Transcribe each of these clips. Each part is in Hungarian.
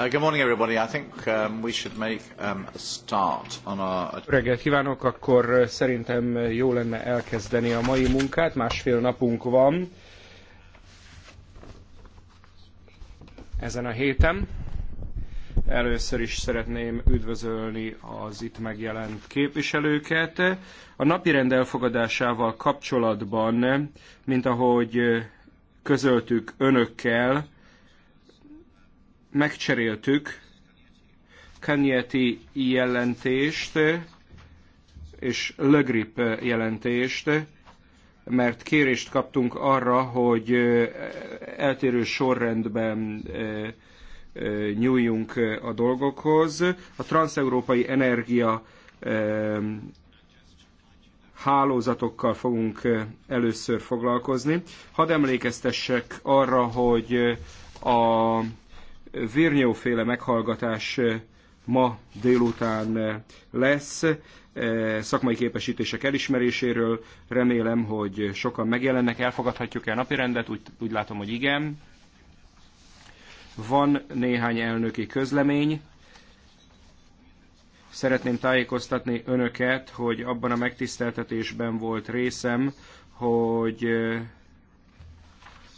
Uh, good morning, everybody. I think um, we should make um, a start on our... Reggelt kívánok, akkor uh, szerintem uh, jó lenne elkezdeni a mai munkát, másfél napunk van ezen a héten. Először is szeretném üdvözölni az itt megjelent képviselőket. A napirend elfogadásával kapcsolatban, mint ahogy közöltük önökkel, megcseréltük Kenyeti jelentést és Lögrip jelentést, mert kérést kaptunk arra, hogy eltérő sorrendben nyúljunk a dolgokhoz. A transeurópai energia hálózatokkal fogunk először foglalkozni. Hadd emlékeztessek arra, hogy a Virnyóféle meghallgatás eh, ma délután eh, lesz eh, szakmai képesítések elismeréséről. Remélem, hogy sokan megjelennek. Elfogadhatjuk-e a napirendet? Úgy, úgy látom, hogy igen. Van néhány elnöki közlemény. Szeretném tájékoztatni önöket, hogy abban a megtiszteltetésben volt részem, hogy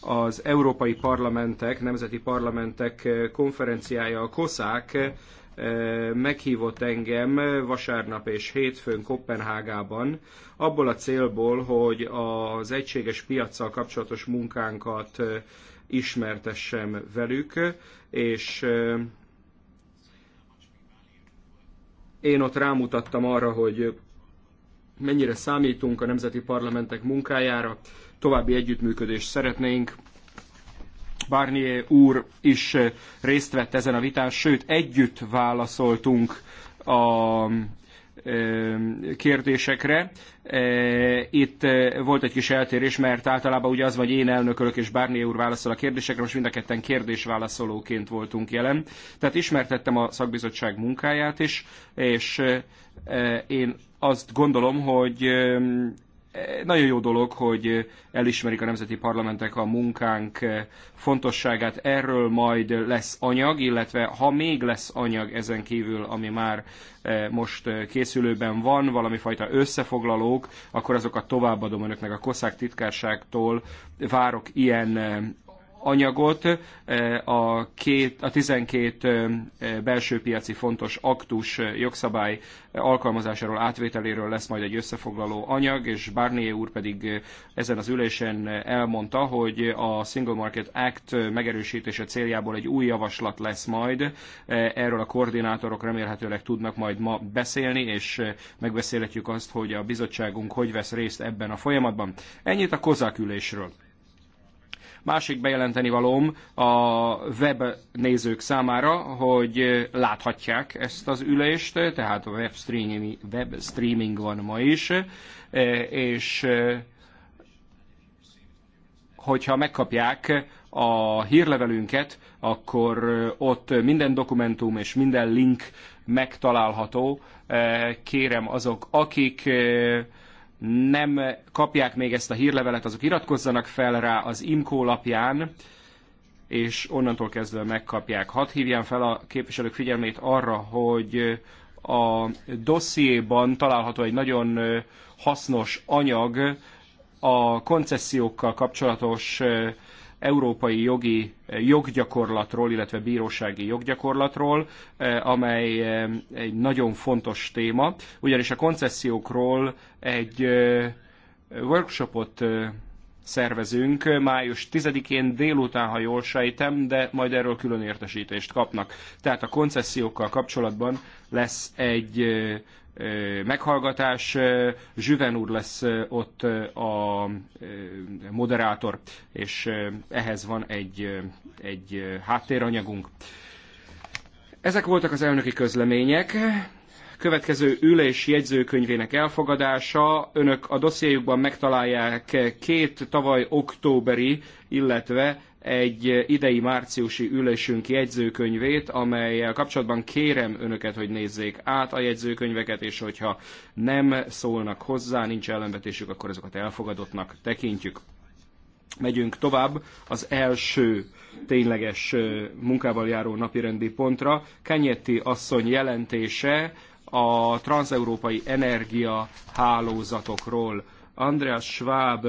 az európai parlamentek, nemzeti parlamentek eh, konferenciája, a COSAC eh, meghívott engem vasárnap és hétfőn Kopenhágában, abból a célból, hogy az egységes piaccal kapcsolatos munkánkat eh, ismertessem velük, és én ott rámutattam arra, hogy mennyire számítunk a nemzeti parlamentek munkájára, további együttműködést szeretnénk. Barnier úr is eh, részt vett ezen a vitán, sőt együtt válaszoltunk a eh, kérdésekre. Eh, itt volt egy kis eltérés, mert általában ugye az vagy én elnökölök és Barnier úr válaszol a kérdésekre, most mind a ketten kérdésválaszolóként voltunk jelen. Tehát ismertettem a szakbizottság munkáját is, és én azt gondolom, hogy nagyon jó dolog, hogy elismerik a nemzeti parlamentek a munkánk fontosságát. Erről majd lesz anyag, illetve ha még lesz anyag ezen kívül, ami már eh, most eh, készülőben van, valami fajta összefoglalók, akkor azokat továbbadom önöknek a koszák titkárságtól. Várok ilyen eh, anyagot, eh, a, két, a 12 eh, belső piaci fontos aktus eh, jogszabály alkalmazásáról, átvételéről lesz majd egy összefoglaló anyag, és Barnier úr pedig ezen az ülésen elmondta, hogy a Single Market Act megerősítése céljából egy új javaslat lesz majd. Erről a koordinátorok remélhetőleg tudnak majd ma beszélni, és megbeszélhetjük azt, hogy a bizottságunk hogy vesz részt ebben a folyamatban. Ennyit a kozák ülésről. Másik bejelenteni valóm a web nézők számára, hogy láthatják ezt az ülést, tehát a web streaming, web streaming van ma is, és hogyha megkapják a hírlevelünket, akkor ott minden dokumentum és minden link megtalálható. Kérem azok, akik nem kapják még ezt a hírlevelet, azok iratkozzanak fel rá az IMCO lapján, és onnantól kezdve megkapják. Hadd hívjam fel a képviselők figyelmét arra, hogy a dossziéban található egy nagyon hasznos anyag a koncesziókkal kapcsolatos európai jogi eh, joggyakorlatról, illetve bírósági joggyakorlatról, eh, amely eh, egy nagyon fontos téma, ugyanis a koncesziókról egy workshopot szervezünk május 10-én délután, ha jól sejtem, de majd erről külön értesítést kapnak. Tehát a koncesziókkal kapcsolatban lesz egy meghallgatás. Zsüven úr lesz ott a moderátor, és ehhez van egy, egy háttéranyagunk. Ezek voltak az elnöki közlemények. Következő ülés jegyzőkönyvének elfogadása. Önök a dossziéjukban megtalálják két tavaly októberi, illetve egy idei márciusi ülésünk jegyzőkönyvét, amelyel kapcsolatban kérem önöket, hogy nézzék át a jegyzőkönyveket, és hogyha nem szólnak hozzá, nincs ellenvetésük, akkor ezeket elfogadottnak tekintjük. Megyünk tovább az első tényleges munkával járó napirendi pontra. Kenyetti asszony jelentése a transeurópai energiahálózatokról. Andreas Schwab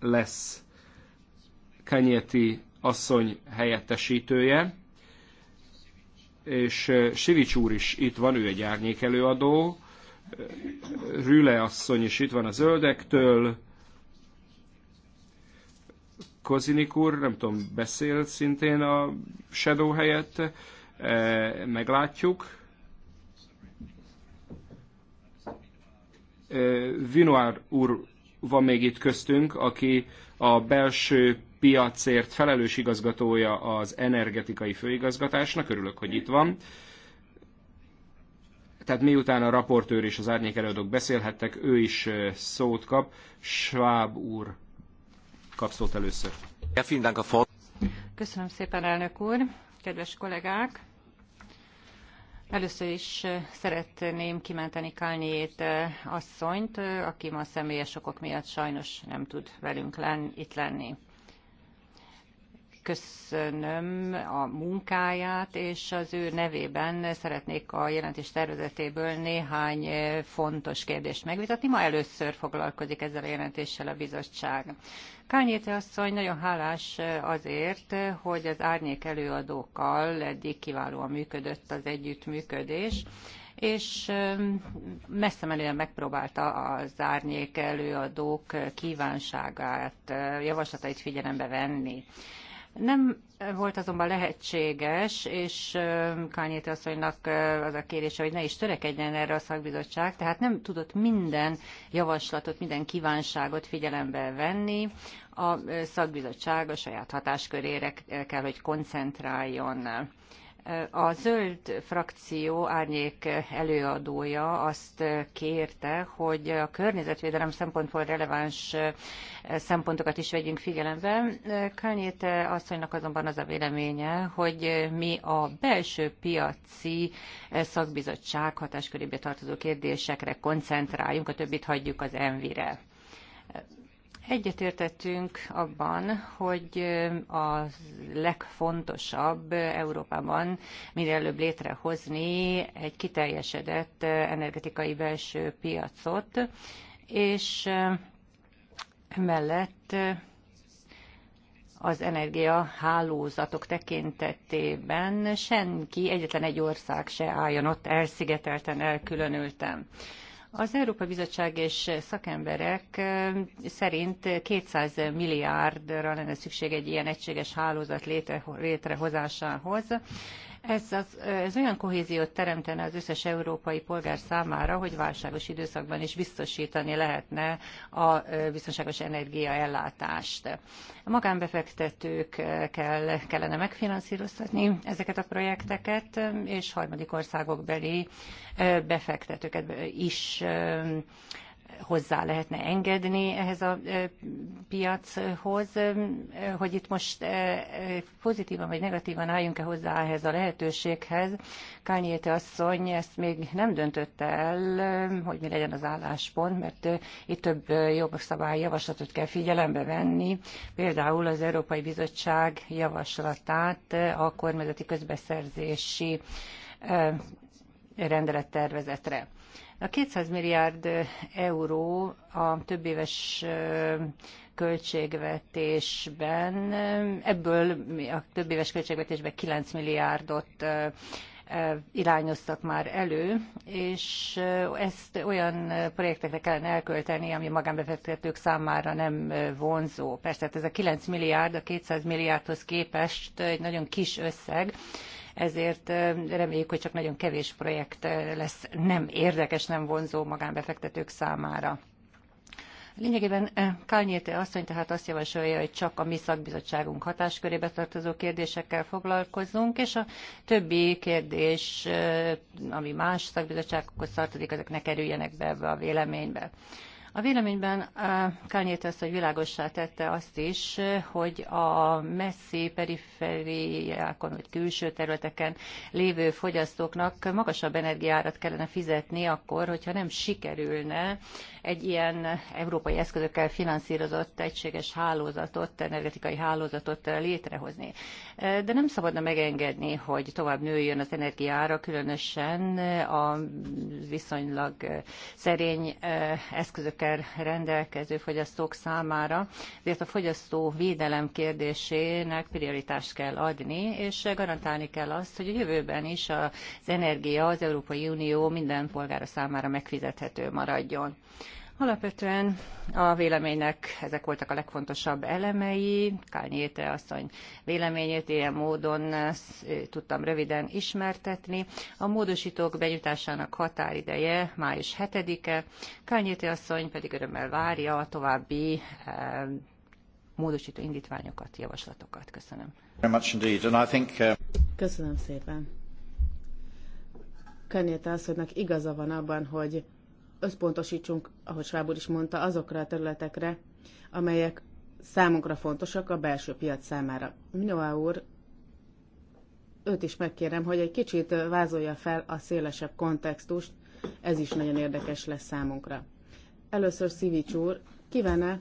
lesz Kenyeti asszony helyettesítője, és Sivics úr is itt van, ő egy árnyékelőadó, Rüle asszony is itt van a zöldektől, Kozinik úr, nem tudom, beszél szintén a Shadow helyett, meglátjuk. Vinoár úr van még itt köztünk, aki a belső piacért felelős igazgatója az energetikai főigazgatásnak, örülök, hogy itt van. Tehát miután a raportőr és az árnyék előadók beszélhettek, ő is szót kap. Schwab úr kap szót először. Köszönöm szépen, elnök úr, kedves kollégák! Először is szeretném kimenteni Kálnyét asszonyt, aki ma személyes okok miatt sajnos nem tud velünk lenni, itt lenni köszönöm a munkáját, és az ő nevében szeretnék a jelentés tervezetéből néhány eh, fontos kérdést megvitatni. Ma először foglalkozik ezzel a jelentéssel a bizottság. Kányéte asszony nagyon hálás eh, azért, hogy az árnyék előadókkal eddig kiválóan működött az együttműködés, és eh, messze menően megpróbálta az árnyék előadók kívánságát, javaslatait figyelembe venni. Nem volt azonban lehetséges, és Kányéti asszonynak az a kérése, hogy ne is törekedjen erre a szakbizottság, tehát nem tudott minden javaslatot, minden kívánságot figyelembe venni. A szakbizottság a saját hatáskörére kell, hogy koncentráljon. A zöld frakció árnyék előadója azt kérte, hogy a környezetvédelem szempontból releváns szempontokat is vegyünk figyelembe. Kányéte asszonynak azonban az a véleménye, hogy mi a belső piaci szakbizottság hatáskörébe tartozó kérdésekre koncentráljunk, a többit hagyjuk az envire. Egyetértettünk abban, hogy a legfontosabb Európában minél előbb létrehozni egy kiteljesedett energetikai belső piacot, és mellett az energiahálózatok tekintetében senki, egyetlen egy ország se álljon ott elszigetelten, elkülönülten. Az Európa Bizottság és szakemberek szerint 200 milliárdra lenne szükség egy ilyen egységes hálózat létrehozásához. Ez, az, ez olyan kohéziót teremtene az összes európai polgár számára, hogy válságos időszakban is biztosítani lehetne a biztonságos energiaellátást. A magánbefektetők kell, kellene megfinanszíroztatni ezeket a projekteket, és harmadik országok beli befektetőket is hozzá lehetne engedni ehhez a piachoz, hogy itt most pozitívan vagy negatívan álljunk-e hozzá ehhez a lehetőséghez. Kányéte asszony ezt még nem döntötte el, hogy mi legyen az álláspont, mert itt több jobb szabály javaslatot kell figyelembe venni, például az Európai Bizottság javaslatát a kormányzati közbeszerzési rendelettervezetre. A 200 milliárd euró a többéves költségvetésben, ebből a többéves költségvetésben 9 milliárdot irányoztak már elő, és ezt olyan projektekre kellene elkölteni, ami magánbefektetők számára nem vonzó. Persze, tehát ez a 9 milliárd a 200 milliárdhoz képest egy nagyon kis összeg, ezért reméljük, hogy csak nagyon kevés projekt lesz nem érdekes, nem vonzó magánbefektetők számára. Lényegében Kányérte asszony tehát azt javasolja, hogy csak a mi szakbizottságunk hatáskörébe tartozó kérdésekkel foglalkozzunk, és a többi kérdés, ami más szakbizottságokhoz tartozik, ezek ne kerüljenek be ebbe a véleménybe. A véleményben eh, Kányét ezt, hogy világossá tette azt is, hogy a messzi perifériákon, vagy külső területeken lévő fogyasztóknak magasabb energiárat kellene fizetni akkor, hogyha nem sikerülne egy ilyen európai eszközökkel finanszírozott egységes hálózatot, energetikai hálózatot létrehozni. De nem szabadna megengedni, hogy tovább nőjön az energiára, különösen a viszonylag szerény e, eszközökkel rendelkező fogyasztók számára. Ezért a fogyasztó védelem kérdésének prioritást kell adni, és garantálni kell azt, hogy a jövőben is az energia az Európai Unió minden polgára számára megfizethető maradjon. Alapvetően a véleménynek ezek voltak a legfontosabb elemei. Kányéte asszony véleményét ilyen módon tudtam röviden ismertetni. A módosítók benyújtásának határideje május 7-e, Kányéte asszony pedig örömmel várja a további módosító indítványokat, javaslatokat. Köszönöm. Uh, Köszönöm szépen. Kanyéta asszonynak igaza van abban, hogy összpontosítsunk, ahogy Schwab is mondta, azokra a területekre, amelyek számunkra fontosak a belső piac számára. Minoá úr, őt is megkérem, hogy egy kicsit vázolja fel a szélesebb kontextust, ez is nagyon érdekes lesz számunkra. Először Szivics úr, kívánne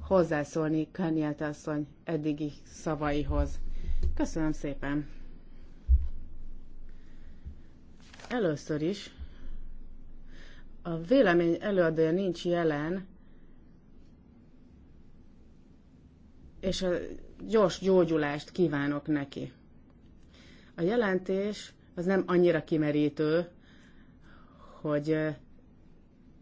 hozzászólni Kanyelt asszony eddigi szavaihoz. Köszönöm szépen! Először is a vélemény előadója nincs jelen, és a gyors gyógyulást kívánok neki. A jelentés az nem annyira kimerítő, hogy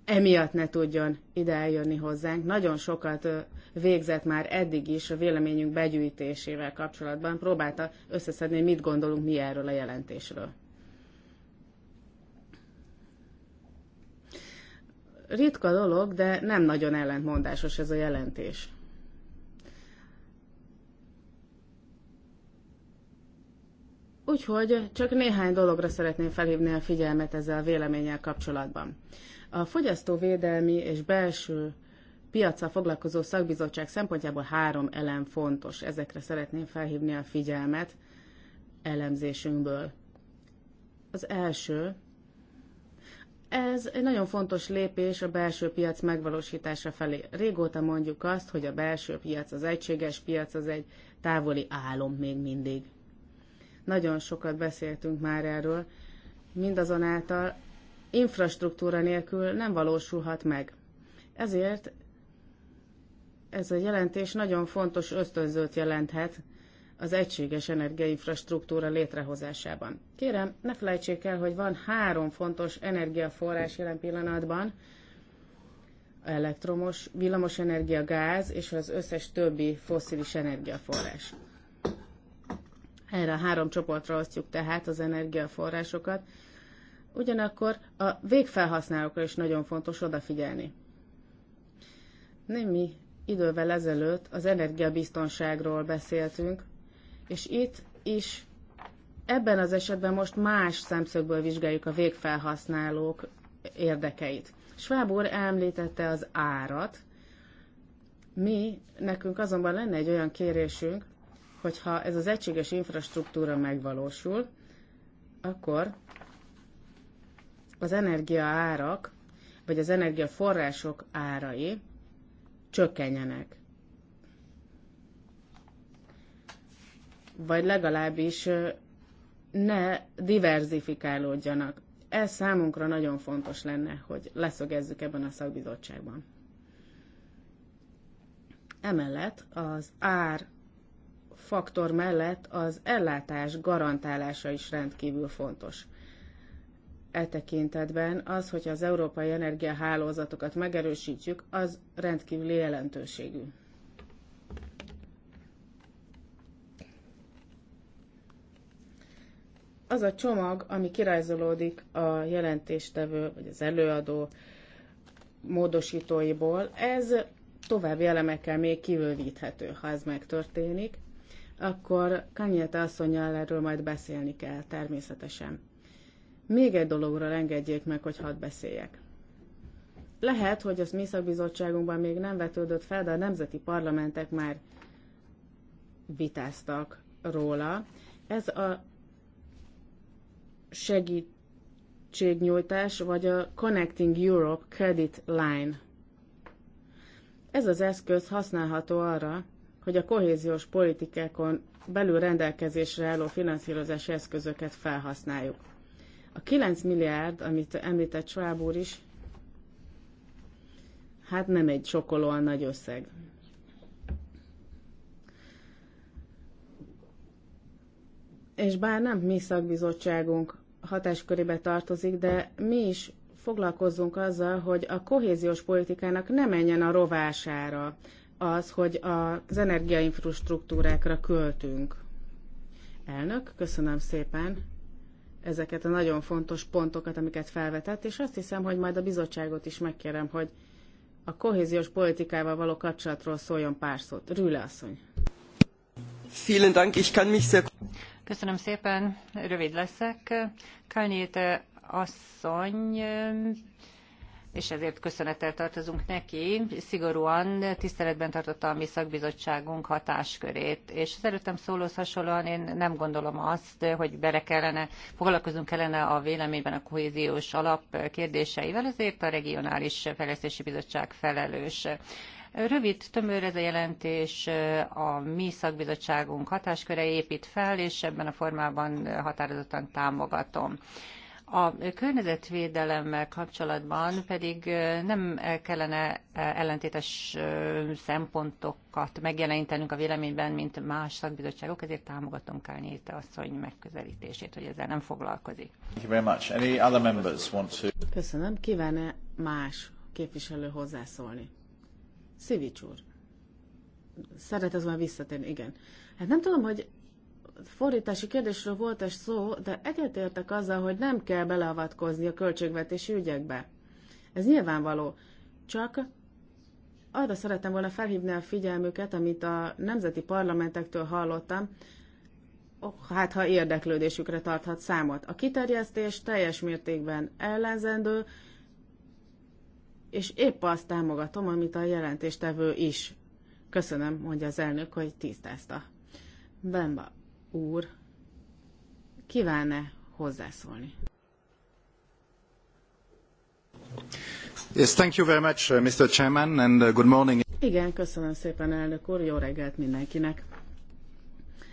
emiatt ne tudjon ide eljönni hozzánk. Nagyon sokat végzett már eddig is a véleményünk begyűjtésével kapcsolatban. Próbálta összeszedni, mit gondolunk mi erről a jelentésről. ritka dolog, de nem nagyon ellentmondásos ez a jelentés. Úgyhogy csak néhány dologra szeretném felhívni a figyelmet ezzel a véleménnyel kapcsolatban. A fogyasztóvédelmi és belső piacsal foglalkozó szakbizottság szempontjából három elem fontos. Ezekre szeretném felhívni a figyelmet elemzésünkből. Az első, ez egy nagyon fontos lépés a belső piac megvalósítása felé. Régóta mondjuk azt, hogy a belső piac, az egységes piac az egy távoli álom még mindig. Nagyon sokat beszéltünk már erről, mindazonáltal infrastruktúra nélkül nem valósulhat meg. Ezért ez a jelentés nagyon fontos ösztönzőt jelenthet az egységes energiainfrastruktúra létrehozásában. Kérem, ne felejtsék el, hogy van három fontos energiaforrás jelen pillanatban, elektromos, villamos energia, gáz és az összes többi foszilis energiaforrás. Erre a három csoportra osztjuk tehát az energiaforrásokat, ugyanakkor a végfelhasználókra is nagyon fontos odafigyelni. Némi idővel ezelőtt az energiabiztonságról beszéltünk, és itt is ebben az esetben most más szemszögből vizsgáljuk a végfelhasználók érdekeit. Schwab úr említette az árat. Mi, nekünk azonban lenne egy olyan kérésünk, hogyha ez az egységes infrastruktúra megvalósul, akkor az energia árak, vagy az energiaforrások árai csökkenjenek. vagy legalábbis ne diverzifikálódjanak. Ez számunkra nagyon fontos lenne, hogy leszögezzük ebben a szakbizottságban. Emellett az ár faktor mellett az ellátás garantálása is rendkívül fontos. E tekintetben az, hogy az európai energiahálózatokat megerősítjük, az rendkívüli jelentőségű. az a csomag, ami kirajzolódik a jelentéstevő vagy az előadó módosítóiból, ez további elemekkel még kivővíthető, ha ez megtörténik, akkor Kanyeta asszonyjal erről majd beszélni kell természetesen. Még egy dologra engedjék meg, hogy hadd beszéljek. Lehet, hogy az mi szakbizottságunkban még nem vetődött fel, de a nemzeti parlamentek már vitáztak róla. Ez a segítségnyújtás, vagy a Connecting Europe Credit Line. Ez az eszköz használható arra, hogy a kohéziós politikákon belül rendelkezésre álló finanszírozási eszközöket felhasználjuk. A 9 milliárd, amit említett Schwab úr is, hát nem egy sokkolóan nagy összeg. És bár nem mi szakbizottságunk hatáskörébe tartozik, de mi is foglalkozzunk azzal, hogy a kohéziós politikának ne menjen a rovására az, hogy az energiainfrastruktúrákra költünk. Elnök, köszönöm szépen ezeket a nagyon fontos pontokat, amiket felvetett, és azt hiszem, hogy majd a bizottságot is megkérem, hogy a kohéziós politikával való kapcsolatról szóljon pár szót. Rüle asszony. Vielen Dank, ich kann mich sehr... Köszönöm szépen, rövid leszek. Kányéte asszony és ezért köszönettel tartozunk neki, szigorúan tiszteletben tartotta a mi szakbizottságunk hatáskörét. És az előttem szólóhoz hasonlóan én nem gondolom azt, hogy bele kellene, foglalkozunk kellene a véleményben a kohéziós alap kérdéseivel, ezért a Regionális Fejlesztési Bizottság felelős. Rövid, tömör ez a jelentés a mi szakbizottságunk hatásköre épít fel, és ebben a formában határozottan támogatom. A környezetvédelemmel kapcsolatban pedig nem kellene ellentétes szempontokat megjelenítenünk a véleményben, mint más szakbizottságok, ezért támogatom Kányéte asszony megközelítését, hogy ezzel nem foglalkozik. Köszönöm. Kíván-e más képviselő hozzászólni? Szivics úr. Szeret ez már visszatérni, igen. Hát nem tudom, hogy fordítási kérdésről volt ez szó, de egyetértek azzal, hogy nem kell beleavatkozni a költségvetési ügyekbe. Ez nyilvánvaló. Csak arra szerettem volna felhívni a figyelmüket, amit a nemzeti parlamentektől hallottam, oh, hát ha érdeklődésükre tarthat számot. A kiterjesztés teljes mértékben ellenzendő, és épp azt támogatom, amit a jelentéstevő is. Köszönöm, mondja az elnök, hogy tisztázta. Bemba úr, kíván-e hozzászólni? Yes, thank you very much, uh, Mr. Chairman, and uh, good morning. Igen, köszönöm szépen, elnök úr, jó reggelt mindenkinek.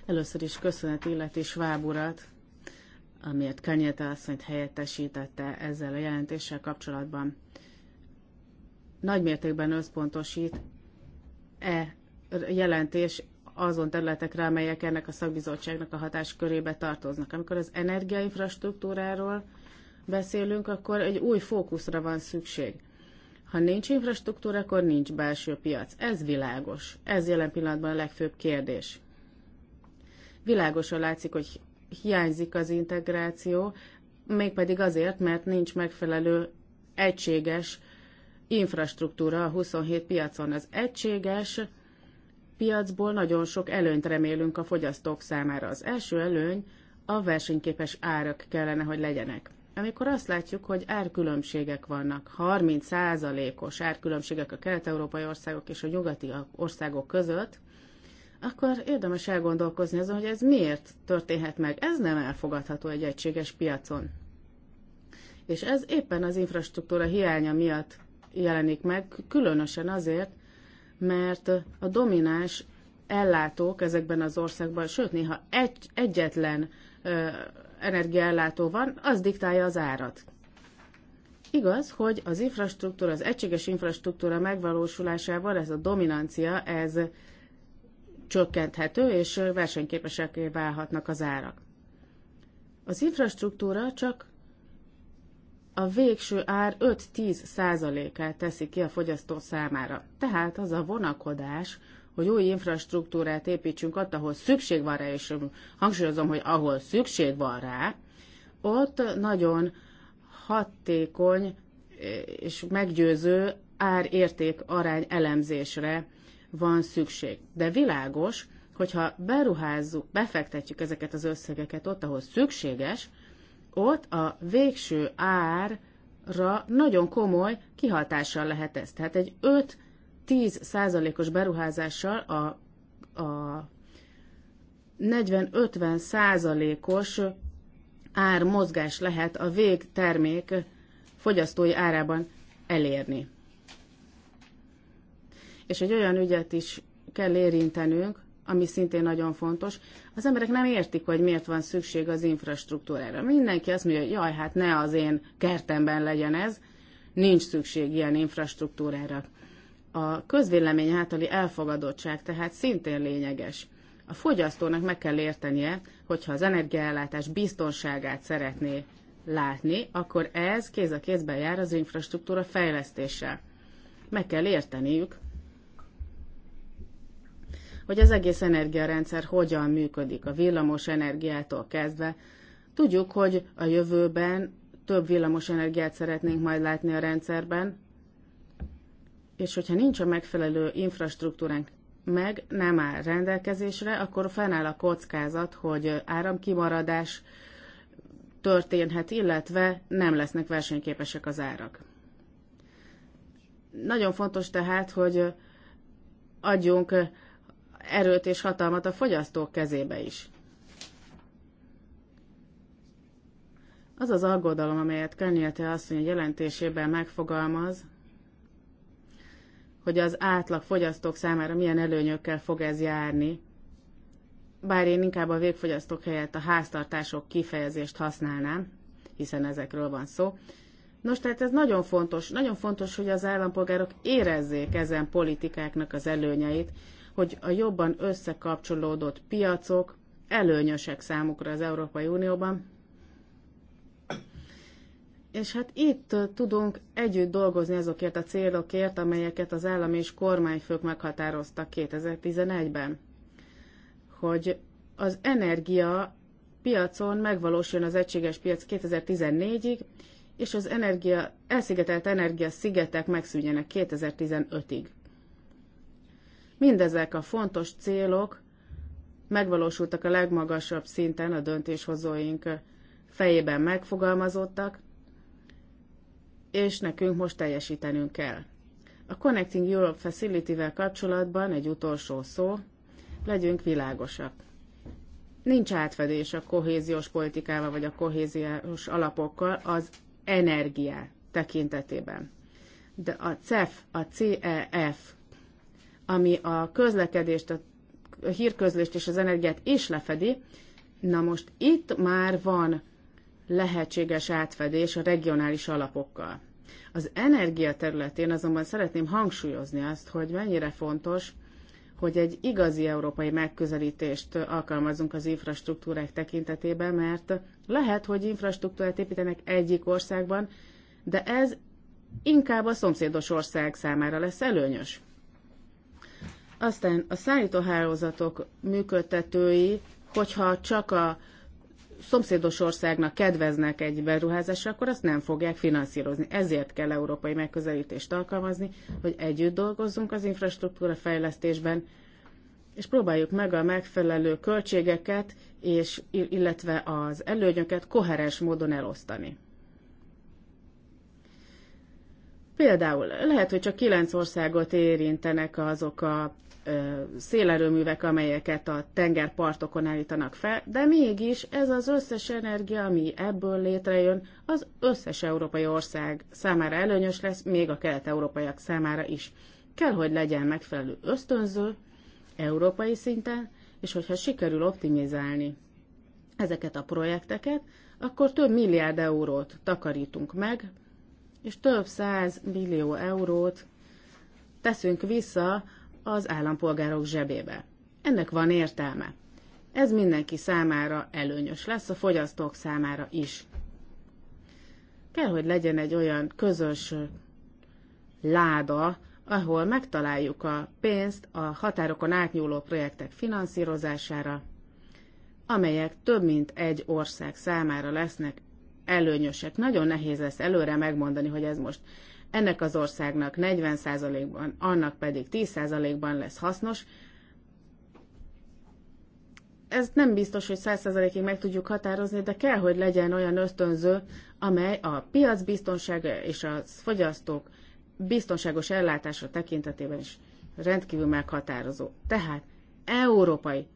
Először is köszönet illeti Schwab urat, amiért Kanyeta asszonyt helyettesítette ezzel a jelentéssel kapcsolatban nagymértékben összpontosít e jelentés azon területekre, amelyek ennek a szakbizottságnak a hatáskörébe tartoznak. Amikor az energiainfrastruktúráról beszélünk, akkor egy új fókuszra van szükség. Ha nincs infrastruktúra, akkor nincs belső piac. Ez világos. Ez jelen pillanatban a legfőbb kérdés. Világosan látszik, hogy hiányzik az integráció, mégpedig azért, mert nincs megfelelő egységes infrastruktúra a 27 piacon. Az egységes piacból nagyon sok előnyt remélünk a fogyasztók számára. Az első előny a versenyképes árak kellene, hogy legyenek. Amikor azt látjuk, hogy árkülönbségek vannak, 30%-os árkülönbségek a kelet-európai országok és a nyugati országok között, akkor érdemes elgondolkozni azon, hogy ez miért történhet meg. Ez nem elfogadható egy egységes piacon. És ez éppen az infrastruktúra hiánya miatt jelenik meg, különösen azért, mert a domináns ellátók ezekben az országban, sőt néha egy, egyetlen ö, energiaellátó van, az diktálja az árat. Igaz, hogy az infrastruktúra, az egységes infrastruktúra megvalósulásával ez a dominancia, ez csökkenthető, és versenyképesek válhatnak az árak. Az infrastruktúra csak a végső ár 5-10 százalékát teszi ki a fogyasztó számára. Tehát az a vonakodás, hogy új infrastruktúrát építsünk ott, ahol szükség van rá, és hangsúlyozom, hogy ahol szükség van rá, ott nagyon hatékony és meggyőző árérték arány elemzésre van szükség. De világos, hogyha beruházzuk, befektetjük ezeket az összegeket ott, ahol szükséges, ott a végső árra nagyon komoly kihatással lehet ez. Tehát egy 5-10 százalékos beruházással a, a 40-50 százalékos ármozgás lehet a végtermék fogyasztói árában elérni. És egy olyan ügyet is kell érintenünk, ami szintén nagyon fontos. Az emberek nem értik, hogy miért van szükség az infrastruktúrára. Mindenki azt mondja, hogy jaj, hát ne az én kertemben legyen ez, nincs szükség ilyen infrastruktúrára. A közvélemény általi elfogadottság tehát szintén lényeges. A fogyasztónak meg kell értenie, hogyha az energiaellátás biztonságát szeretné látni, akkor ez kéz a kézben jár az infrastruktúra fejlesztéssel. Meg kell érteniük, hogy az egész energiarendszer hogyan működik, a villamos energiától kezdve. Tudjuk, hogy a jövőben több villamos energiát szeretnénk majd látni a rendszerben, és hogyha nincs a megfelelő infrastruktúránk meg, nem áll rendelkezésre, akkor fennáll a kockázat, hogy áramkimaradás történhet, illetve nem lesznek versenyképesek az árak. Nagyon fontos tehát, hogy adjunk erőt és hatalmat a fogyasztók kezébe is. Az az aggodalom, amelyet Kenyete asszony a jelentésében megfogalmaz, hogy az átlag fogyasztók számára milyen előnyökkel fog ez járni, bár én inkább a végfogyasztók helyett a háztartások kifejezést használnám, hiszen ezekről van szó. Nos, tehát ez nagyon fontos. Nagyon fontos, hogy az állampolgárok érezzék ezen politikáknak az előnyeit, hogy a jobban összekapcsolódott piacok előnyösek számukra az Európai Unióban, és hát itt tudunk együtt dolgozni azokért a célokért, amelyeket az állam és kormányfők meghatároztak 2011-ben, hogy az energia piacon megvalósuljon az egységes piac 2014-ig, és az energia, elszigetelt energia szigetek megszűnjenek 2015-ig. Mindezek a fontos célok megvalósultak a legmagasabb szinten, a döntéshozóink fejében megfogalmazottak, és nekünk most teljesítenünk kell. A Connecting Europe Facility-vel kapcsolatban egy utolsó szó, legyünk világosak. Nincs átfedés a kohéziós politikával vagy a kohéziós alapokkal az energiá tekintetében. De a CEF, a CEF ami a közlekedést, a hírközlést és az energiát is lefedi. Na most itt már van lehetséges átfedés a regionális alapokkal. Az energia területén azonban szeretném hangsúlyozni azt, hogy mennyire fontos, hogy egy igazi európai megközelítést alkalmazunk az infrastruktúrák tekintetében, mert lehet, hogy infrastruktúrát építenek egyik országban, de ez inkább a szomszédos ország számára lesz előnyös. Aztán a szállítóhálózatok működtetői, hogyha csak a szomszédos országnak kedveznek egy beruházásra, akkor azt nem fogják finanszírozni. Ezért kell európai megközelítést alkalmazni, hogy együtt dolgozzunk az infrastruktúra fejlesztésben, és próbáljuk meg a megfelelő költségeket, és, illetve az előnyöket koherens módon elosztani. Például lehet, hogy csak kilenc országot érintenek azok a szélerőművek, amelyeket a tengerpartokon állítanak fel, de mégis ez az összes energia, ami ebből létrejön, az összes európai ország számára előnyös lesz, még a kelet-európaiak számára is. Kell, hogy legyen megfelelő ösztönző európai szinten, és hogyha sikerül optimizálni ezeket a projekteket, akkor több milliárd eurót takarítunk meg, és több száz millió eurót teszünk vissza az állampolgárok zsebébe. Ennek van értelme. Ez mindenki számára előnyös lesz, a fogyasztók számára is. Kell, hogy legyen egy olyan közös láda, ahol megtaláljuk a pénzt a határokon átnyúló projektek finanszírozására, amelyek több mint egy ország számára lesznek előnyösek. Nagyon nehéz lesz előre megmondani, hogy ez most ennek az országnak 40%-ban, annak pedig 10%-ban lesz hasznos. Ez nem biztos, hogy 100%-ig meg tudjuk határozni, de kell, hogy legyen olyan ösztönző, amely a piac biztonsága és a fogyasztók biztonságos ellátása tekintetében is rendkívül meghatározó. Tehát európai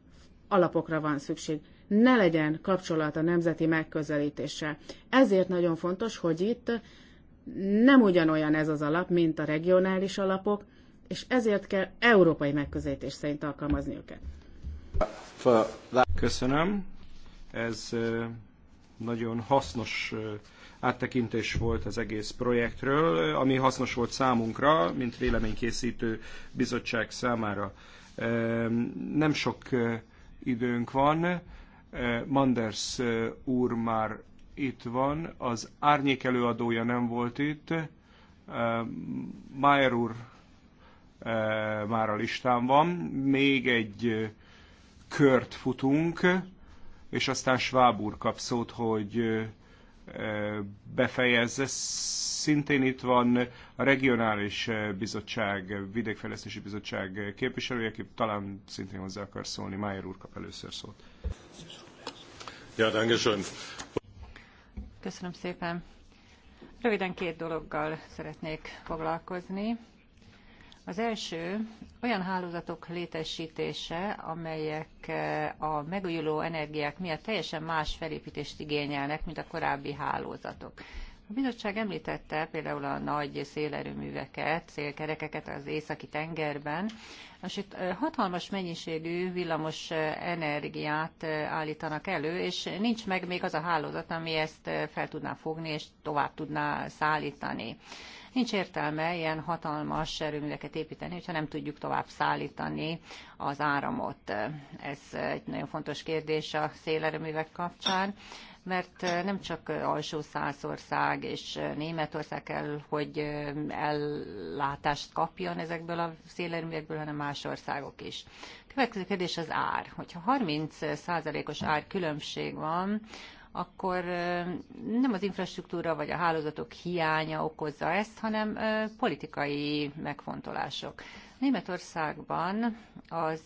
alapokra van szükség ne legyen kapcsolat a nemzeti megközelítéssel. Ezért nagyon fontos, hogy itt nem ugyanolyan ez az alap, mint a regionális alapok, és ezért kell európai megközelítés szerint alkalmazni őket. Köszönöm. Ez nagyon hasznos áttekintés volt az egész projektről, ami hasznos volt számunkra, mint véleménykészítő bizottság számára. Nem sok időnk van. Manders úr már itt van, az árnyék előadója nem volt itt, Májer úr már a listán van, még egy kört futunk, és aztán Schwab úr kap szót, hogy befejezze. Szintén itt van a regionális bizottság, vidékfejlesztési bizottság képviselője, aki talán szintén hozzá akar szólni. Májer úr kap először szót. Ja, danke schön. Köszönöm szépen. Röviden két dologgal szeretnék foglalkozni. Az első olyan hálózatok létesítése, amelyek eh, a megújuló energiák miatt teljesen más felépítést igényelnek, mint a korábbi hálózatok. A bizottság említette például a nagy szélerőműveket, szélkerekeket az északi tengerben, és itt hatalmas mennyiségű villamos energiát állítanak elő, és nincs meg még az a hálózat, ami ezt fel tudná fogni, és tovább tudná szállítani. Nincs értelme ilyen hatalmas erőműveket építeni, hogyha nem tudjuk tovább szállítani az áramot. Ez egy nagyon fontos kérdés a szélerőművek kapcsán mert nem csak alsó százország és Németország kell, hogy ellátást kapjon ezekből a szélerőművekből, hanem más országok is. Következő kérdés az ár. Hogyha 30 százalékos ár különbség van, akkor nem az infrastruktúra vagy a hálózatok hiánya okozza ezt, hanem politikai megfontolások. Németországban az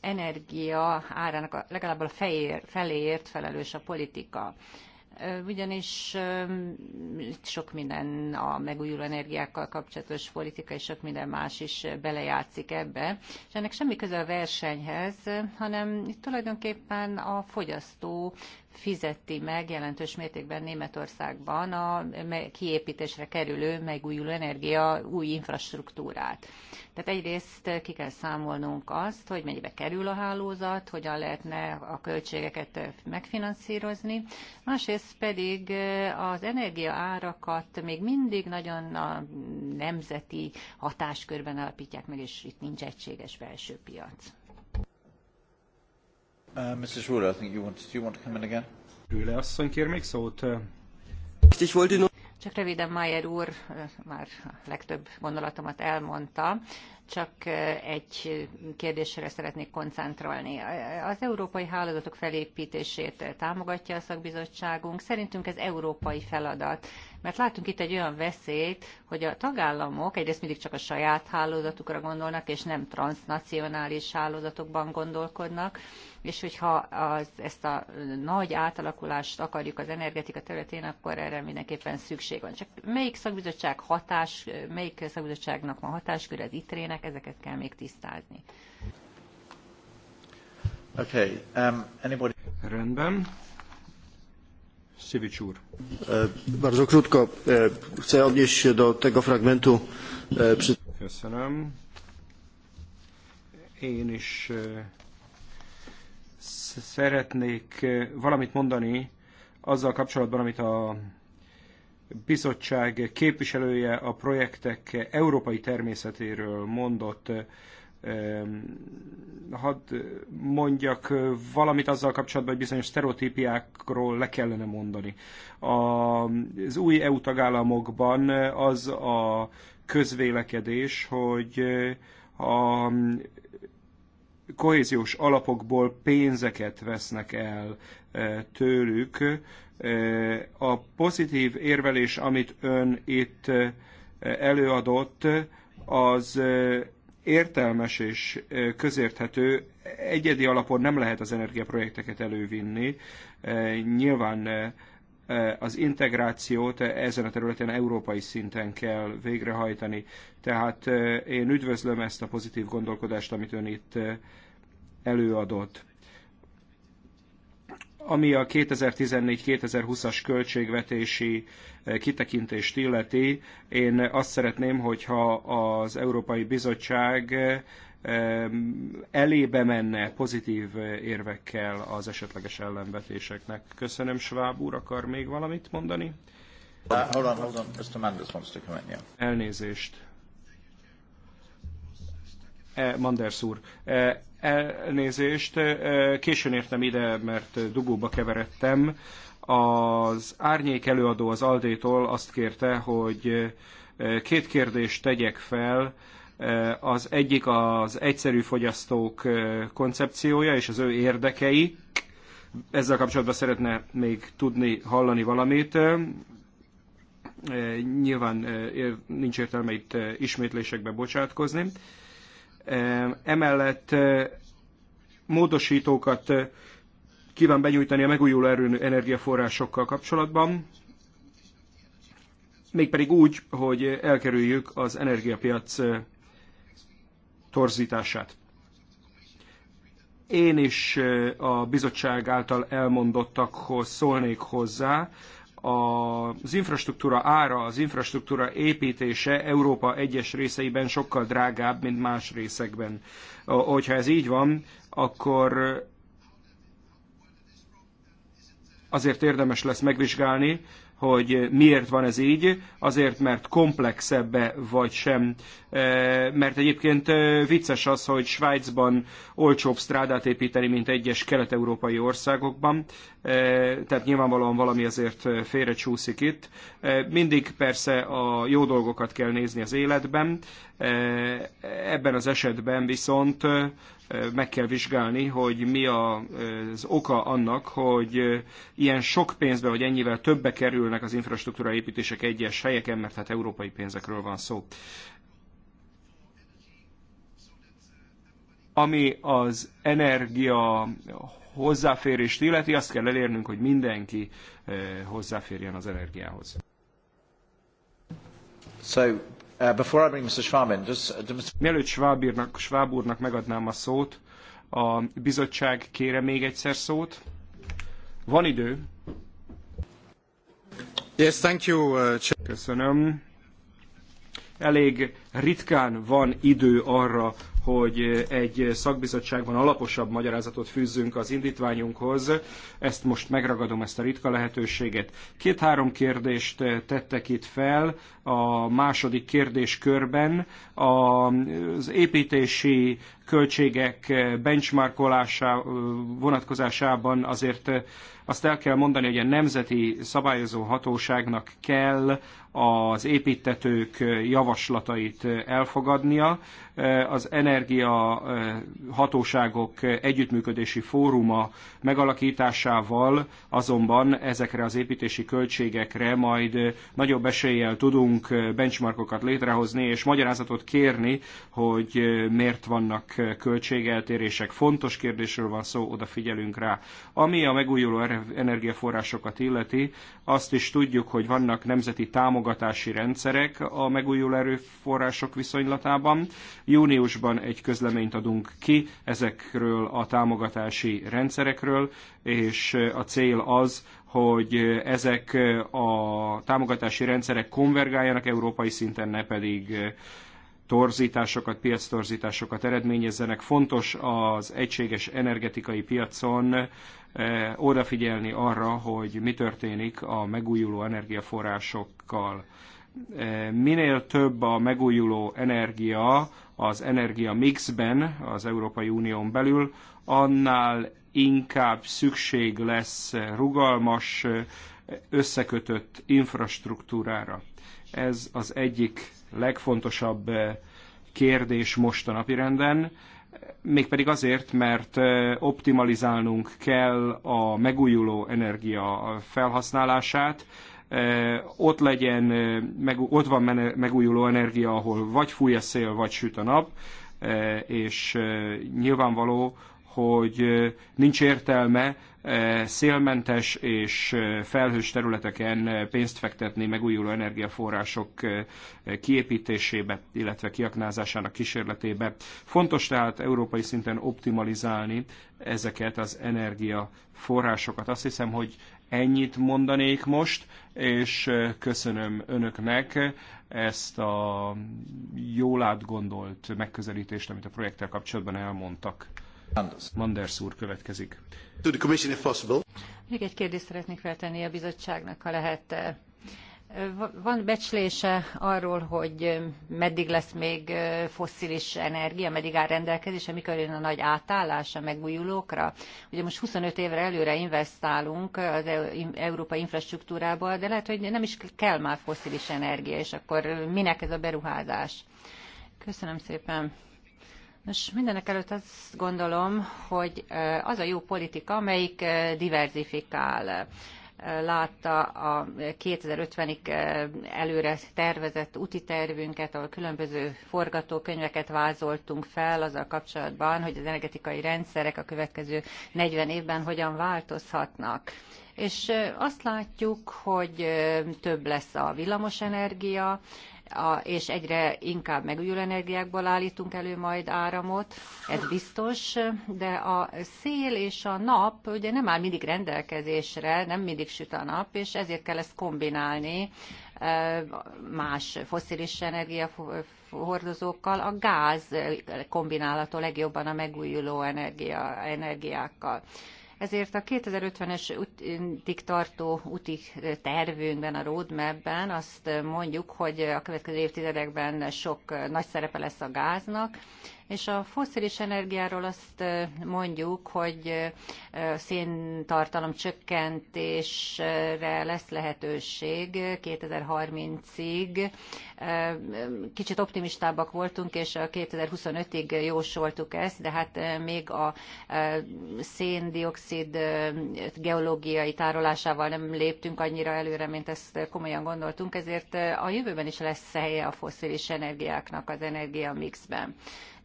energia árának legalább a feléért felelős a politika ugyanis sok minden a megújuló energiákkal kapcsolatos politika és sok minden más is belejátszik ebbe, és ennek semmi köze a versenyhez, hanem itt tulajdonképpen a fogyasztó fizeti meg jelentős mértékben Németországban a kiépítésre kerülő megújuló energia új infrastruktúrát. Tehát egyrészt ki kell számolnunk azt, hogy mennyibe kerül a hálózat, hogyan lehetne a költségeket megfinanszírozni, másrészt pedig az energia árakat még mindig nagyon a nemzeti hatáskörben alapítják meg, és itt nincs egységes belső piac. Uh, Mrs. Ruler, I think you want, do you want to come in again? Rüle asszony kér még szót. Uh, csak röviden, Mayer úr uh, már a legtöbb gondolatomat elmondta, csak egy kérdésre szeretnék koncentrálni. Az európai hálózatok felépítését támogatja a szakbizottságunk. Szerintünk ez európai feladat. Mert látunk itt egy olyan veszélyt, hogy a tagállamok egyrészt mindig csak a saját hálózatukra gondolnak, és nem transnacionális hálózatokban gondolkodnak, és hogyha az, ezt a nagy átalakulást akarjuk az energetika területén, akkor erre mindenképpen szükség van. Csak melyik szakbizottság hatás, melyik szakbizottságnak van hatáskör az ITRE-nek, ezeket kell még tisztázni. Okay, um, anybody... Rendben. Siewicz úr. E, bardzo krótko. E, chcę odnieść się do tego fragmentu. E, Köszönöm. Én is szeretnék valamit mondani azzal kapcsolatban, amit a bizottság képviselője a projektek európai természetéről mondott hadd mondjak valamit azzal kapcsolatban, hogy bizonyos sztereotípiákról le kellene mondani. A, az új EU tagállamokban az a közvélekedés, hogy a kohéziós alapokból pénzeket vesznek el tőlük. A pozitív érvelés, amit ön itt előadott, az értelmes és közérthető, egyedi alapon nem lehet az energiaprojekteket elővinni. Nyilván az integrációt ezen a területen európai szinten kell végrehajtani. Tehát én üdvözlöm ezt a pozitív gondolkodást, amit ön itt előadott ami a 2014-2020-as költségvetési eh, kitekintést illeti, én azt szeretném, hogyha az Európai Bizottság eh, elébe menne pozitív eh, érvekkel az esetleges ellenvetéseknek. Köszönöm, Schwab úr, akar még valamit mondani? Elnézést. Eh, Manders úr. Eh, elnézést, eh, későn értem ide, mert dugóba keveredtem. Az árnyék előadó az Aldétól azt kérte, hogy két kérdést tegyek fel, az egyik az egyszerű fogyasztók koncepciója és az ő érdekei. Ezzel kapcsolatban szeretne még tudni, hallani valamit. Nyilván nincs értelme itt ismétlésekbe bocsátkozni. Emellett módosítókat kíván benyújtani a megújuló erő energiaforrásokkal kapcsolatban, mégpedig úgy, hogy elkerüljük az energiapiac torzítását. Én is a bizottság által elmondottakhoz szólnék hozzá az infrastruktúra ára, az infrastruktúra építése Európa egyes részeiben sokkal drágább, mint más részekben. Hogyha ez így van, akkor azért érdemes lesz megvizsgálni, hogy miért van ez így, azért, mert komplexebbe vagy sem. E, mert egyébként e, vicces az, hogy Svájcban olcsóbb strádát építeni, mint egyes kelet-európai országokban, e, tehát nyilvánvalóan valami azért félrecsúszik itt. Mindig persze a jó dolgokat kell nézni az életben, ebben az esetben viszont meg kell vizsgálni, hogy mi az oka annak, hogy ilyen sok pénzbe, vagy ennyivel többe kerülnek az infrastruktúra építések egyes helyeken, mert hát európai pénzekről van szó. Ami az energia hozzáférést illeti, azt kell elérnünk, hogy mindenki hozzáférjen az energiához. So Uh, before Schwab in, just... Uh, Mielőtt Schwab, írnak, Schwab úrnak megadnám a szót, a bizottság kére még egyszer szót. Van idő. Yes, thank you, uh, Köszönöm. Elég ritkán van idő arra, hogy egy szakbizottságban alaposabb magyarázatot fűzzünk az indítványunkhoz. Ezt most megragadom, ezt a ritka lehetőséget. Két-három kérdést tettek itt fel a második kérdéskörben. Az építési költségek eh, benchmarkolása eh, vonatkozásában azért eh, azt el kell mondani, hogy a nemzeti szabályozó hatóságnak kell az építetők javaslatait elfogadnia. Az energia hatóságok együttműködési fóruma megalakításával azonban ezekre az építési költségekre majd nagyobb eséllyel tudunk benchmarkokat létrehozni és magyarázatot kérni, hogy miért vannak költségeltérések, fontos kérdésről van szó, odafigyelünk rá. Ami a megújuló energiaforrásokat illeti, azt is tudjuk, hogy vannak nemzeti támogatási rendszerek a megújuló erőforrások viszonylatában. Júniusban egy közleményt adunk ki ezekről a támogatási rendszerekről, és a cél az, hogy ezek a támogatási rendszerek konvergáljanak európai szinten, ne pedig torzításokat, piac torzításokat eredményezzenek. Fontos az egységes energetikai piacon eh, odafigyelni arra, hogy mi történik a megújuló energiaforrásokkal. Eh, minél több a megújuló energia az energia mixben az Európai Unión belül, annál inkább szükség lesz rugalmas, eh, összekötött infrastruktúrára. Ez az egyik legfontosabb eh, kérdés most a napirenden, mégpedig azért, mert eh, optimalizálnunk kell a megújuló energia felhasználását, eh, ott legyen, meg, ott van megújuló energia, ahol vagy fúj a szél, vagy süt a nap, és nyilvánvaló, hogy nincs értelme szélmentes és felhős területeken pénzt fektetni megújuló energiaforrások kiépítésébe, illetve kiaknázásának kísérletébe. Fontos tehát európai szinten optimalizálni ezeket az energiaforrásokat. Azt hiszem, hogy ennyit mondanék most, és köszönöm önöknek ezt a jól átgondolt megközelítést, amit a projekttel kapcsolatban elmondtak. Manders úr következik. To the commission if possible. Még egy kérdést szeretnék feltenni a bizottságnak, ha lehet. Van becslése arról, hogy meddig lesz még fosszilis energia, meddig áll rendelkezésre, mikor jön a nagy átállás a megújulókra? Ugye most 25 évre előre investálunk az e- európai infrastruktúrába, de lehet, hogy nem is kell már fosszilis energia, és akkor minek ez a beruházás? Köszönöm szépen. Nos, mindenek előtt azt gondolom, hogy az a jó politika, amelyik diverzifikál látta a 2050-ig előre tervezett úti tervünket, ahol különböző forgatókönyveket vázoltunk fel azzal kapcsolatban, hogy az energetikai rendszerek a következő 40 évben hogyan változhatnak. És azt látjuk, hogy több lesz a villamosenergia, a, és egyre inkább megújuló energiákból állítunk elő majd áramot, ez biztos, de a szél és a nap ugye nem áll mindig rendelkezésre, nem mindig süt a nap, és ezért kell ezt kombinálni e, más foszilis energiahordozókkal, a gáz kombinálható legjobban a megújuló energia, energiákkal. Ezért a 2050-es útig tartó úti tervünkben, a roadmapben azt mondjuk, hogy a következő évtizedekben sok nagy szerepe lesz a gáznak, és a foszilis energiáról azt mondjuk, hogy széntartalom csökkentésre lesz lehetőség 2030-ig. Kicsit optimistábbak voltunk, és 2025-ig jósoltuk ezt, de hát még a széndiokszid geológiai tárolásával nem léptünk annyira előre, mint ezt komolyan gondoltunk, ezért a jövőben is lesz helye a foszilis energiáknak az energia mixben.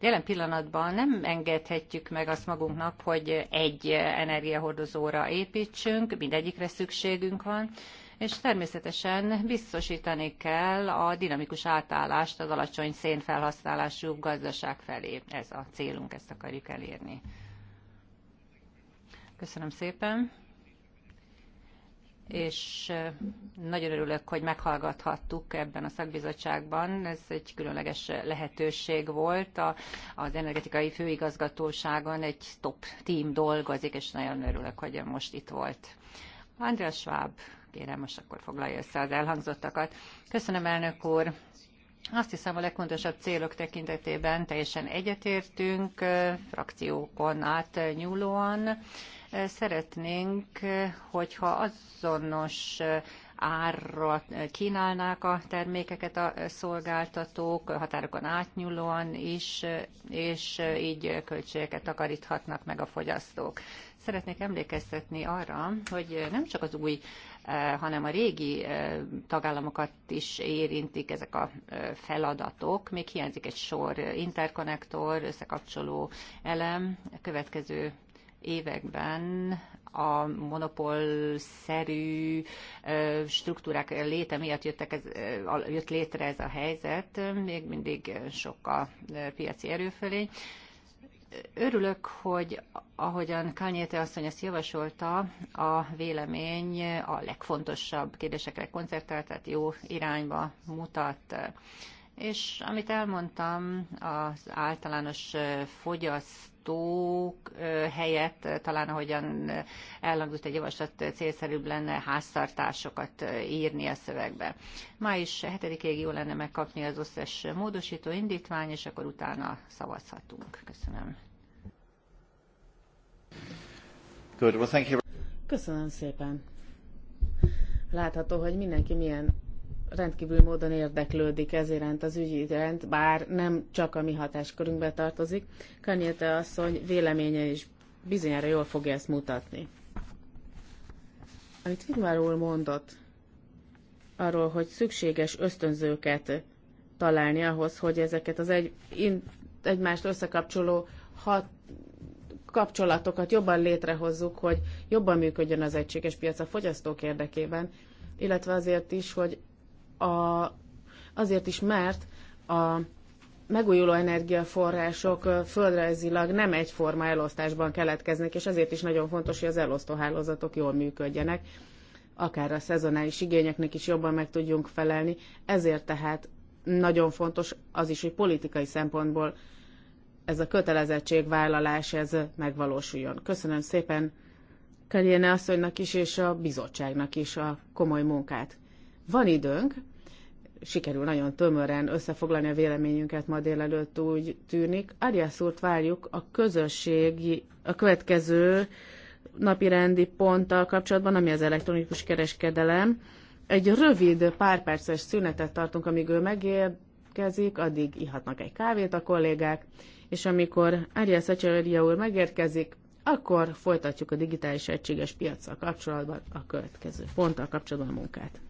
Jelen pillanatban nem engedhetjük meg azt magunknak, hogy egy energiahordozóra építsünk, mindegyikre szükségünk van, és természetesen biztosítani kell a dinamikus átállást az alacsony szénfelhasználású gazdaság felé. Ez a célunk, ezt akarjuk elérni. Köszönöm szépen és nagyon örülök, hogy meghallgathattuk ebben a szakbizottságban. Ez egy különleges lehetőség volt. A, az energetikai főigazgatóságon egy top team dolgozik, és nagyon örülök, hogy most itt volt. András Schwab, kérem, most akkor foglalja össze az elhangzottakat. Köszönöm, elnök úr! Azt hiszem a legfontosabb célok tekintetében teljesen egyetértünk, frakciókon átnyúlóan. Szeretnénk, hogyha azonos árra kínálnák a termékeket a szolgáltatók, határokon átnyúlóan is, és így költségeket takaríthatnak meg a fogyasztók. Szeretnék emlékeztetni arra, hogy nem csak az új, hanem a régi eh, tagállamokat is érintik ezek a eh, feladatok. Még hiányzik egy sor interkonnektor, összekapcsoló elem. A következő években a monopolszerű struktúrák léte miatt jöttek ez, jött létre ez a helyzet, még mindig sok a piaci erőfölény. Örülök, hogy ahogyan Kányéte asszony ezt javasolta, a vélemény a legfontosabb kérdésekre koncertált, tehát jó irányba mutat. És amit elmondtam, az általános fogyasztók helyett talán ahogyan elhangzott egy javaslat, célszerűbb lenne háztartásokat írni a szövegbe. is 7-ig jó lenne megkapni az összes módosító indítvány, és akkor utána szavazhatunk. Köszönöm. Good. Well, thank you. Köszönöm szépen. Látható, hogy mindenki milyen rendkívül módon érdeklődik ez iránt az ügy iránt, bár nem csak a mi hatáskörünkbe tartozik. Kanyéte asszony véleménye is bizonyára jól fogja ezt mutatni. Amit Vigmar úr mondott, arról, hogy szükséges ösztönzőket találni ahhoz, hogy ezeket az egy, in, egymást összekapcsoló hat, kapcsolatokat jobban létrehozzuk, hogy jobban működjön az egységes piac a fogyasztók érdekében, illetve azért is, hogy a, azért is, mert a megújuló energiaforrások földrajzilag nem egyforma elosztásban keletkeznek, és ezért is nagyon fontos, hogy az elosztóhálózatok jól működjenek, akár a szezonális igényeknek is jobban meg tudjunk felelni. Ezért tehát nagyon fontos az is, hogy politikai szempontból ez a kötelezettségvállalás ez megvalósuljon. Köszönöm szépen Kaléne asszonynak is és a bizottságnak is a komoly munkát. Van időnk, sikerül nagyon tömören összefoglalni a véleményünket ma délelőtt, úgy tűnik. Arias úrt várjuk a közösségi, a következő napi rendi ponttal kapcsolatban, ami az elektronikus kereskedelem. Egy rövid pár perces szünetet tartunk, amíg ő megérkezik, addig ihatnak egy kávét a kollégák, és amikor Arias Ecseveria úr megérkezik, akkor folytatjuk a digitális egységes piacsal kapcsolatban a következő ponttal kapcsolatban a munkát.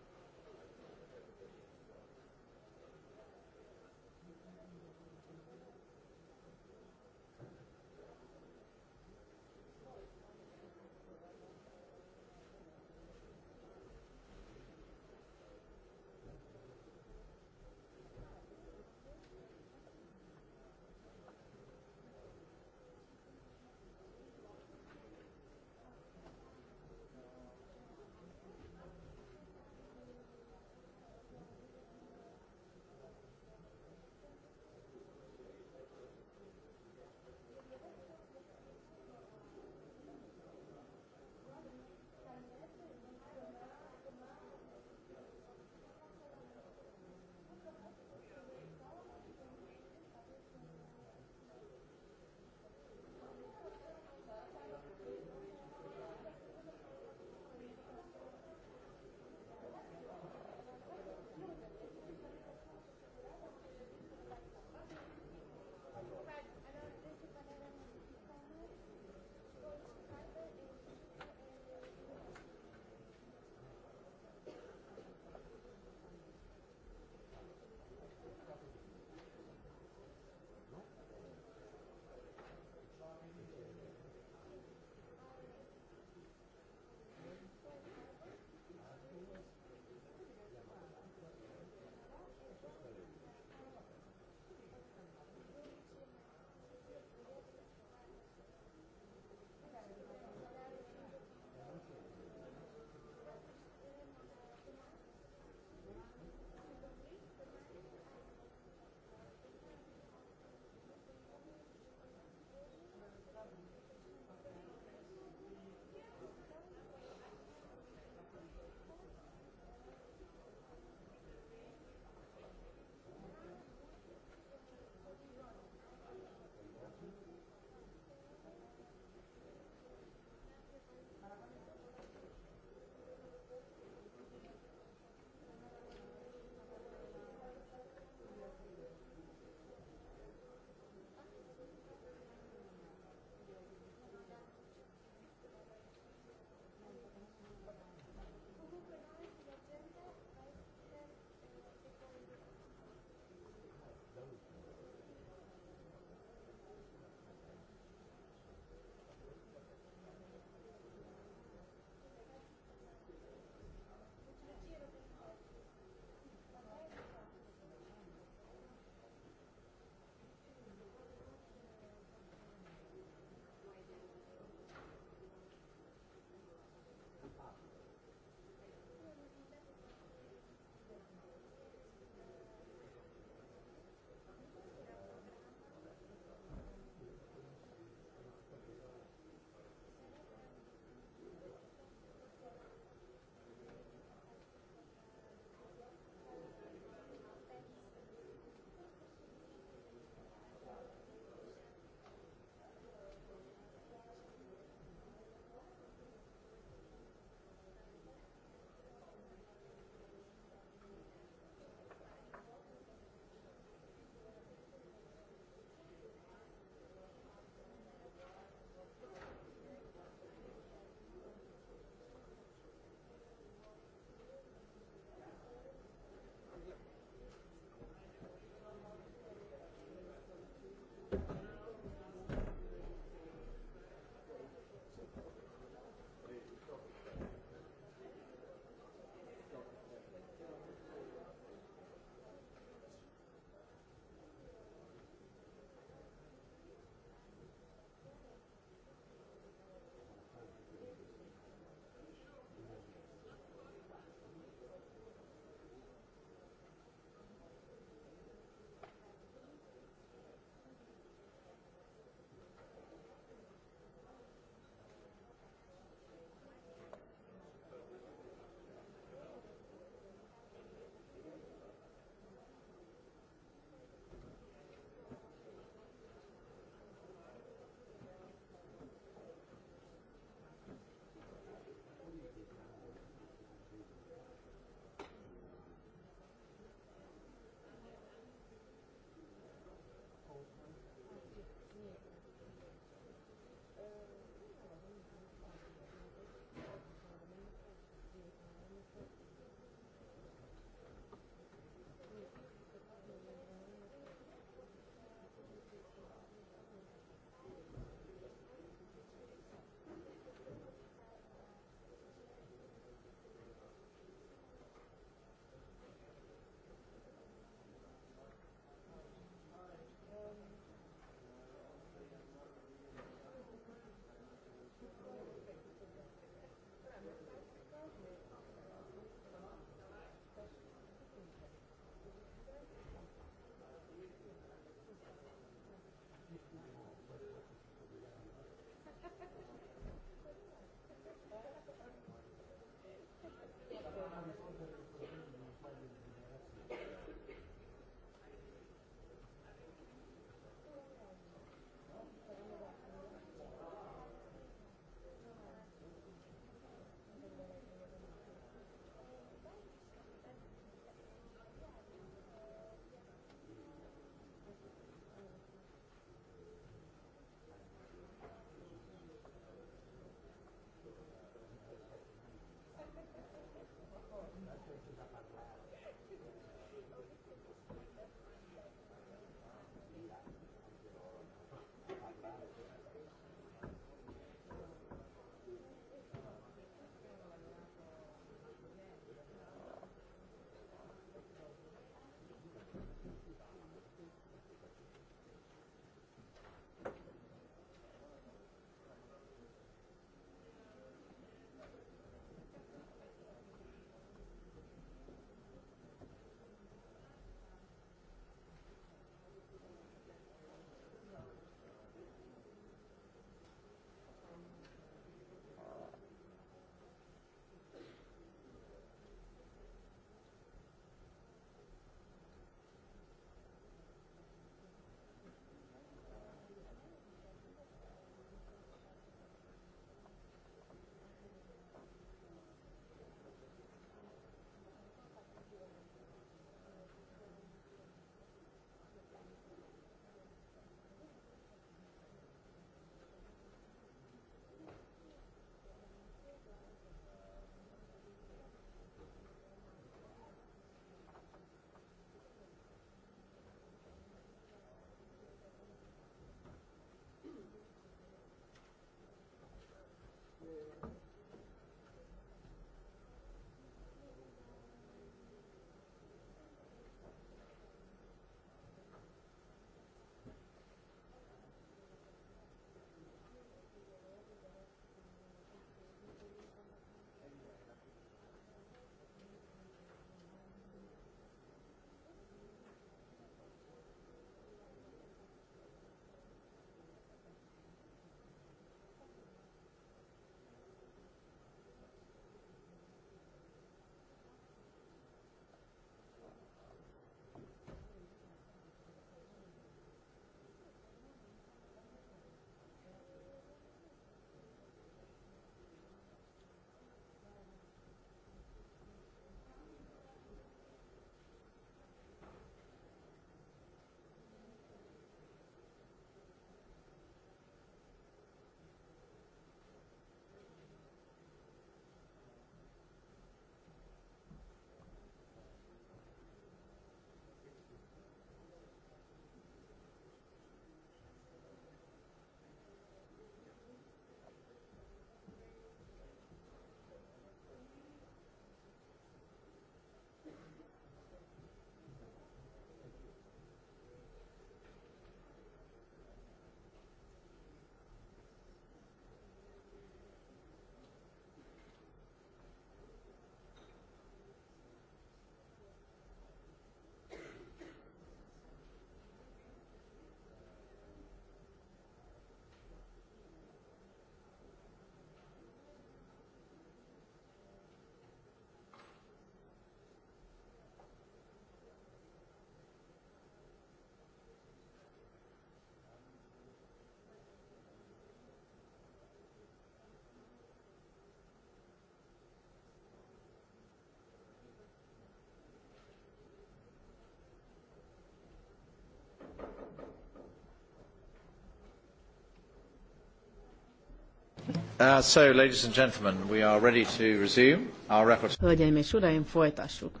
Uh, so, ladies and gentlemen, we are ready to resume our report. Hölgyeim és uraim, folytassuk.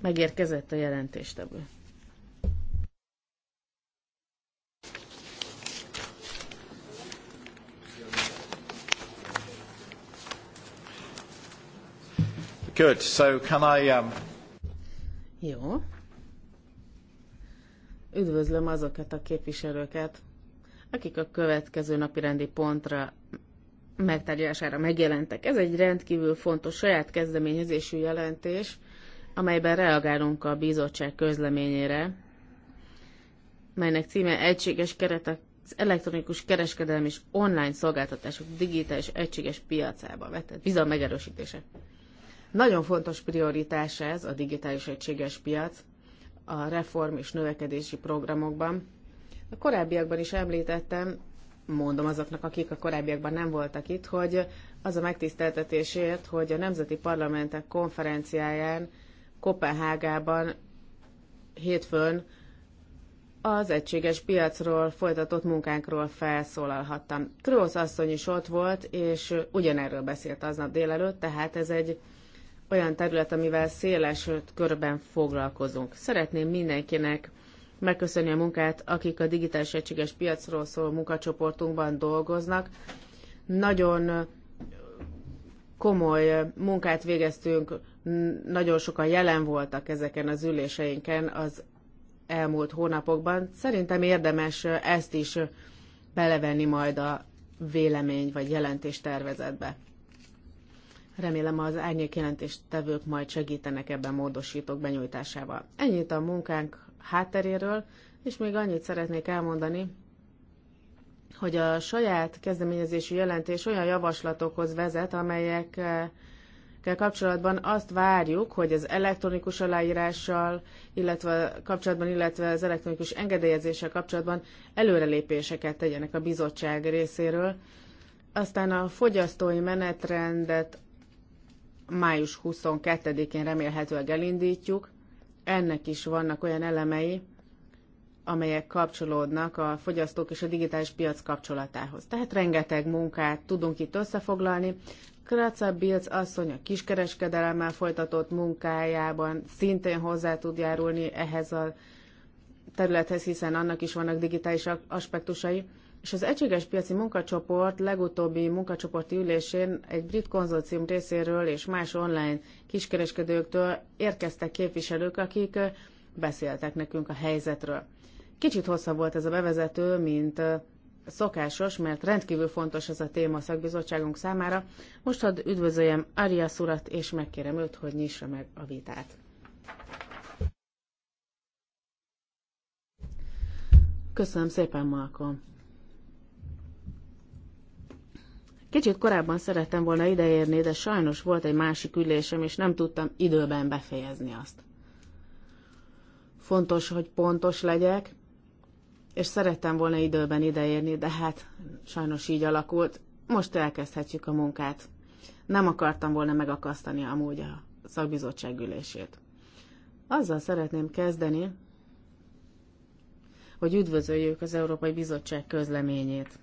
Megérkezett a jelentéstevő. Good. So can I, um... Jó. Üdvözlöm azokat a képviselőket, akik a következő napi rendi pontra megtárgyalására megjelentek. Ez egy rendkívül fontos saját kezdeményezésű jelentés, amelyben reagálunk a bizottság közleményére, melynek címe Egységes keretek az elektronikus kereskedelmi és online szolgáltatások digitális egységes piacába vetett bizalom megerősítése. Nagyon fontos prioritás ez a digitális egységes piac a reform és növekedési programokban. A korábbiakban is említettem, mondom azoknak, akik a korábbiakban nem voltak itt, hogy az a megtiszteltetésért, hogy a Nemzeti Parlamentek konferenciáján Kopenhágában hétfőn az egységes piacról folytatott munkánkról felszólalhattam. Krósz asszony is ott volt, és ugyanerről beszélt aznap délelőtt, tehát ez egy olyan terület, amivel széles körben foglalkozunk. Szeretném mindenkinek megköszönni a munkát, akik a digitális egységes piacról szóló munkacsoportunkban dolgoznak. Nagyon komoly munkát végeztünk, nagyon sokan jelen voltak ezeken az üléseinken az elmúlt hónapokban. Szerintem érdemes ezt is belevenni majd a vélemény vagy jelentés tervezetbe. Remélem az árnyék jelentéstevők majd segítenek ebben módosítók benyújtásával. Ennyit a munkánk hátteréről, és még annyit szeretnék elmondani, hogy a saját kezdeményezésű jelentés olyan javaslatokhoz vezet, amelyekkel kapcsolatban azt várjuk, hogy az elektronikus aláírással, illetve kapcsolatban, illetve az elektronikus engedélyezéssel kapcsolatban előrelépéseket tegyenek a bizottság részéről. Aztán a fogyasztói menetrendet május 22-én remélhetőleg elindítjuk, ennek is vannak olyan elemei, amelyek kapcsolódnak a fogyasztók és a digitális piac kapcsolatához. Tehát rengeteg munkát tudunk itt összefoglalni. Kraca Bilc asszony a kiskereskedelemmel folytatott munkájában szintén hozzá tud járulni ehhez a területhez, hiszen annak is vannak digitális aspektusai és az Egységes Piaci Munkacsoport legutóbbi munkacsoporti ülésén egy brit konzorcium részéről és más online kiskereskedőktől érkeztek képviselők, akik beszéltek nekünk a helyzetről. Kicsit hosszabb volt ez a bevezető, mint szokásos, mert rendkívül fontos ez a téma a szakbizottságunk számára. Most hadd üdvözöljem Arias Szurat, és megkérem őt, hogy nyissa meg a vitát. Köszönöm szépen, Malcolm. Kicsit korábban szerettem volna ideérni, de sajnos volt egy másik ülésem, és nem tudtam időben befejezni azt. Fontos, hogy pontos legyek, és szerettem volna időben ideérni, de hát sajnos így alakult. Most elkezdhetjük a munkát. Nem akartam volna megakasztani amúgy a szakbizottság ülését. Azzal szeretném kezdeni, hogy üdvözöljük az Európai Bizottság közleményét.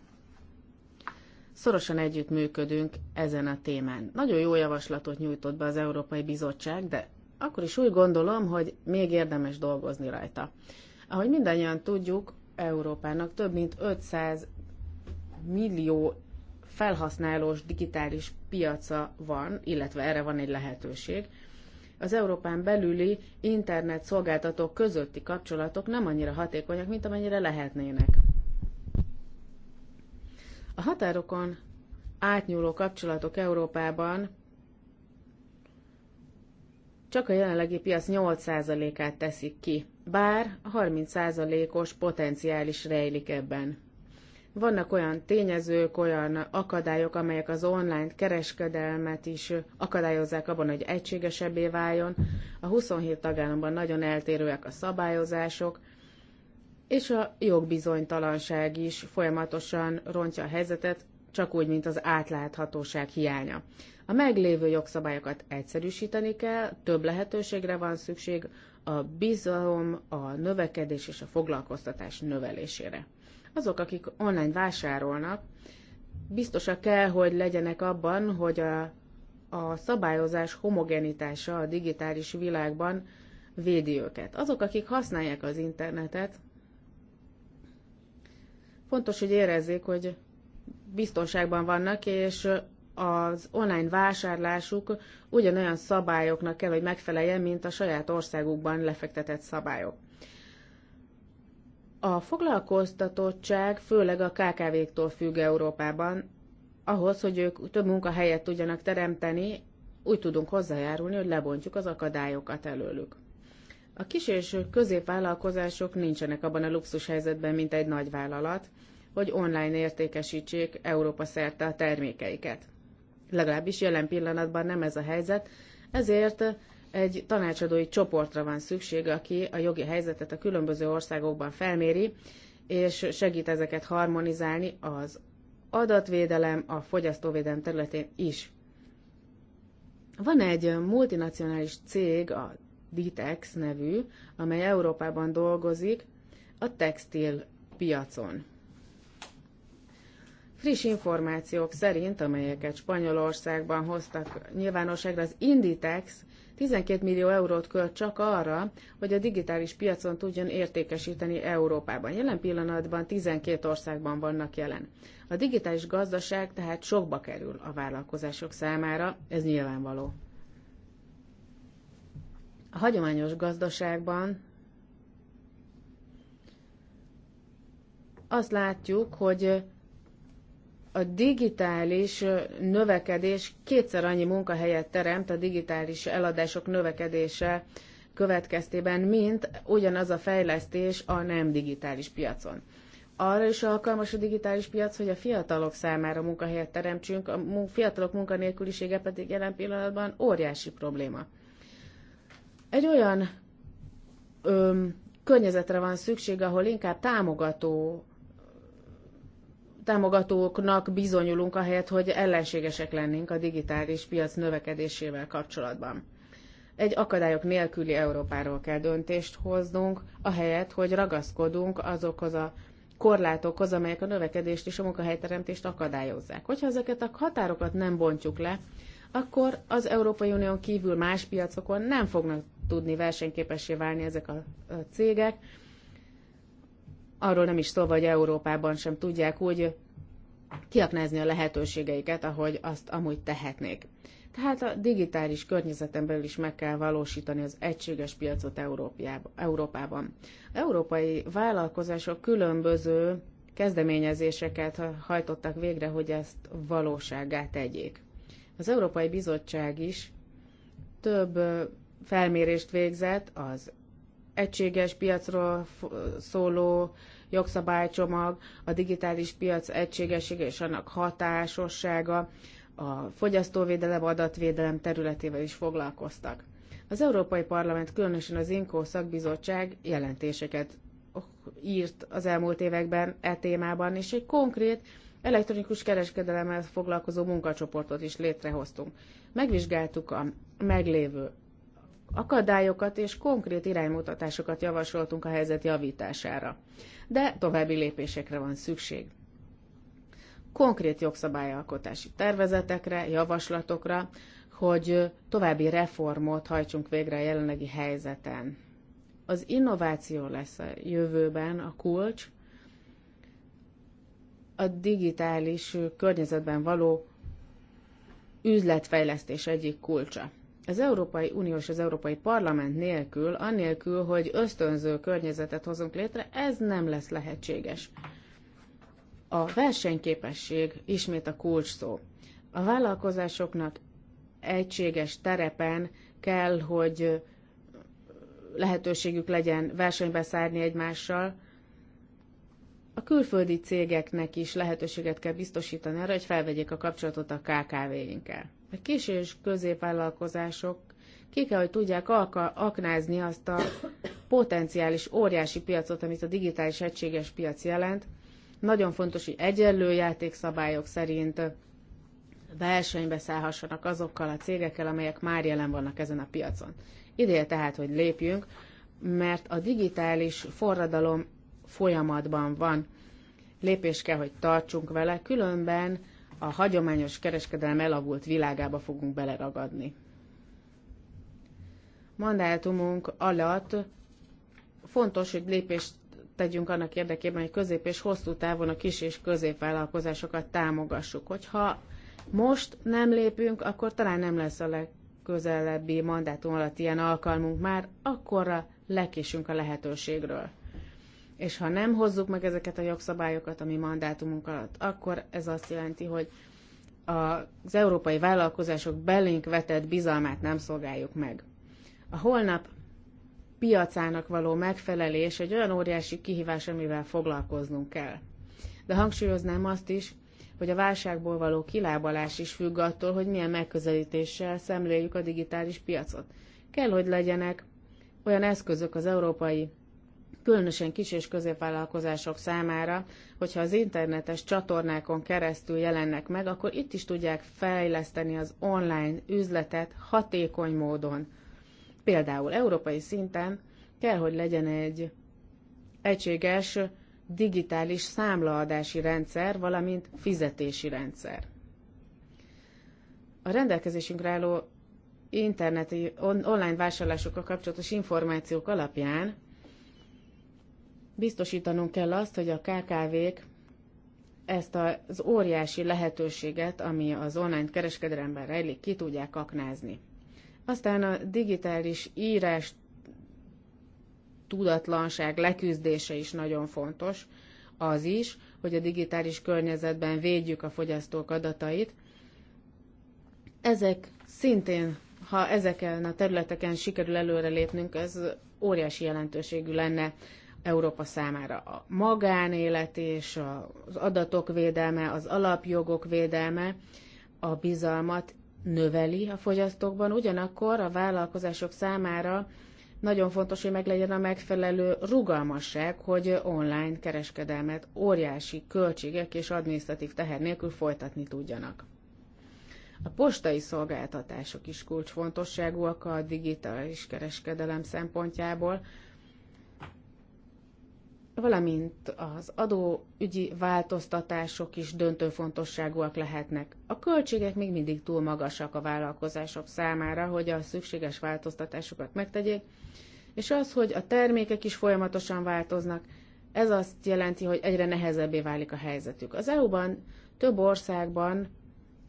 Szorosan együttműködünk ezen a témán. Nagyon jó javaslatot nyújtott be az Európai Bizottság, de akkor is úgy gondolom, hogy még érdemes dolgozni rajta. Ahogy mindannyian tudjuk, Európának több mint 500 millió felhasználós digitális piaca van, illetve erre van egy lehetőség. Az Európán belüli internet szolgáltatók közötti kapcsolatok nem annyira hatékonyak, mint amennyire lehetnének. A határokon átnyúló kapcsolatok Európában csak a jelenlegi piac 8%-át teszik ki, bár 30%-os potenciális rejlik ebben. Vannak olyan tényezők, olyan akadályok, amelyek az online kereskedelmet is akadályozzák abban, hogy egységesebbé váljon. A 27 tagállamban nagyon eltérőek a szabályozások, és a jogbizonytalanság is folyamatosan rontja a helyzetet, csak úgy, mint az átláthatóság hiánya. A meglévő jogszabályokat egyszerűsíteni kell, több lehetőségre van szükség a bizalom, a növekedés és a foglalkoztatás növelésére. Azok, akik online vásárolnak, biztosak kell, hogy legyenek abban, hogy a, a szabályozás homogenitása a digitális világban védi őket. Azok, akik használják az internetet, Fontos, hogy érezzék, hogy biztonságban vannak, és az online vásárlásuk ugyanolyan szabályoknak kell, hogy megfeleljen, mint a saját országukban lefektetett szabályok. A foglalkoztatottság főleg a KKV-któl függ Európában, ahhoz, hogy ők több munkahelyet tudjanak teremteni, úgy tudunk hozzájárulni, hogy lebontjuk az akadályokat előlük. A kis és középvállalkozások nincsenek abban a luxus helyzetben, mint egy nagy vállalat, hogy online értékesítsék Európa szerte a termékeiket. Legalábbis jelen pillanatban nem ez a helyzet, ezért egy tanácsadói csoportra van szükség, aki a jogi helyzetet a különböző országokban felméri, és segít ezeket harmonizálni az adatvédelem, a fogyasztóvédelem területén is. Van egy multinacionális cég a Ditex nevű, amely Európában dolgozik a textil piacon. Friss információk szerint, amelyeket Spanyolországban hoztak nyilvánosságra, az Inditex 12 millió eurót költ csak arra, hogy a digitális piacon tudjon értékesíteni Európában. Jelen pillanatban 12 országban vannak jelen. A digitális gazdaság tehát sokba kerül a vállalkozások számára, ez nyilvánvaló. A hagyományos gazdaságban azt látjuk, hogy a digitális növekedés kétszer annyi munkahelyet teremt a digitális eladások növekedése következtében, mint ugyanaz a fejlesztés a nem digitális piacon. Arra is alkalmas a digitális piac, hogy a fiatalok számára munkahelyet teremtsünk, a fiatalok munkanélkülisége pedig jelen pillanatban óriási probléma. Egy olyan öm, környezetre van szükség, ahol inkább támogató támogatóknak bizonyulunk, ahelyett, hogy ellenségesek lennénk a digitális piac növekedésével kapcsolatban. Egy akadályok nélküli Európáról kell döntést hoznunk, ahelyett, hogy ragaszkodunk azokhoz a korlátokhoz, amelyek a növekedést és a munkahelyteremtést akadályozzák. Hogyha ezeket a határokat nem bontjuk le, akkor az Európai Unión kívül más piacokon nem fognak tudni versenyképessé válni ezek a cégek. Arról nem is szó, hogy Európában sem tudják úgy kiaknázni a lehetőségeiket, ahogy azt amúgy tehetnék. Tehát a digitális környezeten belül is meg kell valósítani az egységes piacot Európában. Európai vállalkozások különböző kezdeményezéseket hajtottak végre, hogy ezt valósággá tegyék. Az Európai Bizottság is több felmérést végzett az egységes piacról szóló jogszabálycsomag, a digitális piac egységessége és annak hatásossága, a fogyasztóvédelem, adatvédelem területével is foglalkoztak. Az Európai Parlament, különösen az INKO szakbizottság jelentéseket írt az elmúlt években e témában, és egy konkrét elektronikus kereskedelemmel foglalkozó munkacsoportot is létrehoztunk. Megvizsgáltuk a meglévő akadályokat és konkrét iránymutatásokat javasoltunk a helyzet javítására, de további lépésekre van szükség. Konkrét jogszabályalkotási tervezetekre, javaslatokra, hogy további reformot hajtsunk végre a jelenlegi helyzeten. Az innováció lesz a jövőben a kulcs, a digitális környezetben való üzletfejlesztés egyik kulcsa az Európai Unió és az Európai Parlament nélkül, annélkül, hogy ösztönző környezetet hozunk létre, ez nem lesz lehetséges. A versenyképesség ismét a kulcs szó. A vállalkozásoknak egységes terepen kell, hogy lehetőségük legyen versenybe szárni egymással. A külföldi cégeknek is lehetőséget kell biztosítani arra, hogy felvegyék a kapcsolatot a KKV-inkkel. A kis és középvállalkozások ki kell, hogy tudják aknázni azt a potenciális óriási piacot, amit a digitális egységes piac jelent. Nagyon fontos, hogy egyenlő játékszabályok szerint versenybe szállhassanak azokkal a cégekkel, amelyek már jelen vannak ezen a piacon. Ideje tehát, hogy lépjünk, mert a digitális forradalom folyamatban van. Lépés kell, hogy tartsunk vele, különben a hagyományos kereskedelem elavult világába fogunk beleragadni. Mandátumunk alatt fontos, hogy lépést tegyünk annak érdekében, hogy közép és hosszú távon a kis és középvállalkozásokat támogassuk. Hogyha most nem lépünk, akkor talán nem lesz a legközelebbi mandátum alatt ilyen alkalmunk már, akkorra lekésünk a lehetőségről. És ha nem hozzuk meg ezeket a jogszabályokat a mi mandátumunk alatt, akkor ez azt jelenti, hogy az európai vállalkozások belénk vetett bizalmát nem szolgáljuk meg. A holnap piacának való megfelelés egy olyan óriási kihívás, amivel foglalkoznunk kell. De hangsúlyoznám azt is, hogy a válságból való kilábalás is függ attól, hogy milyen megközelítéssel szemléljük a digitális piacot. Kell, hogy legyenek olyan eszközök az európai különösen kis és középvállalkozások számára, hogyha az internetes csatornákon keresztül jelennek meg, akkor itt is tudják fejleszteni az online üzletet hatékony módon. Például európai szinten kell, hogy legyen egy egységes digitális számlaadási rendszer, valamint fizetési rendszer. A rendelkezésünkre álló interneti on- online vásárlásokkal kapcsolatos információk alapján Biztosítanunk kell azt, hogy a KKV-k ezt az óriási lehetőséget, ami az online kereskedelemben rejlik, ki tudják aknázni. Aztán a digitális írás tudatlanság leküzdése is nagyon fontos. Az is, hogy a digitális környezetben védjük a fogyasztók adatait. Ezek szintén, ha ezeken a területeken sikerül előrelépnünk, ez óriási jelentőségű lenne Európa számára a magánélet és az adatok védelme, az alapjogok védelme a bizalmat növeli a fogyasztókban, ugyanakkor a vállalkozások számára nagyon fontos, hogy meglegyen a megfelelő rugalmasság, hogy online kereskedelmet óriási költségek és adminisztratív teher nélkül folytatni tudjanak. A postai szolgáltatások is kulcsfontosságúak a digitális kereskedelem szempontjából, valamint az adóügyi változtatások is döntő fontosságúak lehetnek. A költségek még mindig túl magasak a vállalkozások számára, hogy a szükséges változtatásokat megtegyék, és az, hogy a termékek is folyamatosan változnak, ez azt jelenti, hogy egyre nehezebbé válik a helyzetük. Az EU-ban több országban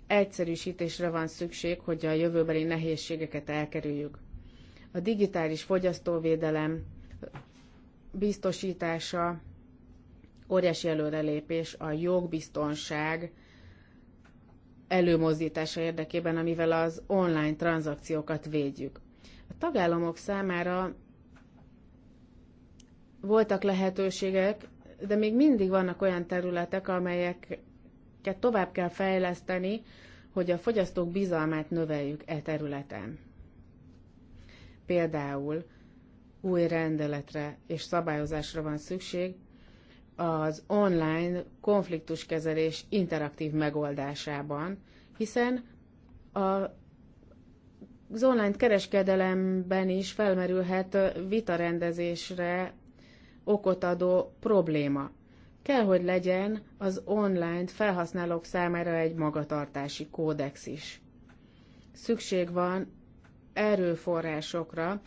egyszerűsítésre van szükség, hogy a jövőbeli nehézségeket elkerüljük. A digitális fogyasztóvédelem biztosítása óriási előrelépés a jogbiztonság előmozdítása érdekében, amivel az online tranzakciókat védjük. A tagállamok számára voltak lehetőségek, de még mindig vannak olyan területek, amelyeket tovább kell fejleszteni, hogy a fogyasztók bizalmát növeljük e területen. Például új rendeletre és szabályozásra van szükség az online konfliktuskezelés interaktív megoldásában, hiszen a, az online kereskedelemben is felmerülhet vitarendezésre okot adó probléma. Kell, hogy legyen az online felhasználók számára egy magatartási kódex is. Szükség van erőforrásokra,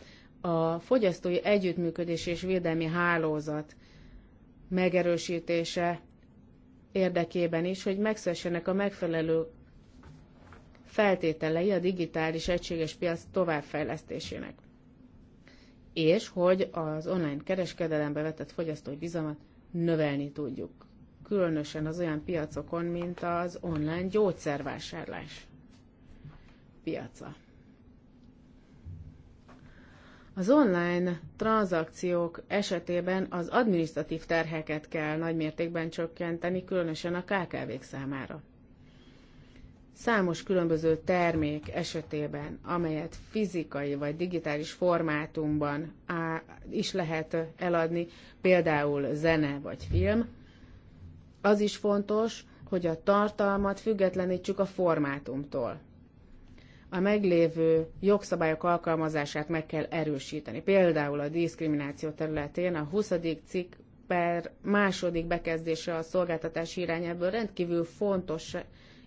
a fogyasztói együttműködés és védelmi hálózat megerősítése érdekében is, hogy megszessenek a megfelelő feltételei a digitális egységes piac továbbfejlesztésének. És hogy az online kereskedelembe vetett fogyasztói bizalmat növelni tudjuk. Különösen az olyan piacokon, mint az online gyógyszervásárlás piaca. Az online tranzakciók esetében az administratív terheket kell nagymértékben csökkenteni, különösen a KKV-k számára. Számos különböző termék esetében, amelyet fizikai vagy digitális formátumban is lehet eladni, például zene vagy film, az is fontos, hogy a tartalmat függetlenítsük a formátumtól a meglévő jogszabályok alkalmazását meg kell erősíteni. Például a diszkrimináció területén a 20. cikk per második bekezdése a szolgáltatási irányából rendkívül fontos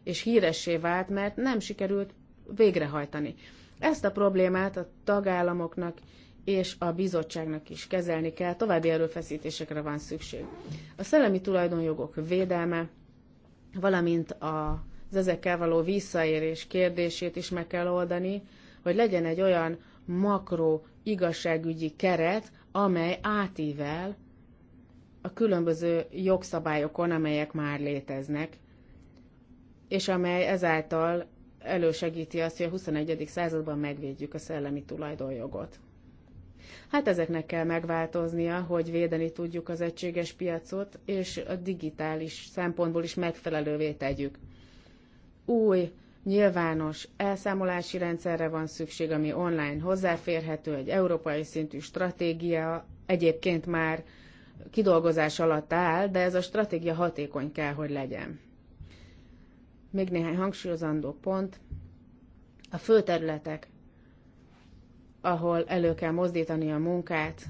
és híressé vált, mert nem sikerült végrehajtani. Ezt a problémát a tagállamoknak és a bizottságnak is kezelni kell, további erőfeszítésekre van szükség. A szellemi tulajdonjogok védelme, valamint a az ezekkel való visszaérés kérdését is meg kell oldani, hogy legyen egy olyan makro igazságügyi keret, amely átível a különböző jogszabályokon, amelyek már léteznek, és amely ezáltal elősegíti azt, hogy a 21. században megvédjük a szellemi tulajdonjogot. Hát ezeknek kell megváltoznia, hogy védeni tudjuk az egységes piacot, és a digitális szempontból is megfelelővé tegyük új nyilvános elszámolási rendszerre van szükség, ami online hozzáférhető, egy európai szintű stratégia egyébként már kidolgozás alatt áll, de ez a stratégia hatékony kell, hogy legyen. Még néhány hangsúlyozandó pont. A fő területek, ahol elő kell mozdítani a munkát,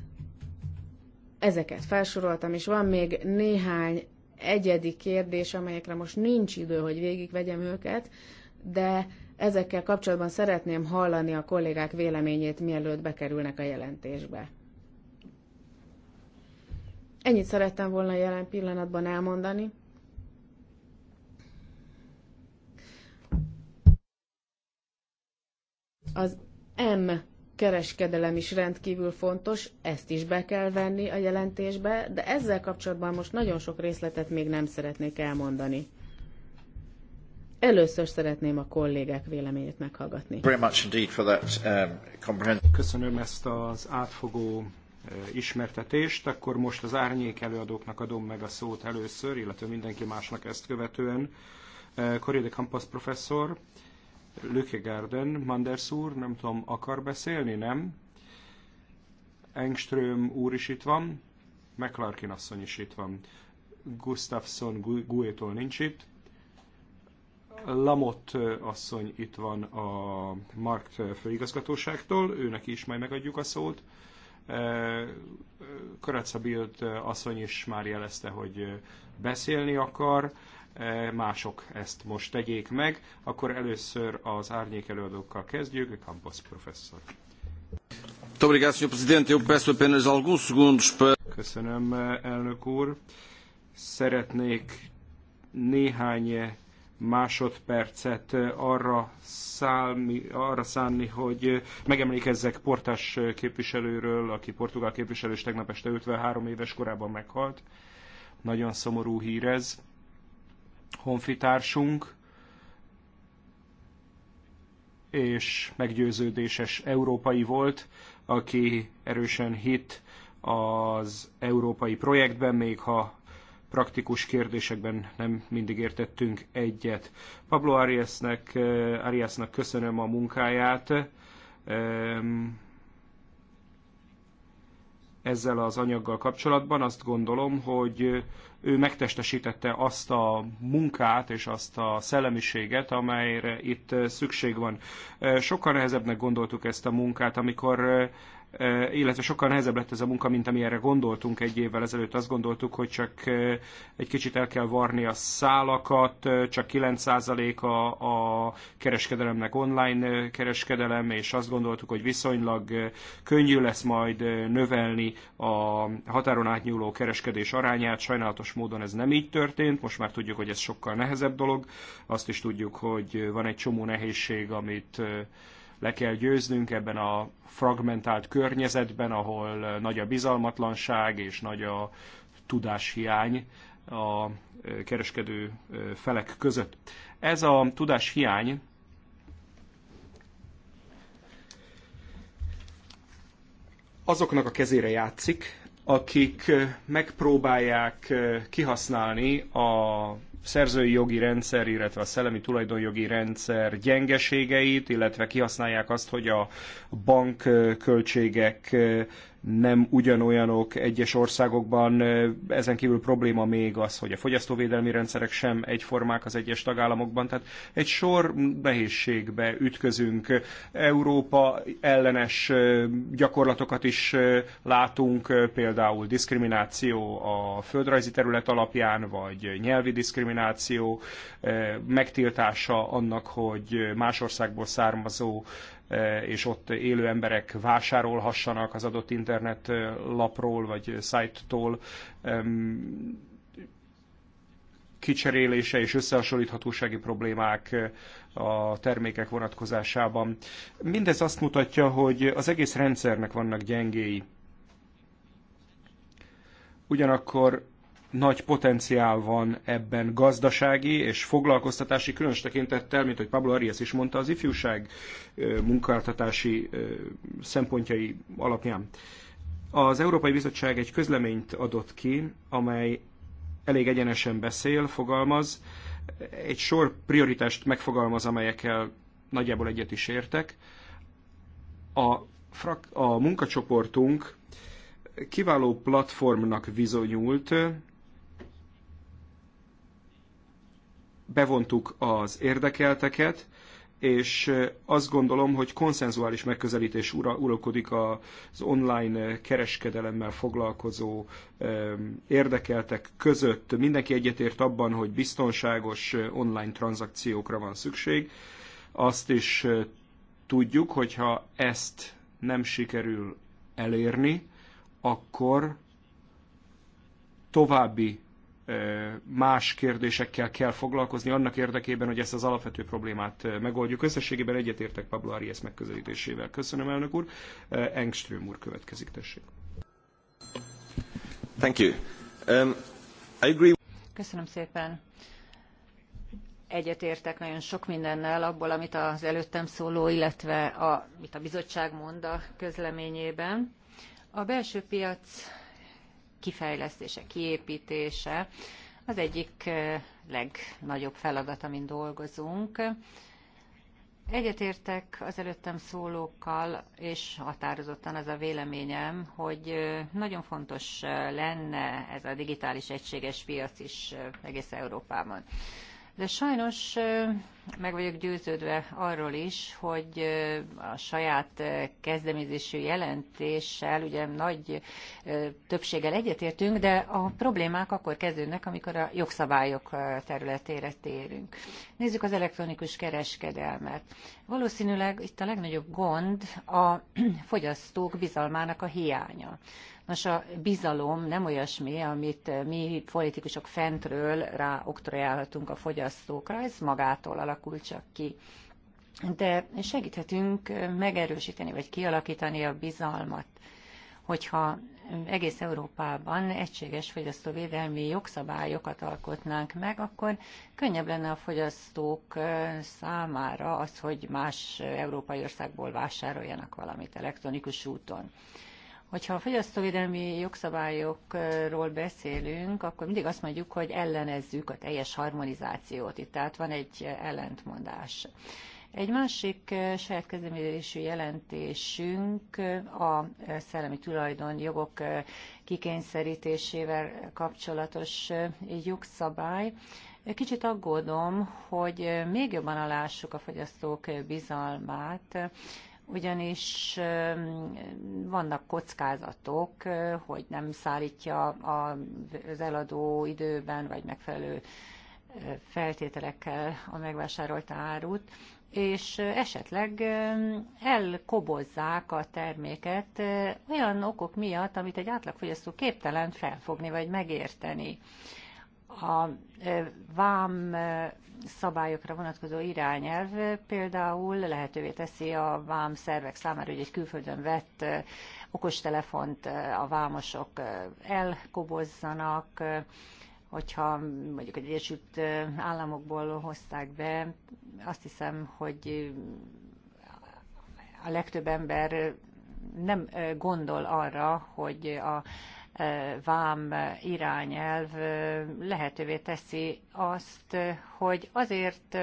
ezeket felsoroltam, és van még néhány egyedi kérdés, amelyekre most nincs idő, hogy végigvegyem őket, de ezekkel kapcsolatban szeretném hallani a kollégák véleményét, mielőtt bekerülnek a jelentésbe. Ennyit szerettem volna jelen pillanatban elmondani. Az M kereskedelem is rendkívül fontos, ezt is be kell venni a jelentésbe, de ezzel kapcsolatban most nagyon sok részletet még nem szeretnék elmondani. Először szeretném a kollégák véleményét meghallgatni. Um, Köszönöm ezt az átfogó uh, ismertetést, akkor most az árnyék előadóknak adom meg a szót először, illetve mindenki másnak ezt követően. Uh, Corrie de Campos professzor, Lükkegarden, Manders úr, nem tudom, akar beszélni, nem? Engström úr is itt van, McClarkin asszony is itt van, Gustafsson Guétól nincs itt, Lamott asszony itt van a Markt főigazgatóságtól, őnek is majd megadjuk a szót. Karatza asszony is már jelezte, hogy beszélni akar. E, mások ezt most tegyék meg. Akkor először az árnyék előadókkal kezdjük, a Campos professzor. Köszönöm, e, elnök úr. Szeretnék néhány másodpercet e, arra, szálmi, arra szánni, hogy megemlékezzek Portás képviselőről, aki portugál képviselő, és tegnap este 53 éves korában meghalt. Nagyon szomorú hír ez honfitársunk, és meggyőződéses európai volt, aki erősen hit az európai projektben, még ha praktikus kérdésekben nem mindig értettünk egyet. Pablo Ariasnak, eh, Ariasnak köszönöm a munkáját. Ezzel az anyaggal kapcsolatban azt gondolom, hogy ő megtestesítette azt a munkát és azt a szellemiséget, amelyre itt szükség van. Sokkal nehezebbnek gondoltuk ezt a munkát, amikor illetve sokkal nehezebb lett ez a munka, mint erre gondoltunk egy évvel ezelőtt. Azt gondoltuk, hogy csak egy kicsit el kell varni a szálakat, csak 9% a, a kereskedelemnek online kereskedelem, és azt gondoltuk, hogy viszonylag könnyű lesz majd növelni a határon átnyúló kereskedés arányát. Sajnálatos módon ez nem így történt, most már tudjuk, hogy ez sokkal nehezebb dolog. Azt is tudjuk, hogy van egy csomó nehézség, amit le kell győznünk ebben a fragmentált környezetben, ahol nagy a bizalmatlanság és nagy a tudáshiány a kereskedő felek között. Ez a tudáshiány azoknak a kezére játszik, akik megpróbálják kihasználni a szerzői jogi rendszer, illetve a szellemi tulajdonjogi rendszer gyengeségeit, illetve kihasználják azt, hogy a bankköltségek nem ugyanolyanok egyes országokban. Ezen kívül probléma még az, hogy a fogyasztóvédelmi rendszerek sem egyformák az egyes tagállamokban. Tehát egy sor nehézségbe ütközünk. Európa ellenes gyakorlatokat is látunk, például diszkrimináció a földrajzi terület alapján, vagy nyelvi diszkrimináció, megtiltása annak, hogy más országból származó E, és ott élő emberek vásárolhassanak az adott internet e, lapról vagy szájttól e, kicserélése és összehasonlíthatósági problémák a termékek vonatkozásában. Mindez azt mutatja, hogy az egész rendszernek vannak gyengéi. Ugyanakkor nagy potenciál van ebben gazdasági és foglalkoztatási, különös tekintettel, mint hogy Pablo Arias is mondta, az ifjúság munkáltatási szempontjai alapján. Az Európai Bizottság egy közleményt adott ki, amely elég egyenesen beszél, fogalmaz, egy sor prioritást megfogalmaz, amelyekkel nagyjából egyet is értek. A, frak, a munkacsoportunk kiváló platformnak bizonyult, bevontuk az érdekelteket, és azt gondolom, hogy konszenzuális megközelítés uralkodik az online kereskedelemmel foglalkozó érdekeltek között. Mindenki egyetért abban, hogy biztonságos online tranzakciókra van szükség. Azt is tudjuk, hogyha ezt nem sikerül elérni, akkor további más kérdésekkel kell foglalkozni annak érdekében, hogy ezt az alapvető problémát megoldjuk. Összességében egyetértek Pablo Arias megközelítésével. Köszönöm, elnök úr. Engström úr következik, tessék. Thank you. Um, I agree... Köszönöm szépen. Egyetértek nagyon sok mindennel abból, amit az előttem szóló, illetve a, amit a bizottság mond a közleményében. A belső piac kifejlesztése, kiépítése az egyik legnagyobb feladat, amin dolgozunk. Egyetértek az előttem szólókkal, és határozottan az a véleményem, hogy nagyon fontos lenne ez a digitális egységes piac is egész Európában. De sajnos meg vagyok győződve arról is, hogy a saját kezdeményezésű jelentéssel ugye nagy többséggel egyetértünk, de a problémák akkor kezdődnek, amikor a jogszabályok területére térünk. Nézzük az elektronikus kereskedelmet. Valószínűleg itt a legnagyobb gond a fogyasztók bizalmának a hiánya. Nos, a bizalom nem olyasmi, amit mi politikusok fentről ráoktrojálhatunk a fogyasztókra, ez magától alakul csak ki. De segíthetünk megerősíteni vagy kialakítani a bizalmat, hogyha egész Európában egységes fogyasztóvédelmi jogszabályokat alkotnánk meg, akkor könnyebb lenne a fogyasztók számára az, hogy más európai országból vásároljanak valamit elektronikus úton. Hogyha a fogyasztóvédelmi jogszabályokról beszélünk, akkor mindig azt mondjuk, hogy ellenezzük a teljes harmonizációt. Itt tehát van egy ellentmondás. Egy másik eh, saját kezdeményezésű jelentésünk eh, a eh, szellemi tulajdon jogok kikényszerítésével kapcsolatos jogszabály. Kicsit aggódom, hogy még jobban alássuk a fogyasztók bizalmát, ugyanis vannak kockázatok, hogy nem szállítja az eladó időben, vagy megfelelő feltételekkel a megvásárolt árut, és esetleg elkobozzák a terméket olyan okok miatt, amit egy átlagfogyasztó képtelen felfogni vagy megérteni a vám szabályokra vonatkozó irányelv például lehetővé teszi a vám szervek számára, hogy egy külföldön vett okostelefont a vámosok elkobozzanak, hogyha mondjuk egy Egyesült Államokból hozták be, azt hiszem, hogy a legtöbb ember nem gondol arra, hogy a vám irányelv lehetővé teszi azt, hogy azért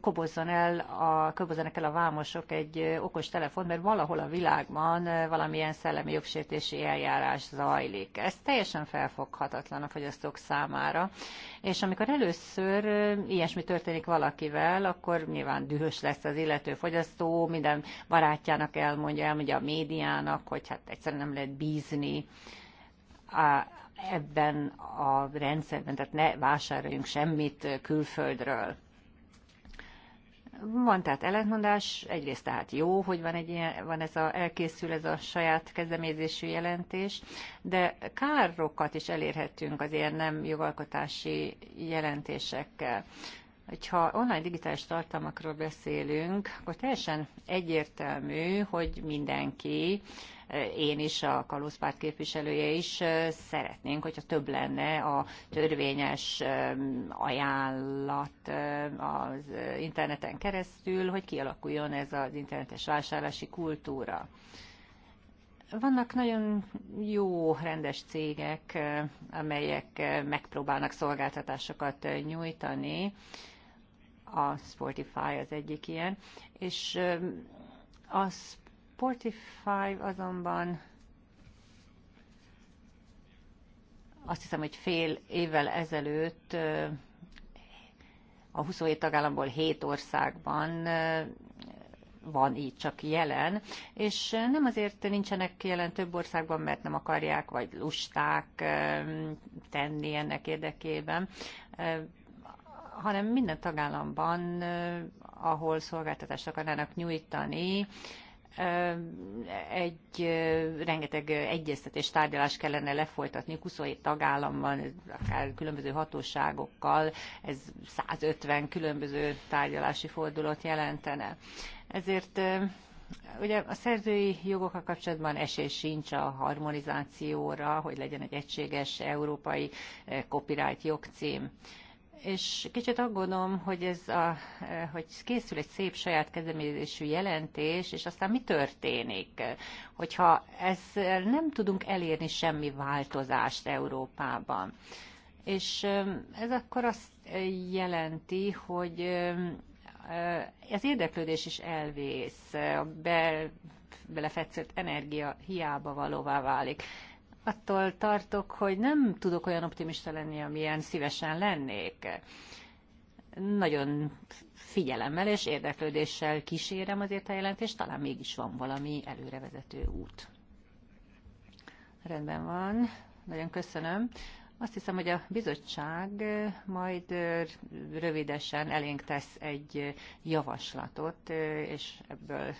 kobozzon el a, kobozzanak el a vámosok egy okos telefon, mert valahol a világban valamilyen szellemi jogsértési eljárás zajlik. Ez teljesen felfoghatatlan a fogyasztók számára. És amikor először ilyesmi történik valakivel, akkor nyilván dühös lesz az illető fogyasztó, minden barátjának elmondja, elmondja a médiának, hogy hát egyszerűen nem lehet bízni a, ebben a rendszerben, tehát ne vásároljunk semmit külföldről. Van tehát ellentmondás, egyrészt tehát jó, hogy van, egy ilyen, van ez a, elkészül ez a saját kezdeményezésű jelentés, de károkat is elérhetünk az ilyen nem jogalkotási jelentésekkel. Hogyha online digitális tartalmakról beszélünk, akkor teljesen egyértelmű, hogy mindenki én is, a Kalózpárt képviselője is szeretnénk, hogyha több lenne a törvényes ajánlat az interneten keresztül, hogy kialakuljon ez az internetes vásárlási kultúra. Vannak nagyon jó, rendes cégek, amelyek megpróbálnak szolgáltatásokat nyújtani. A Spotify az egyik ilyen, és az 45 azonban azt hiszem, hogy fél évvel ezelőtt a 27 tagállamból 7 országban van így csak jelen, és nem azért nincsenek jelen több országban, mert nem akarják, vagy lusták tenni ennek érdekében, hanem minden tagállamban, ahol szolgáltatást akarnának nyújtani, egy rengeteg egyeztetés tárgyalás kellene lefolytatni 27 tagállamban, akár különböző hatóságokkal, ez 150 különböző tárgyalási fordulót jelentene. Ezért Ugye a szerzői jogokkal kapcsolatban esély sincs a harmonizációra, hogy legyen egy egységes európai copyright jogcím és kicsit aggódom, hogy ez a, hogy készül egy szép saját kezdeményezésű jelentés, és aztán mi történik, hogyha ez nem tudunk elérni semmi változást Európában. És ez akkor azt jelenti, hogy az érdeklődés is elvész, a be, belefetszett energia hiába valóvá válik attól tartok, hogy nem tudok olyan optimista lenni, amilyen szívesen lennék. Nagyon figyelemmel és érdeklődéssel kísérem azért a jelentést, talán mégis van valami előrevezető út. Rendben van, nagyon köszönöm. Azt hiszem, hogy a bizottság majd rövidesen elénk tesz egy javaslatot, és ebből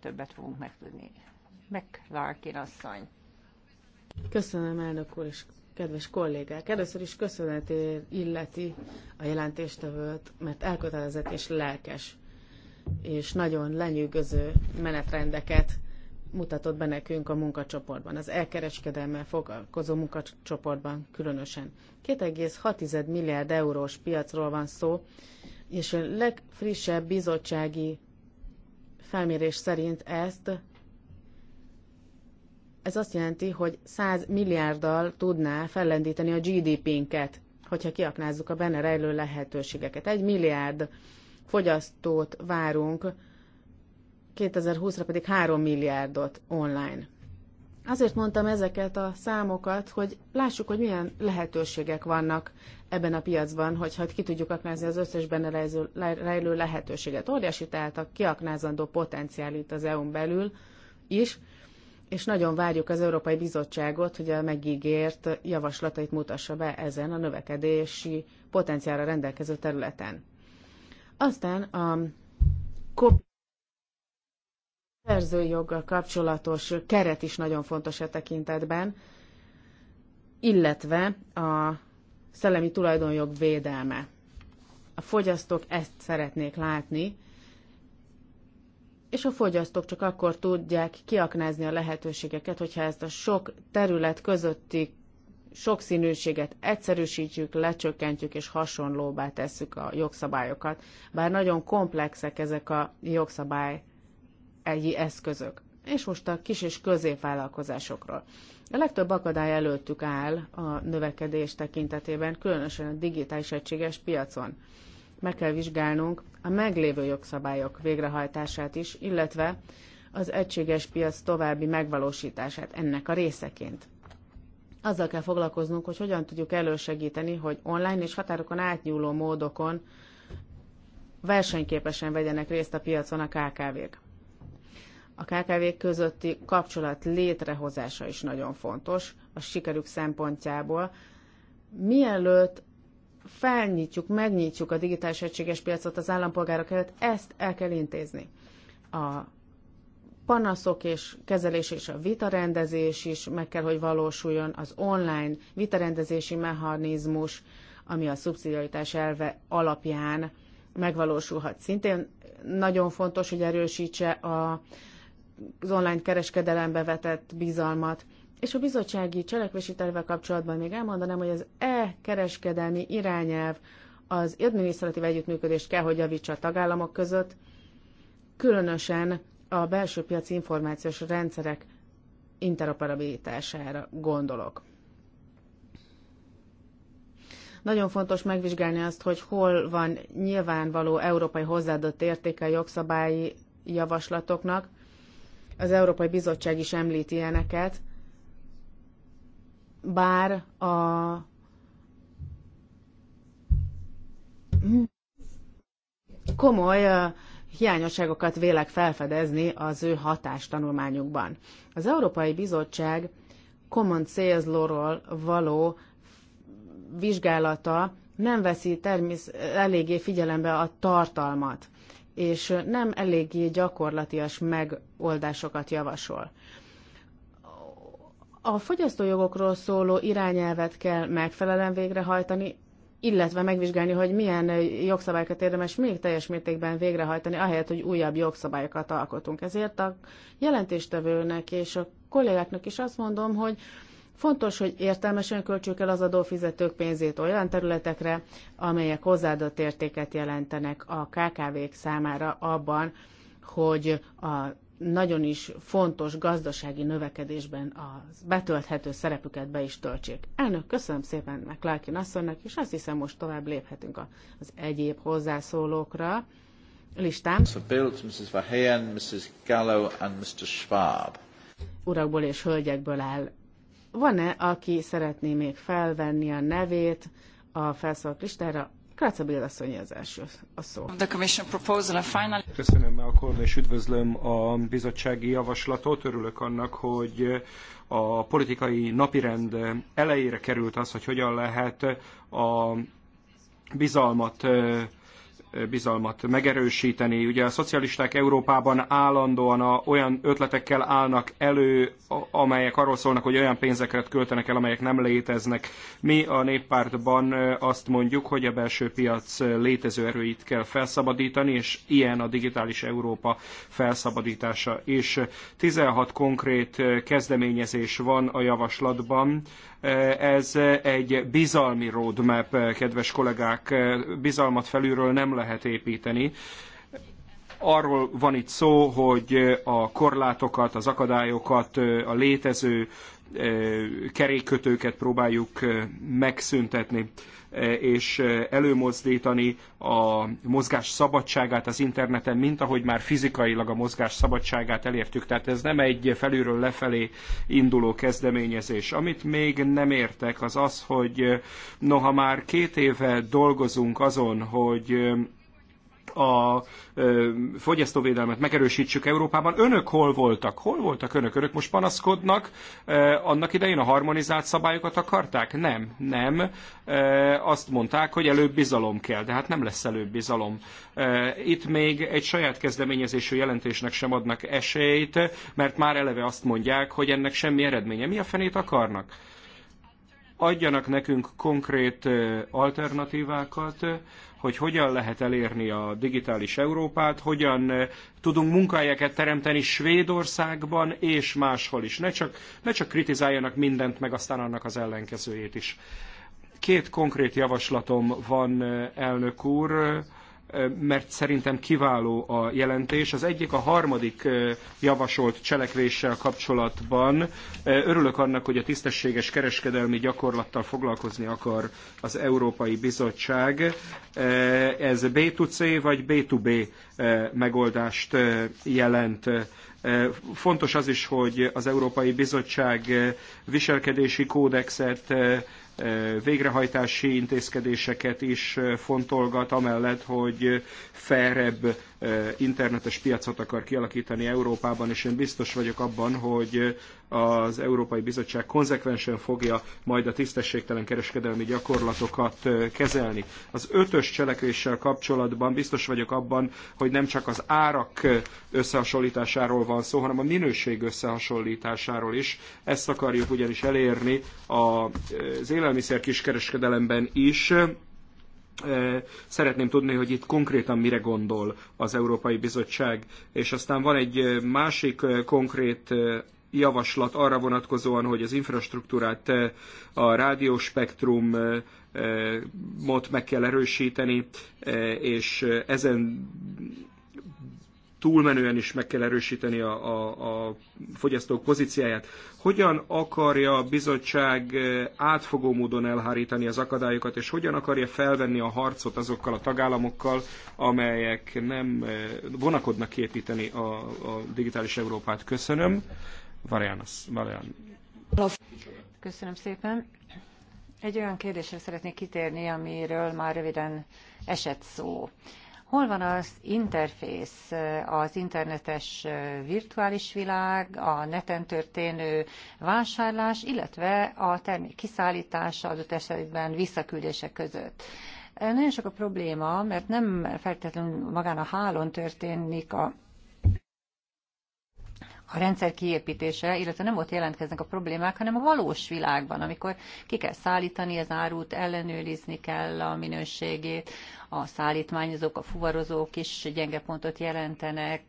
többet fogunk megtudni. Larkin asszony. Köszönöm, elnök úr, és kedves kollégák! Először is köszönetért illeti a jelentéstevőt, mert elkötelezett és lelkes, és nagyon lenyűgöző menetrendeket mutatott be nekünk a munkacsoportban, az elkereskedelmel foglalkozó munkacsoportban különösen. 2,6 milliárd eurós piacról van szó, és a legfrissebb bizottsági felmérés szerint ezt ez azt jelenti, hogy 100 milliárddal tudná fellendíteni a GDP-nket, hogyha kiaknázzuk a benne rejlő lehetőségeket. Egy milliárd fogyasztót várunk, 2020-ra pedig 3 milliárdot online. Azért mondtam ezeket a számokat, hogy lássuk, hogy milyen lehetőségek vannak ebben a piacban, hogyha ki tudjuk aknázni az összes benne rejlő lehetőséget. Óriási tehát a kiaknázandó potenciál itt az EU-n belül is, és nagyon várjuk az Európai Bizottságot, hogy a megígért javaslatait mutassa be ezen a növekedési potenciára rendelkező területen. Aztán a szerzőjoggal kapcsolatos keret is nagyon fontos a e tekintetben, illetve a szellemi tulajdonjog védelme. A fogyasztók ezt szeretnék látni, és a fogyasztók csak akkor tudják kiaknázni a lehetőségeket, hogyha ezt a sok terület közötti sokszínűséget egyszerűsítjük, lecsökkentjük és hasonlóbbá tesszük a jogszabályokat, bár nagyon komplexek ezek a jogszabály egyi eszközök. És most a kis és középvállalkozásokról. A legtöbb akadály előttük áll a növekedés tekintetében, különösen a digitális egységes piacon. Meg kell vizsgálnunk, a meglévő jogszabályok végrehajtását is, illetve az egységes piac további megvalósítását ennek a részeként. Azzal kell foglalkoznunk, hogy hogyan tudjuk elősegíteni, hogy online és határokon átnyúló módokon versenyképesen vegyenek részt a piacon a KKV-k. A KKV közötti kapcsolat létrehozása is nagyon fontos a sikerük szempontjából. Mielőtt felnyitjuk, megnyitjuk a digitális egységes piacot az állampolgárok előtt, ezt el kell intézni. A panaszok és kezelés és a vitarendezés is meg kell, hogy valósuljon, az online vitarendezési mechanizmus, ami a szubszidiaritás elve alapján megvalósulhat. Szintén nagyon fontos, hogy erősítse a, az online kereskedelembe vetett bizalmat, és a bizottsági cselekvési tervvel kapcsolatban még elmondanám, hogy az e-kereskedelmi irányelv az adminisztratív együttműködést kell, hogy javítsa a tagállamok között, különösen a belső piaci információs rendszerek interoperabilitására gondolok. Nagyon fontos megvizsgálni azt, hogy hol van nyilvánvaló európai hozzáadott értéke a jogszabályi javaslatoknak. Az Európai Bizottság is említ ilyeneket, bár a komoly hiányosságokat vélek felfedezni az ő hatástanulmányukban. Az Európai Bizottság Common Sales Law-ról való vizsgálata nem veszi termész- eléggé figyelembe a tartalmat, és nem eléggé gyakorlatias megoldásokat javasol. A fogyasztójogokról szóló irányelvet kell megfelelően végrehajtani, illetve megvizsgálni, hogy milyen jogszabályokat érdemes még teljes mértékben végrehajtani, ahelyett, hogy újabb jogszabályokat alkotunk. Ezért a jelentéstevőnek és a kollégáknak is azt mondom, hogy Fontos, hogy értelmesen költsük el az adófizetők pénzét olyan területekre, amelyek hozzáadott értéket jelentenek a KKV-k számára abban, hogy a nagyon is fontos gazdasági növekedésben a betölthető szerepüket be is töltsék. Elnök, köszönöm szépen Lelki asszonynak, és azt hiszem most tovább léphetünk az egyéb hozzászólókra listán. Mr. Bild, Mrs. Vaheyen, Mrs. Gallo and Mr. Schwab. Urakból és hölgyekből áll. Van-e, aki szeretné még felvenni a nevét a felszólalt listára? Krácabil asszony az első a szó. The commission proposal final... Köszönöm, Malcolm, és üdvözlöm a bizottsági javaslatot. Örülök annak, hogy a politikai napirend elejére került az, hogy hogyan lehet a bizalmat bizalmat megerősíteni. Ugye a szocialisták Európában állandóan olyan ötletekkel állnak elő, amelyek arról szólnak, hogy olyan pénzeket költenek el, amelyek nem léteznek. Mi a néppártban azt mondjuk, hogy a belső piac létező erőit kell felszabadítani, és ilyen a digitális Európa felszabadítása. És 16 konkrét kezdeményezés van a javaslatban, ez egy bizalmi roadmap, kedves kollégák, bizalmat felülről nem lehet építeni arról van itt szó, hogy a korlátokat, az akadályokat, a létező eh, kerékkötőket próbáljuk eh, megszüntetni és eh, előmozdítani a mozgás szabadságát az interneten, mint ahogy már fizikailag a mozgás szabadságát elértük. Tehát ez nem egy felülről lefelé induló kezdeményezés. Amit még nem értek, az az, hogy eh, noha már két éve dolgozunk azon, hogy eh, a fogyasztóvédelmet megerősítsük Európában. Önök hol voltak? Hol voltak önök? Önök most panaszkodnak? Annak idején a harmonizált szabályokat akarták? Nem, nem. Azt mondták, hogy előbb bizalom kell, de hát nem lesz előbb bizalom. Itt még egy saját kezdeményezésű jelentésnek sem adnak esélyt, mert már eleve azt mondják, hogy ennek semmi eredménye. Mi a fenét akarnak? adjanak nekünk konkrét alternatívákat, hogy hogyan lehet elérni a digitális Európát, hogyan tudunk munkahelyeket teremteni Svédországban és máshol is. Ne csak, ne csak kritizáljanak mindent, meg aztán annak az ellenkezőjét is. Két konkrét javaslatom van, elnök úr mert szerintem kiváló a jelentés. Az egyik a harmadik javasolt cselekvéssel kapcsolatban. Örülök annak, hogy a tisztességes kereskedelmi gyakorlattal foglalkozni akar az Európai Bizottság. Ez B2C vagy B2B megoldást jelent. Fontos az is, hogy az Európai Bizottság viselkedési kódexet végrehajtási intézkedéseket is fontolgat, amellett, hogy felrebb internetes piacot akar kialakítani Európában, és én biztos vagyok abban, hogy az Európai Bizottság konzekvensen fogja majd a tisztességtelen kereskedelmi gyakorlatokat kezelni. Az ötös cselekvéssel kapcsolatban biztos vagyok abban, hogy nem csak az árak összehasonlításáról van szó, hanem a minőség összehasonlításáról is. Ezt akarjuk ugyanis elérni az élelmiszer kiskereskedelemben is, Szeretném tudni, hogy itt konkrétan mire gondol az Európai Bizottság. És aztán van egy másik konkrét javaslat arra vonatkozóan, hogy az infrastruktúrát, a rádióspektrumot meg kell erősíteni, és ezen túlmenően is meg kell erősíteni a, a, a fogyasztók pozícióját. Hogyan akarja a bizottság eh, átfogó módon elhárítani az akadályokat, és hogyan akarja felvenni a harcot azokkal a tagállamokkal, amelyek nem eh, vonakodnak építeni a, a digitális Európát? Köszönöm. Varianas, Varian. Köszönöm szépen. Egy olyan kérdésre szeretnék kitérni, amiről már röviden esett szó. Hol van az interfész, az internetes virtuális világ, a neten történő vásárlás, illetve a termék kiszállítása adott esetben visszaküldése között? Nagyon sok a probléma, mert nem feltétlenül magán a hálón történik a a rendszer kiépítése, illetve nem ott jelentkeznek a problémák, hanem a valós világban, amikor ki kell szállítani az árut, ellenőrizni kell a minőségét, a szállítmányozók, a fuvarozók is gyenge pontot jelentenek,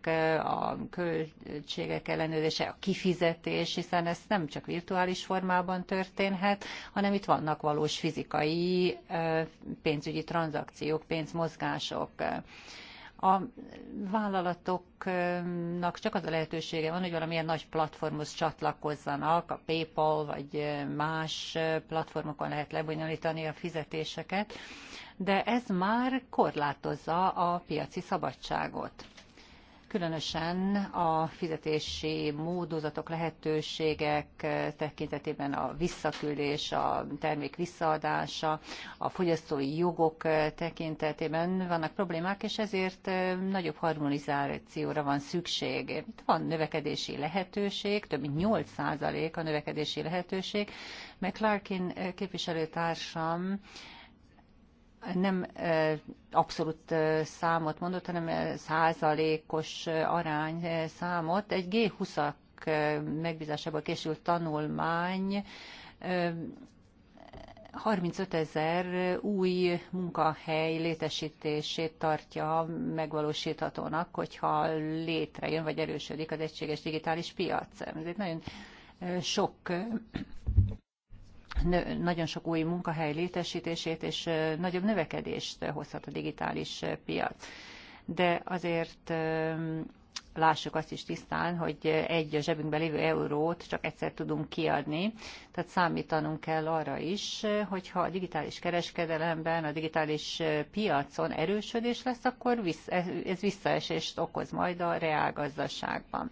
a költségek ellenőrzése, a kifizetés, hiszen ez nem csak virtuális formában történhet, hanem itt vannak valós fizikai pénzügyi tranzakciók, pénzmozgások a vállalatoknak csak az a lehetősége van, hogy valamilyen nagy platformhoz csatlakozzanak, a PayPal vagy más platformokon lehet lebonyolítani a fizetéseket, de ez már korlátozza a piaci szabadságot különösen a fizetési módozatok, lehetőségek tekintetében a visszaküldés, a termék visszaadása, a fogyasztói jogok tekintetében vannak problémák, és ezért nagyobb harmonizációra van szükség. Itt van növekedési lehetőség, több mint 8% a növekedési lehetőség, mert Clarkin képviselőtársam nem abszolút számot mondott, hanem százalékos arány számot. Egy G20-ak megbízásából készült tanulmány 35 ezer új munkahely létesítését tartja megvalósíthatónak, hogyha létrejön vagy erősödik az egységes digitális piac. Ez egy nagyon sok nagyon sok új munkahely létesítését és nagyobb növekedést hozhat a digitális piac. De azért lássuk azt is tisztán, hogy egy a zsebünkben lévő eurót csak egyszer tudunk kiadni, tehát számítanunk kell arra is, hogyha a digitális kereskedelemben, a digitális piacon erősödés lesz, akkor ez visszaesést okoz majd a reálgazdaságban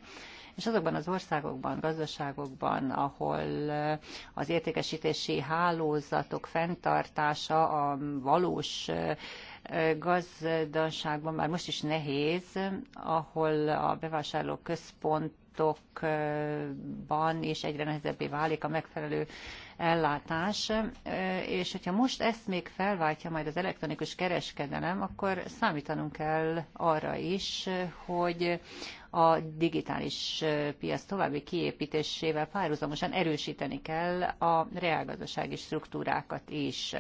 és azokban az országokban, gazdaságokban, ahol eh, az értékesítési hálózatok fenntartása a valós eh, eh, gazdaságban már most is nehéz, ahol a bevásárló központokban is egyre nehezebbé válik a megfelelő ellátás, és hogyha most ezt még felváltja majd az elektronikus kereskedelem, akkor számítanunk kell arra is, hogy a digitális piac további kiépítésével párhuzamosan erősíteni kell a reálgazdasági struktúrákat is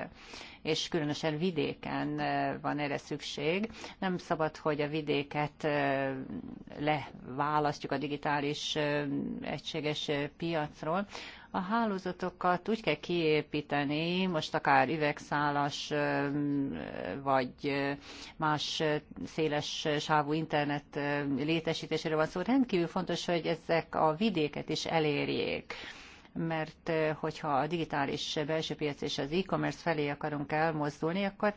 és különösen vidéken van erre szükség. Nem szabad, hogy a vidéket leválasztjuk a digitális egységes piacról, a hálózatokat úgy kell kiépíteni, most akár üvegszálas vagy más széles sávú internet létesítésére van szó, szóval rendkívül fontos, hogy ezek a vidéket is elérjék mert hogyha a digitális belső piac és az e-commerce felé akarunk elmozdulni, akkor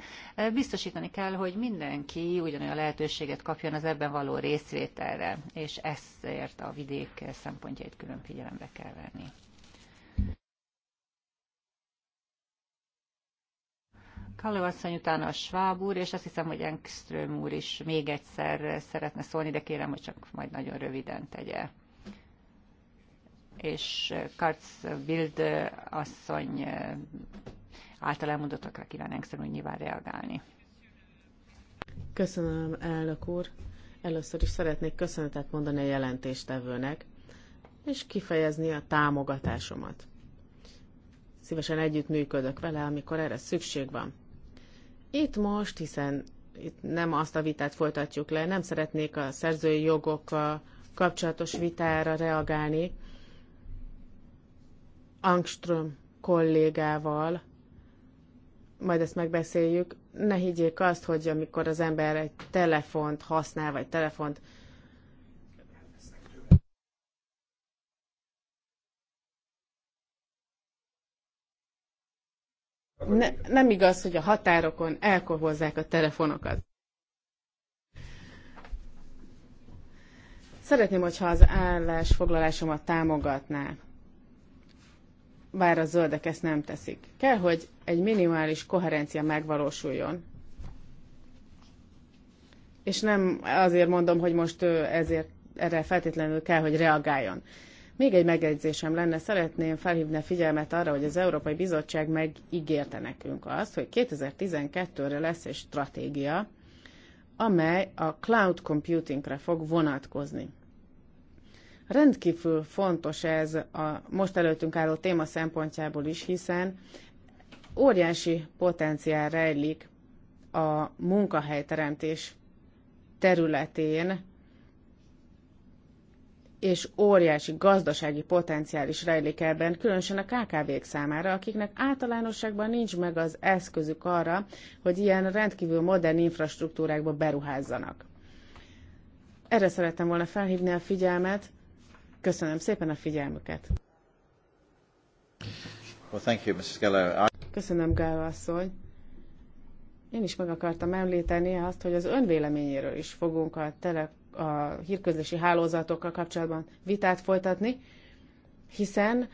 biztosítani kell, hogy mindenki ugyanolyan lehetőséget kapjon az ebben való részvételre, és ezért a vidék szempontjait külön figyelembe kell venni. Kalló asszony, utána a Schwab úr, és azt hiszem, hogy Engström úr is még egyszer szeretne szólni, de kérem, hogy csak majd nagyon röviden tegye. És Karc Bild asszony által elmondottakra kíván Engström úr nyilván reagálni. Köszönöm, elnök úr. Először is szeretnék köszönetet mondani a jelentéstevőnek, és kifejezni a támogatásomat. Szívesen együttműködök vele, amikor erre szükség van. Itt most, hiszen itt nem azt a vitát folytatjuk le, nem szeretnék a szerzői jogokkal kapcsolatos vitára reagálni. Angström kollégával, majd ezt megbeszéljük, ne higgyék azt, hogy amikor az ember egy telefont használ, vagy telefont Ne, nem igaz, hogy a határokon elkohozzák a telefonokat. Szeretném, hogyha az állásfoglalásomat támogatná, bár a zöldek ezt nem teszik. Kell, hogy egy minimális koherencia megvalósuljon. És nem azért mondom, hogy most ezért erre feltétlenül kell, hogy reagáljon. Még egy megjegyzésem lenne, szeretném felhívni a figyelmet arra, hogy az Európai Bizottság megígérte nekünk azt, hogy 2012-re lesz egy stratégia, amely a cloud computingre fog vonatkozni. Rendkívül fontos ez a most előttünk álló téma szempontjából is, hiszen óriási potenciál rejlik a munkahelyteremtés területén, és óriási gazdasági is rejlik ebben, különösen a KKV-k számára, akiknek általánosságban nincs meg az eszközük arra, hogy ilyen rendkívül modern infrastruktúrákba beruházzanak. Erre szerettem volna felhívni a figyelmet. Köszönöm szépen a figyelmüket. Well, thank you, Mrs. Köszönöm, Gála asszony. Én is meg akartam említeni azt, hogy az önvéleményéről is fogunk a tele a hírközlési hálózatokkal kapcsolatban vitát folytatni, hiszen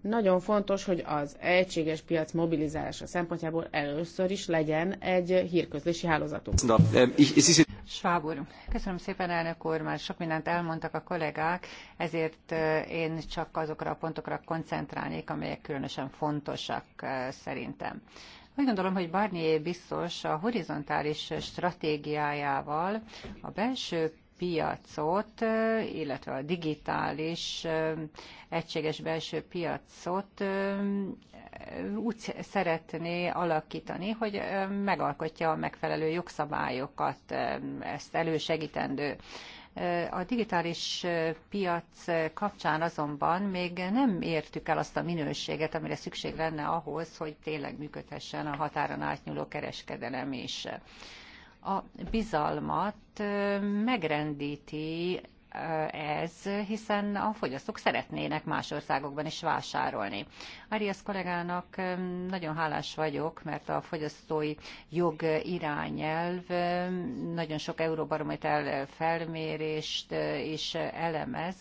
nagyon fontos, hogy az egységes piac mobilizálása szempontjából először is legyen egy hírközlési hálózatunk. Schwab köszönöm szépen elnök úr, már sok mindent elmondtak a kollégák, ezért én csak azokra a pontokra koncentrálnék, amelyek különösen fontosak szerintem. Úgy gondolom, hogy Barnier biztos a horizontális stratégiájával a belső piacot, illetve a digitális egységes belső piacot úgy szeretné alakítani, hogy megalkotja a megfelelő jogszabályokat, ezt elősegítendő. A digitális piac kapcsán azonban még nem értük el azt a minőséget, amire szükség lenne ahhoz, hogy tényleg működhessen a határon átnyúló kereskedelem is a bizalmat megrendíti ez, hiszen a fogyasztók szeretnének más országokban is vásárolni. Arias kollégának nagyon hálás vagyok, mert a fogyasztói jog irányelv nagyon sok euróbarométer felmérést is elemez,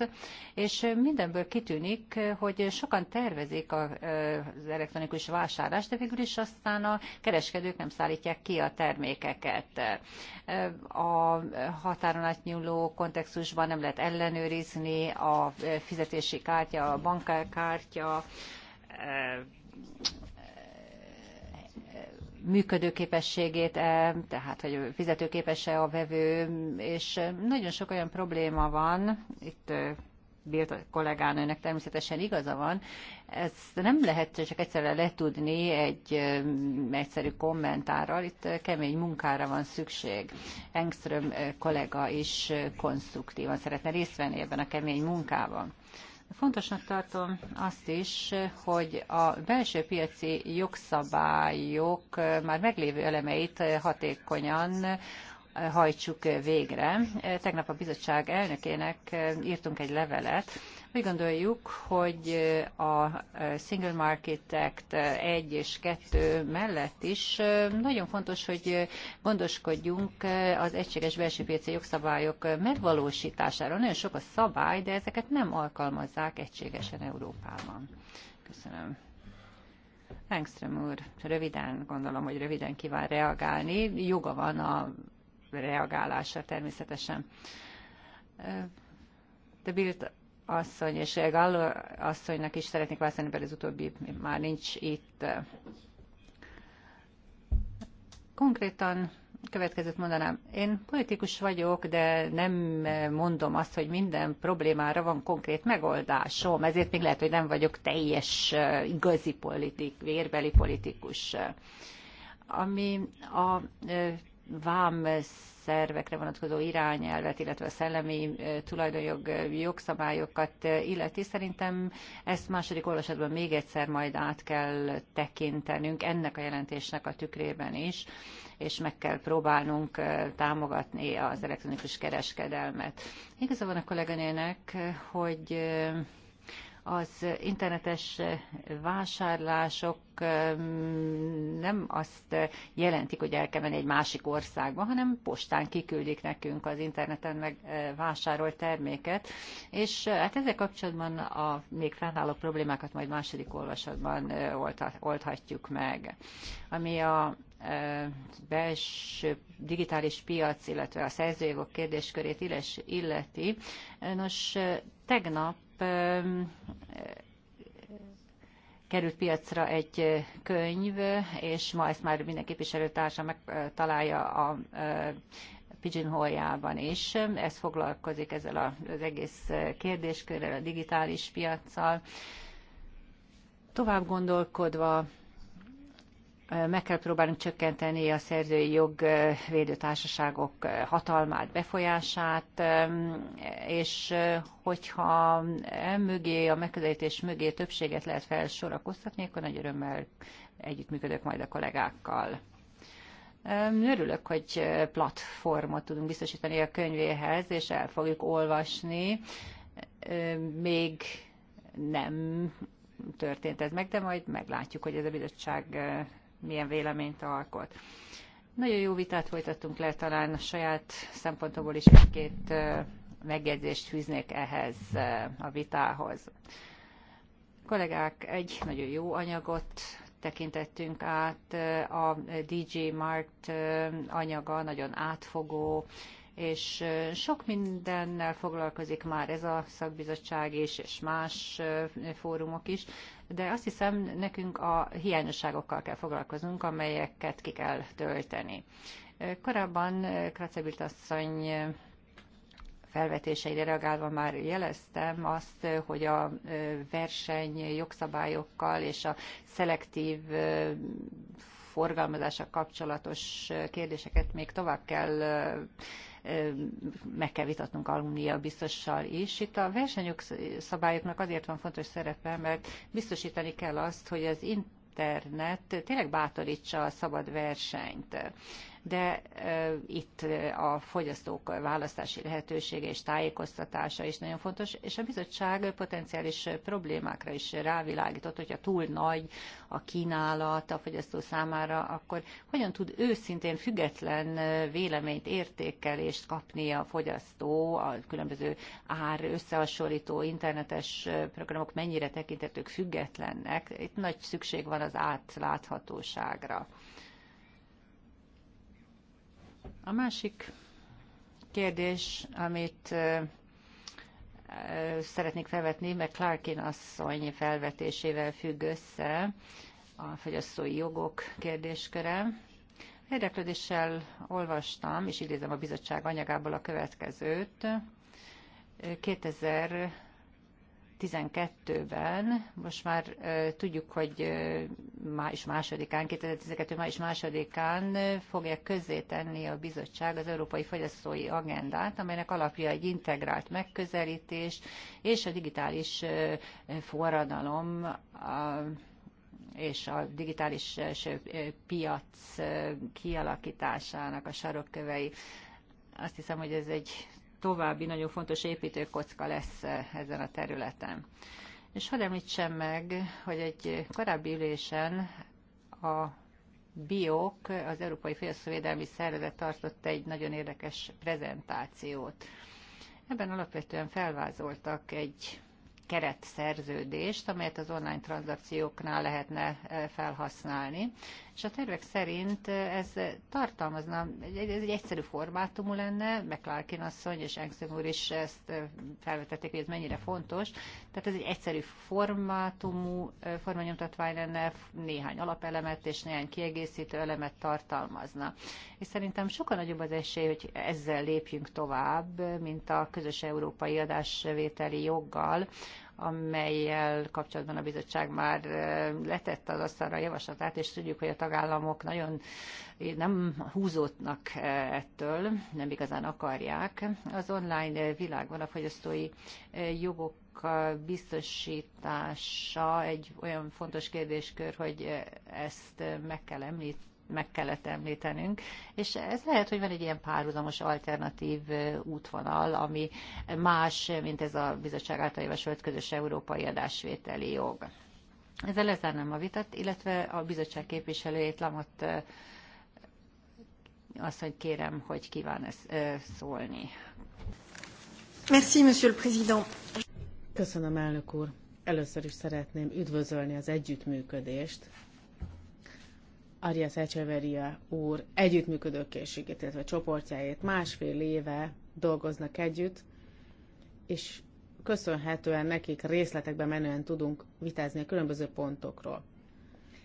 és mindenből kitűnik, hogy sokan tervezik az elektronikus vásárlást, de végül is aztán a kereskedők nem szállítják ki a termékeket. A határon átnyúló kontextusban nem lehet ellenőrizni a fizetési kártya, a bankkártya, működőképességét, e, tehát hogy fizetőképes-e a vevő, és nagyon sok olyan probléma van, itt a kollégánőnek természetesen igaza van, ezt nem lehet csak egyszerre letudni egy egyszerű kommentárral, itt kemény munkára van szükség. Engström kollega is konstruktívan szeretne részt venni ebben a kemény munkában. Fontosnak tartom azt is, hogy a belső piaci jogszabályok már meglévő elemeit hatékonyan hajtsuk végre. Tegnap a bizottság elnökének írtunk egy levelet, úgy gondoljuk, hogy a Single Market Act 1 és 2 mellett is nagyon fontos, hogy gondoskodjunk az egységes belső piaci jogszabályok megvalósítására. Nagyon sok a szabály, de ezeket nem alkalmazzák egységesen Európában. Köszönöm. Engström úr, röviden, gondolom, hogy röviden kíván reagálni. Joga van a reagálása természetesen. De Bilt asszony és Gallo asszonynak is szeretnék válaszolni, mert az utóbbi már nincs itt. Konkrétan következőt mondanám. Én politikus vagyok, de nem mondom azt, hogy minden problémára van konkrét megoldásom, ezért még lehet, hogy nem vagyok teljes igazi politik, vérbeli politikus. Ami a vám szervekre vonatkozó irányelvet, illetve a szellemi tulajdonjog jogszabályokat illeti. Szerintem ezt második olvasatban még egyszer majd át kell tekintenünk ennek a jelentésnek a tükrében is és meg kell próbálnunk támogatni az elektronikus kereskedelmet. Igaza van a kolléganőnek, hogy az internetes vásárlások nem azt jelentik, hogy el kell menni egy másik országba, hanem postán kiküldik nekünk az interneten meg vásárolt terméket, és hát ezzel kapcsolatban a még fennálló problémákat majd második olvasatban oldhatjuk meg. Ami a belső digitális piac, illetve a szerzőjogok kérdéskörét illeti. Nos, tegnap került piacra egy könyv, és ma ezt már minden képviselőtársa megtalálja a pigeonhole-jában is. Ez foglalkozik ezzel az egész kérdéskörrel, a digitális piaccal. Tovább gondolkodva meg kell próbálnunk csökkenteni a szerzői jogvédő társaságok hatalmát, befolyását, és hogyha mögé, a megközelítés mögé többséget lehet felsorakoztatni, akkor nagy örömmel együttműködök majd a kollégákkal. Örülök, hogy platformot tudunk biztosítani a könyvéhez, és el fogjuk olvasni. Még nem történt ez meg, de majd meglátjuk, hogy ez a bizottság milyen véleményt alkot. Nagyon jó vitát folytattunk le, talán a saját szempontból is egy-két megjegyzést fűznék ehhez a vitához. Kollégák, egy nagyon jó anyagot tekintettünk át. A DJ Mart anyaga nagyon átfogó, és sok mindennel foglalkozik már ez a szakbizottság is, és más fórumok is, de azt hiszem nekünk a hiányosságokkal kell foglalkoznunk, amelyeket ki kell tölteni. Korábban Kracebilt asszony felvetéseire reagálva már jeleztem azt, hogy a verseny jogszabályokkal és a szelektív forgalmazása kapcsolatos kérdéseket még tovább kell meg kell vitatnunk alumnia biztossal is. Itt a versenyok szabályoknak azért van fontos szerepe, mert biztosítani kell azt, hogy az internet tényleg bátorítsa a szabad versenyt de itt a fogyasztók választási lehetősége és tájékoztatása is nagyon fontos, és a bizottság potenciális problémákra is rávilágított, hogyha túl nagy a kínálat a fogyasztó számára, akkor hogyan tud őszintén független véleményt, értékelést kapni a fogyasztó a különböző ár összehasonlító internetes programok mennyire tekintetők függetlennek. Itt nagy szükség van az átláthatóságra. A másik kérdés, amit szeretnék felvetni, mert Clarkin asszony felvetésével függ össze a fogyasztói jogok kérdésköre. Érdeklődéssel olvastam, és idézem a bizottság anyagából a következőt. 2000 2012-ben, most már tudjuk, hogy május másodikán, 2012. május másodikán fogja közzétenni a bizottság az Európai Fogyasztói Agendát, amelynek alapja egy integrált megközelítés és a digitális forradalom uh, és a digitális piac kialakításának a sarokkövei. Azt hiszem, hogy ez egy további nagyon fontos építőkocka lesz eh, ezen a területen. És hadd említsem meg, hogy egy korábbi ülésen a BIOK, az Európai Félszövédelmi Szervezet tartott egy nagyon érdekes prezentációt. Ebben alapvetően felvázoltak egy keretszerződést, amelyet az online tranzakcióknál lehetne eh, felhasználni, és a tervek szerint ez tartalmazna, ez egy egyszerű formátumú lenne, McLarkin asszony és Engström úr is ezt felvetették, hogy ez mennyire fontos, tehát ez egy egyszerű formátumú formanyomtatvány lenne, néhány alapelemet és néhány kiegészítő elemet tartalmazna. És szerintem sokkal nagyobb az esély, hogy ezzel lépjünk tovább, mint a közös európai adásvételi joggal, amelyel kapcsolatban a bizottság már letette az asztalra a javaslatát, és tudjuk, hogy a tagállamok nagyon nem húzódnak ettől, nem igazán akarják. Az online világban a fogyasztói jogok biztosítása egy olyan fontos kérdéskör, hogy ezt meg kell említeni, meg kellett említenünk, és ez lehet, hogy van egy ilyen párhuzamos alternatív útvonal, ami más, mint ez a bizottság által javasolt közös európai adásvételi jog. Ezzel lezárnám a vitat, illetve a bizottság képviselőjét, Lamott azt, hogy kérem, hogy kíván -e szólni. Merci, monsieur le président. Köszönöm, elnök úr. Először is szeretném üdvözölni az együttműködést Arias Echeveria úr készségét, illetve csoportjáért másfél éve dolgoznak együtt, és köszönhetően nekik részletekbe menően tudunk vitázni a különböző pontokról.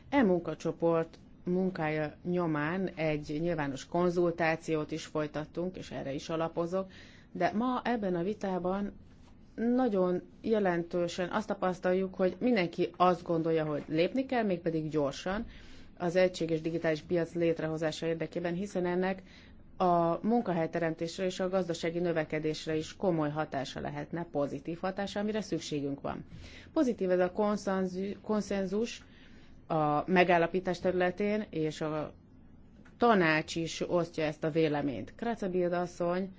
E munkacsoport munkája nyomán egy nyilvános konzultációt is folytattunk, és erre is alapozok, de ma ebben a vitában nagyon jelentősen azt tapasztaljuk, hogy mindenki azt gondolja, hogy lépni kell, mégpedig gyorsan, az egységes digitális piac létrehozása érdekében, hiszen ennek a munkahelyteremtésre és a gazdasági növekedésre is komoly hatása lehetne, pozitív hatása, amire szükségünk van. Pozitív ez a konszenzus a megállapítás területén, és a tanács is osztja ezt a véleményt. Kracabild asszony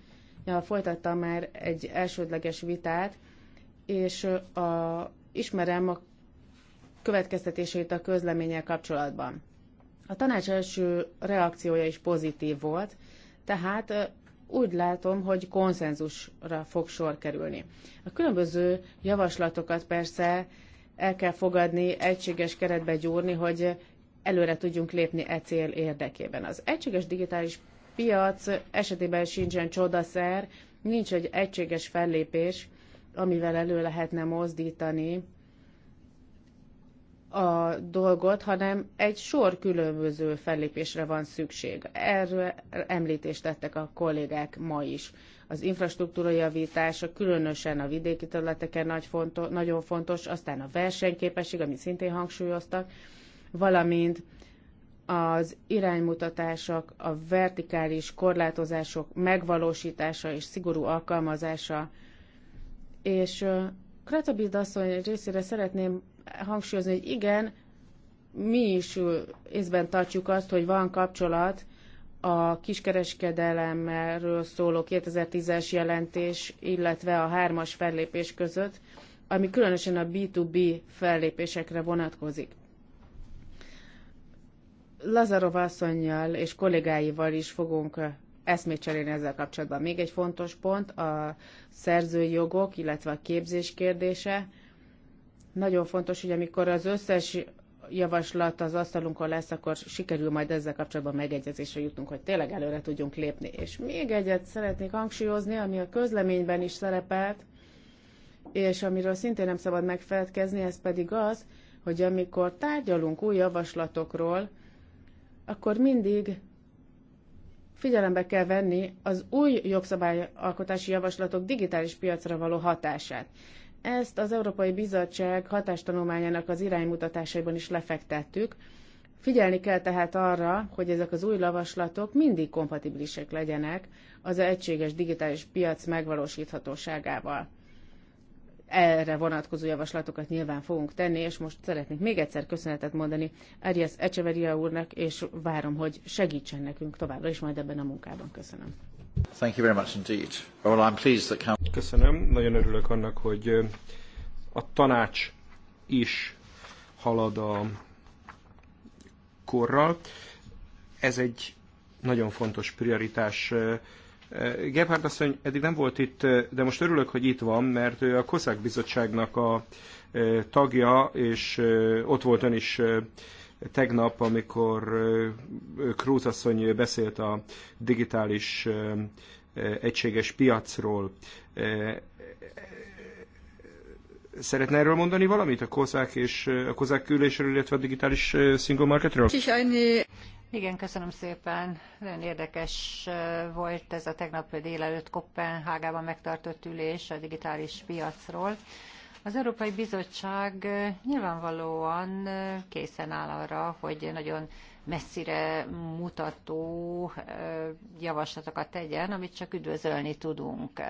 folytatta már egy elsődleges vitát, és a, ismerem a következtetéseit a közleménnyel kapcsolatban. A tanács első reakciója is pozitív volt, tehát úgy látom, hogy konszenzusra fog sor kerülni. A különböző javaslatokat persze el kell fogadni, egységes keretbe gyúrni, hogy előre tudjunk lépni e cél érdekében. Az egységes digitális piac esetében sincsen csodaszer, nincs egy egységes fellépés, amivel elő lehetne mozdítani a dolgot, hanem egy sor különböző fellépésre van szükség. Erről említést tettek a kollégák ma is. Az infrastruktúra javítása különösen a vidéki területeken nagy fonto, nagyon fontos, aztán a versenyképesség, amit szintén hangsúlyoztak, valamint az iránymutatások, a vertikális korlátozások megvalósítása és szigorú alkalmazása. És Kratabid asszony részére szeretném hangsúlyozni, hogy igen, mi is észben tartjuk azt, hogy van kapcsolat a kiskereskedelemről szóló 2010-es jelentés, illetve a hármas fellépés között, ami különösen a B2B fellépésekre vonatkozik. Lazarov asszonynal és kollégáival is fogunk eszmét cserélni ezzel kapcsolatban. Még egy fontos pont a szerzői jogok, illetve a képzés kérdése. Nagyon fontos, hogy amikor az összes javaslat az asztalunkon lesz, akkor sikerül majd ezzel kapcsolatban megegyezésre jutnunk, hogy tényleg előre tudjunk lépni. És még egyet szeretnék hangsúlyozni, ami a közleményben is szerepelt, és amiről szintén nem szabad megfeledkezni, ez pedig az, hogy amikor tárgyalunk új javaslatokról, akkor mindig figyelembe kell venni az új jogszabályalkotási javaslatok digitális piacra való hatását. Ezt az Európai Bizottság hatástanulmányának az iránymutatásaiban is lefektettük. Figyelni kell tehát arra, hogy ezek az új lavaslatok mindig kompatibilisek legyenek az egységes digitális piac megvalósíthatóságával. Erre vonatkozó javaslatokat nyilván fogunk tenni, és most szeretnék még egyszer köszönetet mondani Arias Echeveria úrnak, és várom, hogy segítsen nekünk továbbra is majd ebben a munkában. Köszönöm. Köszönöm, nagyon örülök annak, hogy a tanács is halad a korral. Ez egy nagyon fontos prioritás. Gebhard asszony eddig nem volt itt, de most örülök, hogy itt van, mert ő a Kozák Bizottságnak a tagja, és ott volt ön is Tegnap, amikor Krúz asszony beszélt a digitális egységes piacról, Szeretne erről mondani valamit a kozák és a kozák külésről, illetve a digitális single marketről? Igen, köszönöm szépen. Nagyon érdekes volt ez a tegnap délelőtt Kopenhágában megtartott ülés a digitális piacról. Az Európai Bizottság nyilvánvalóan készen áll arra, hogy nagyon messzire mutató javaslatokat tegyen, amit csak üdvözölni tudunk.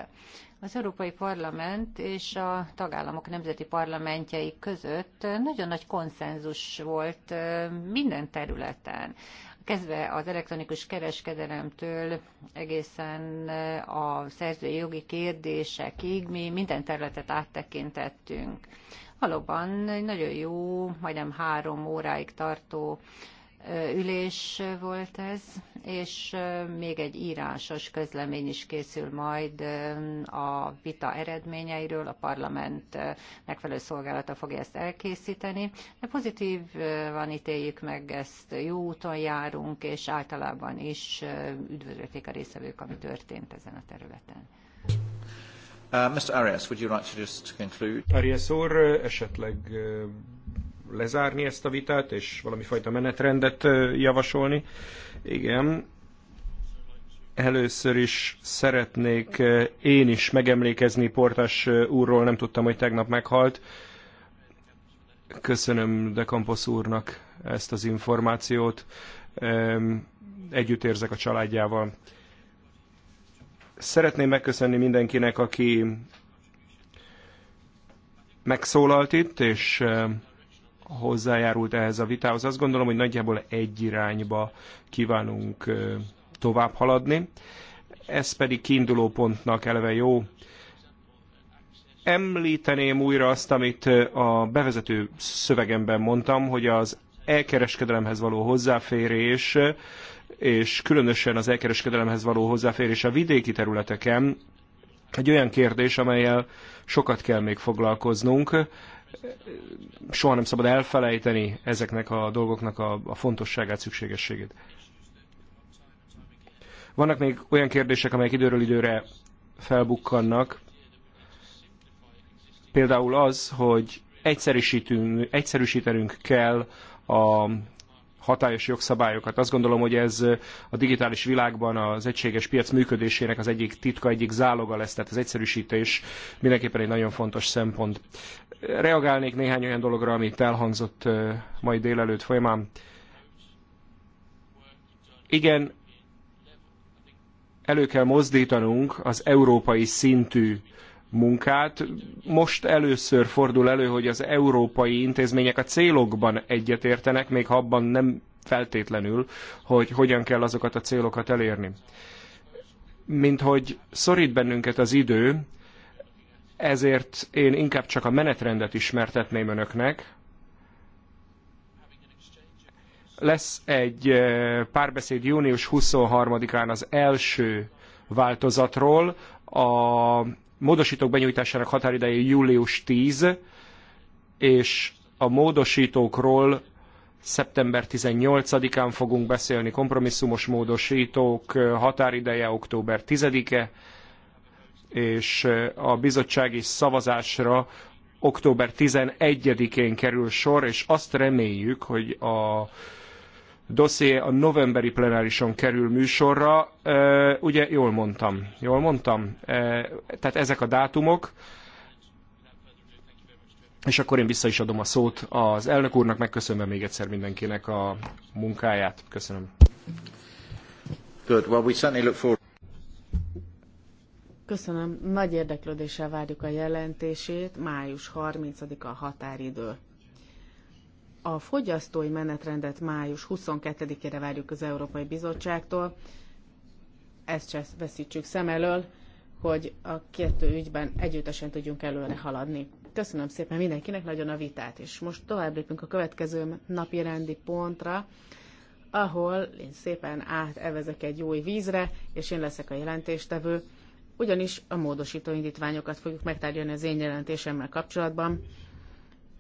Az Európai Parlament és a tagállamok nemzeti parlamentjei között nagyon nagy konszenzus volt minden területen kezdve az elektronikus kereskedelemtől egészen a szerzői jogi kérdésekig mi minden területet áttekintettünk. Valóban egy nagyon jó, majdnem három óráig tartó ülés volt ez, és még egy írásos közlemény is készül majd a vita eredményeiről, a parlament megfelelő szolgálata fogja ezt elkészíteni, de van, ítéljük meg ezt, jó úton járunk, és általában is üdvözölték a részvevők, ami történt ezen a területen. Uh, Mr. Arias, would you like to just conclude? Arias úr, esetleg lezárni ezt a vitát, és valami fajta menetrendet javasolni. Igen, először is szeretnék én is megemlékezni Portas úrról, nem tudtam, hogy tegnap meghalt. Köszönöm De Campos úrnak ezt az információt. Együtt érzek a családjával. Szeretném megköszönni mindenkinek, aki megszólalt itt, és hozzájárult ehhez a vitához. Azt gondolom, hogy nagyjából egy irányba kívánunk tovább haladni. Ez pedig kiindulópontnak eleve jó. Említeném újra azt, amit a bevezető szövegemben mondtam, hogy az elkereskedelemhez való hozzáférés, és különösen az elkereskedelemhez való hozzáférés a vidéki területeken egy olyan kérdés, amelyel sokat kell még foglalkoznunk soha nem szabad elfelejteni ezeknek a dolgoknak a, a fontosságát, szükségességét. Vannak még olyan kérdések, amelyek időről időre felbukkannak. Például az, hogy egyszerűsítünk, egyszerűsítenünk kell a hatályos jogszabályokat. Azt gondolom, hogy ez a digitális világban az egységes piac működésének az egyik titka, egyik záloga lesz, tehát az egyszerűsítés mindenképpen egy nagyon fontos szempont. Reagálnék néhány olyan dologra, amit elhangzott mai délelőtt folyamán. Igen, elő kell mozdítanunk az európai szintű munkát. Most először fordul elő, hogy az európai intézmények a célokban egyetértenek, még ha abban nem feltétlenül, hogy hogyan kell azokat a célokat elérni. Mint hogy szorít bennünket az idő, ezért én inkább csak a menetrendet ismertetném önöknek. Lesz egy eh, párbeszéd június 23-án az első változatról, a módosítók benyújtásának határideje július 10, és a módosítókról szeptember 18-án fogunk beszélni, kompromisszumos módosítók határideje október 10-e, és a bizottsági szavazásra október 11-én kerül sor, és azt reméljük, hogy a dosszié a novemberi plenárison kerül műsorra. Ugye jól mondtam, jól mondtam? Tehát ezek a dátumok, és akkor én vissza is adom a szót az elnök úrnak, megköszönve még egyszer mindenkinek a munkáját. Köszönöm. Good. Well, we certainly look forward. Köszönöm. Nagy érdeklődéssel várjuk a jelentését. Május 30-a határidő. A fogyasztói menetrendet május 22-ére várjuk az Európai Bizottságtól. Ezt se veszítsük szem elől, hogy a kettő ügyben együttesen tudjunk előre haladni. Köszönöm szépen mindenkinek nagyon a vitát, és most tovább lépünk a következő napi rendi pontra, ahol én szépen átevezek egy új vízre, és én leszek a jelentéstevő, ugyanis a módosító indítványokat fogjuk megtárgyalni az én jelentésemmel kapcsolatban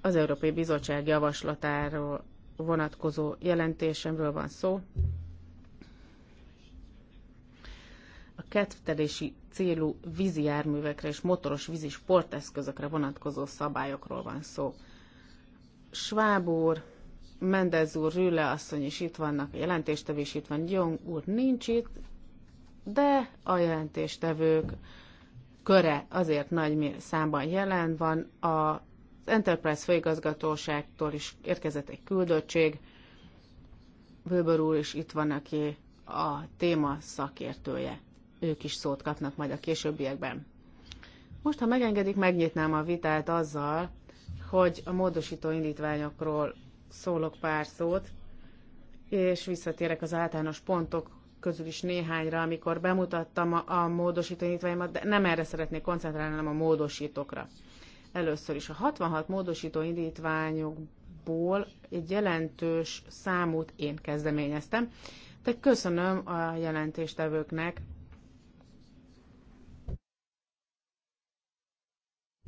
az Európai Bizottság javaslatáról vonatkozó jelentésemről van szó. A kettelési célú vízi járművekre és motoros vízi sporteszközökre vonatkozó szabályokról van szó. Schwab úr, Mendez úr, Rüle asszony is itt vannak, a jelentéstevő is itt van, Jong úr nincs itt, de a jelentéstevők köre azért nagy számban jelen van, a az Enterprise főigazgatóságtól is érkezett egy küldöttség. Wilbur úr is itt van, aki a téma szakértője. Ők is szót kapnak majd a későbbiekben. Most, ha megengedik, megnyitnám a vitát azzal, hogy a módosító indítványokról szólok pár szót, és visszatérek az általános pontok közül is néhányra, amikor bemutattam a, a módosító indítványomat, de nem erre szeretnék koncentrálni, hanem a módosítókra. Először is a 66 módosító indítványokból egy jelentős számút én kezdeményeztem, de köszönöm a jelentéstevőknek.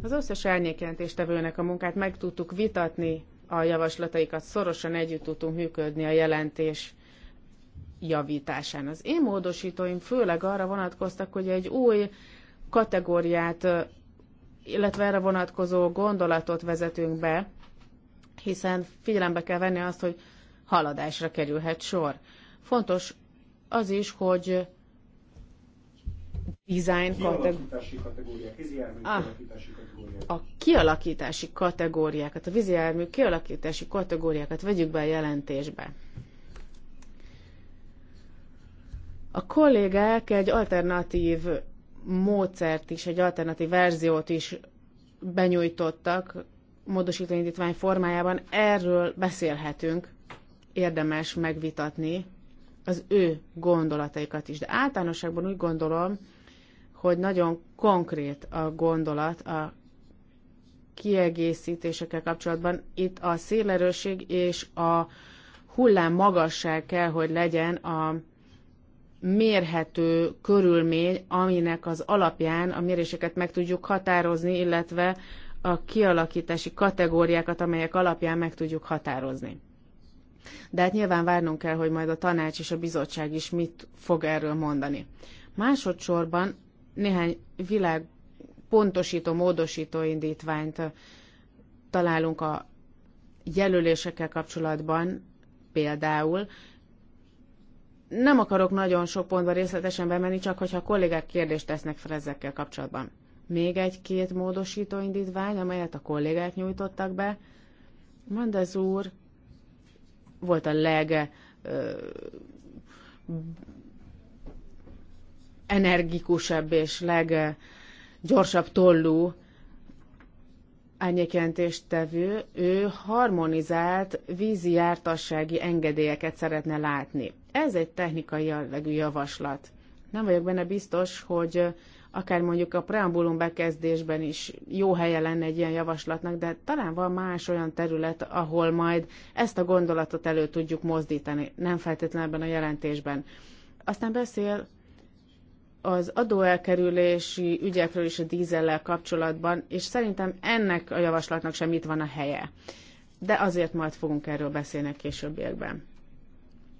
Az összes elnyékjelentéstevőnek a munkát meg tudtuk vitatni, a javaslataikat szorosan együtt tudtunk működni a jelentés javításán. Az én módosítóim főleg arra vonatkoztak, hogy egy új kategóriát illetve erre vonatkozó gondolatot vezetünk be, hiszen figyelembe kell venni azt, hogy haladásra kerülhet sor. Fontos az is, hogy design kategóriák, ah. kategóriák. A kialakítási kategóriákat, a vízijármű kialakítási kategóriákat vegyük be a jelentésbe. A kollégák egy alternatív módszert is, egy alternatív verziót is benyújtottak módosító indítvány formájában. Erről beszélhetünk, érdemes megvitatni az ő gondolataikat is. De általánosságban úgy gondolom, hogy nagyon konkrét a gondolat a kiegészítésekkel kapcsolatban. Itt a szélerőség és a hullám magasság kell, hogy legyen a mérhető körülmény, aminek az alapján a méréseket meg tudjuk határozni, illetve a kialakítási kategóriákat, amelyek alapján meg tudjuk határozni. De hát nyilván várnunk kell, hogy majd a tanács és a bizottság is mit fog erről mondani. Másodszorban néhány világ pontosító, módosító indítványt találunk a jelölésekkel kapcsolatban, például nem akarok nagyon sok pontba részletesen bemenni, csak hogyha a kollégák kérdést tesznek fel ezekkel kapcsolatban. Még egy-két módosító indítvány, amelyet a kollégák nyújtottak be. az úr volt a leg ö, energikusabb és leggyorsabb tollú tevő. ő harmonizált vízi jártassági engedélyeket szeretne látni. Ez egy technikai jellegű javaslat. Nem vagyok benne biztos, hogy akár mondjuk a preambulum bekezdésben is jó helye lenne egy ilyen javaslatnak, de talán van más olyan terület, ahol majd ezt a gondolatot elő tudjuk mozdítani, nem feltétlenül ebben a jelentésben. Aztán beszél az adóelkerülési ügyekről is a dízellel kapcsolatban, és szerintem ennek a javaslatnak sem itt van a helye. De azért majd fogunk erről beszélni későbbiekben.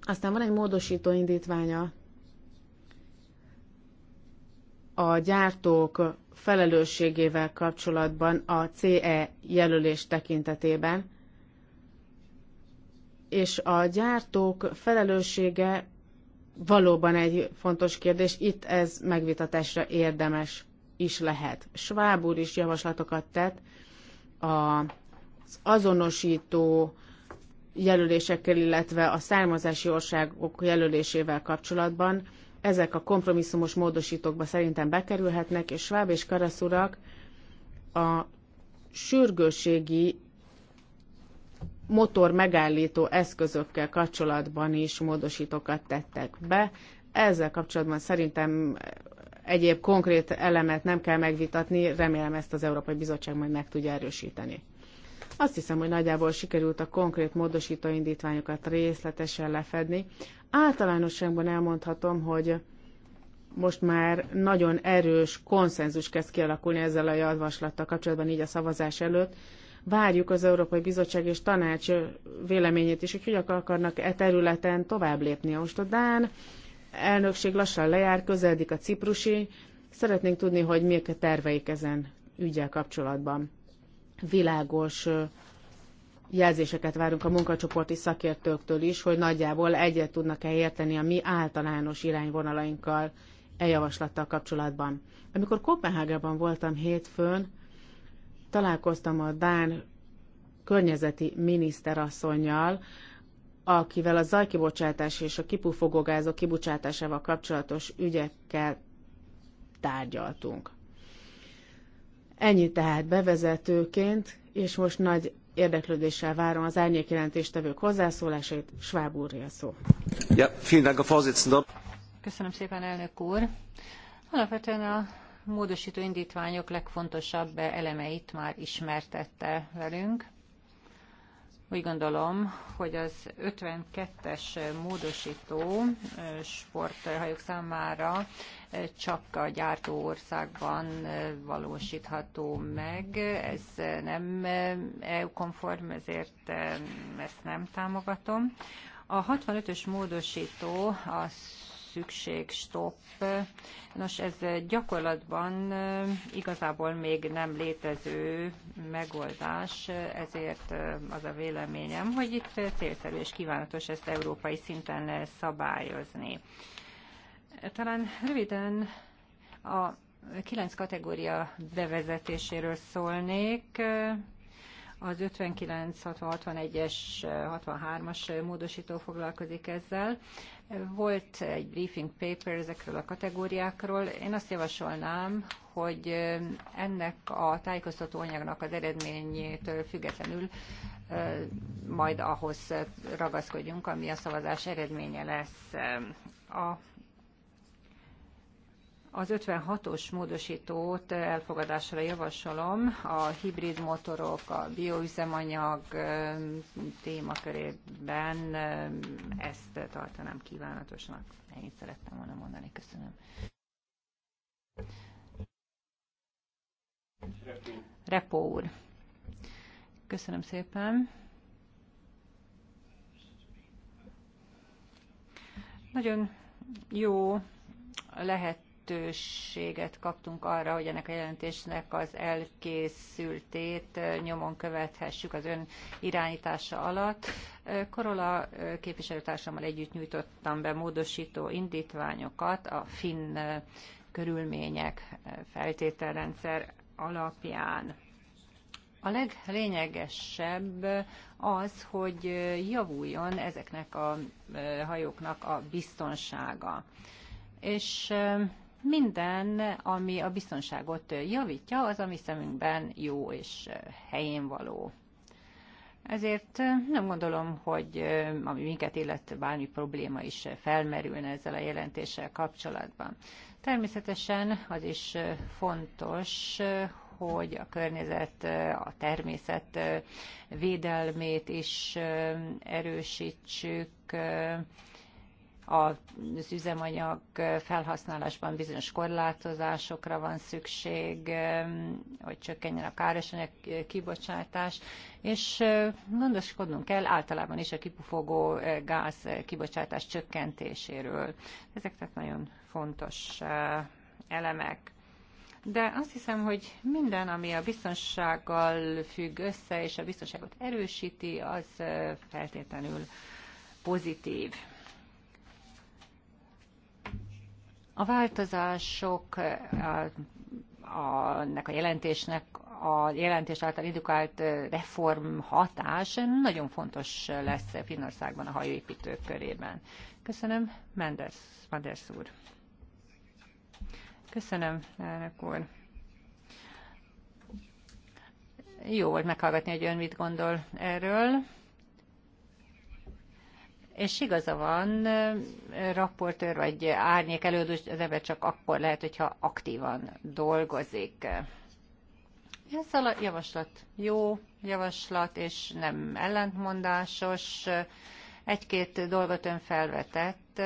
Aztán van egy módosító indítványa a gyártók felelősségével kapcsolatban a CE jelölés tekintetében, és a gyártók felelőssége valóban egy fontos kérdés, itt ez megvitatásra érdemes is lehet. Schwab úr is javaslatokat tett az azonosító jelölésekkel, illetve a származási országok jelölésével kapcsolatban. Ezek a kompromisszumos módosítókba szerintem bekerülhetnek, és Schwab és Karasz urak a sürgőségi motor megállító eszközökkel kapcsolatban is módosítókat tettek be. Ezzel kapcsolatban szerintem egyéb konkrét elemet nem kell megvitatni, remélem ezt az Európai Bizottság majd meg tudja erősíteni. Azt hiszem, hogy nagyjából sikerült a konkrét módosító indítványokat részletesen lefedni. Általánosságban elmondhatom, hogy most már nagyon erős konszenzus kezd kialakulni ezzel a javaslattal kapcsolatban, így a szavazás előtt. Várjuk az Európai Bizottság és Tanács véleményét is, hogy hogyan akarnak e területen tovább lépni. Most a Dán elnökség lassan lejár, közeledik a ciprusi. Szeretnénk tudni, hogy mik a terveik ezen ügyel kapcsolatban világos jelzéseket várunk a munkacsoporti szakértőktől is, hogy nagyjából egyet tudnak-e érteni a mi általános irányvonalainkkal e javaslattal kapcsolatban. Amikor Kopenhágában voltam hétfőn, találkoztam a Dán környezeti miniszterasszonynal, akivel a zajkibocsátás és a kipufogógázok kibocsátásával kapcsolatos ügyekkel tárgyaltunk. Ennyi tehát bevezetőként, és most nagy érdeklődéssel várom az árnyékjelentéstevők hozzászólásait. Schwab a szó. Ja, vielen Dank, Köszönöm szépen, elnök úr. Alapvetően a módosító indítványok legfontosabb elemeit már ismertette velünk. Úgy gondolom, hogy az 52-es módosító eh, sporthajók számára csak a gyártó országban valósítható meg. Ez nem EU-konform, ezért ezt nem támogatom. A 65-ös módosító a szükség, stop. Nos, ez gyakorlatban igazából még nem létező megoldás, ezért az a véleményem, hogy itt célszerű és kívánatos ezt európai szinten szabályozni. Talán röviden a kilenc kategória bevezetéséről szólnék. Az 59, 60, 61-es, 63-as módosító foglalkozik ezzel. Volt egy briefing paper ezekről a kategóriákról. Én azt javasolnám, hogy ennek a tájékoztató anyagnak az eredményétől függetlenül majd ahhoz ragaszkodjunk, ami a szavazás eredménye lesz. A az 56-os módosítót elfogadásra javasolom. A hibrid motorok, a bioüzemanyag témakörében ezt tartanám kívánatosnak. én szerettem volna mondani. Köszönöm. Repó úr. Köszönöm szépen. Nagyon jó lehet lehetőséget kaptunk arra, hogy ennek a jelentésnek az elkészültét nyomon követhessük az ön irányítása alatt. Korola képviselőtársammal együtt nyújtottam be módosító indítványokat a finn körülmények feltételrendszer alapján. A leglényegesebb az, hogy javuljon ezeknek a hajóknak a biztonsága. És minden, ami a biztonságot javítja, az a mi szemünkben jó és helyén való. Ezért nem gondolom, hogy ami minket illet bármi probléma is felmerülne ezzel a jelentéssel kapcsolatban. Természetesen az is fontos, hogy a környezet, a természet védelmét is erősítsük, az üzemanyag felhasználásban bizonyos korlátozásokra van szükség, hogy csökkenjen a károsanyag kibocsátás, és gondoskodnunk kell általában is a kipufogó gáz kibocsátás csökkentéséről. Ezek tehát nagyon fontos elemek. De azt hiszem, hogy minden, ami a biztonsággal függ össze, és a biztonságot erősíti, az feltétlenül pozitív. A változások eh, annak a jelentésnek a jelentés által indukált eh, reform hatás nagyon fontos lesz Finnországban a hajóépítők körében. Köszönöm, Menders, Menders úr. Köszönöm, elnök úr. Jó volt meghallgatni, hogy ön mit gondol erről. És igaza van, raportőr vagy árnyék előadó az ember csak akkor lehet, hogyha aktívan dolgozik. Ez a javaslat jó javaslat, és nem ellentmondásos. Egy-két dolgot ön felvetett,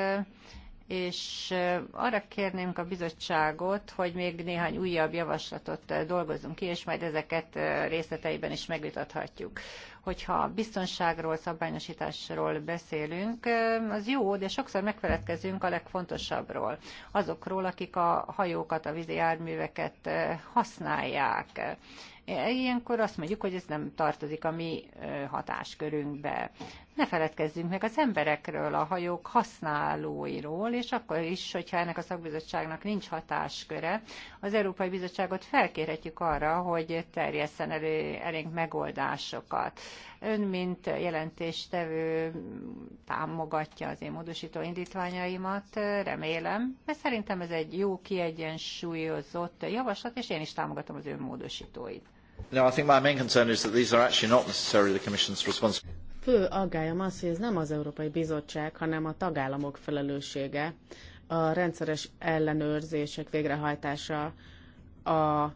és arra kérném a bizottságot, hogy még néhány újabb javaslatot dolgozzunk ki, és majd ezeket részleteiben is megvitathatjuk. Hogyha biztonságról, szabványosításról beszélünk, az jó, de sokszor megfeledkezünk a legfontosabbról. Azokról, akik a hajókat, a vízi járműveket használják. Ilyenkor azt mondjuk, hogy ez nem tartozik a mi hatáskörünkbe ne feledkezzünk meg az emberekről, a hajók használóiról, és akkor is, hogyha ennek a szakbizottságnak nincs hatásköre, az Európai Bizottságot felkérhetjük arra, hogy terjesszen elő elénk megoldásokat. Ön, mint jelentéstevő támogatja az én módosító indítványaimat, remélem, mert szerintem ez egy jó, kiegyensúlyozott javaslat, és én is támogatom az ön módosítóit. No, I think my main concern is that these are actually not necessarily the Commission's responsibility fő aggályom az, hogy ez nem az Európai Bizottság, hanem a tagállamok felelőssége, a rendszeres ellenőrzések végrehajtása a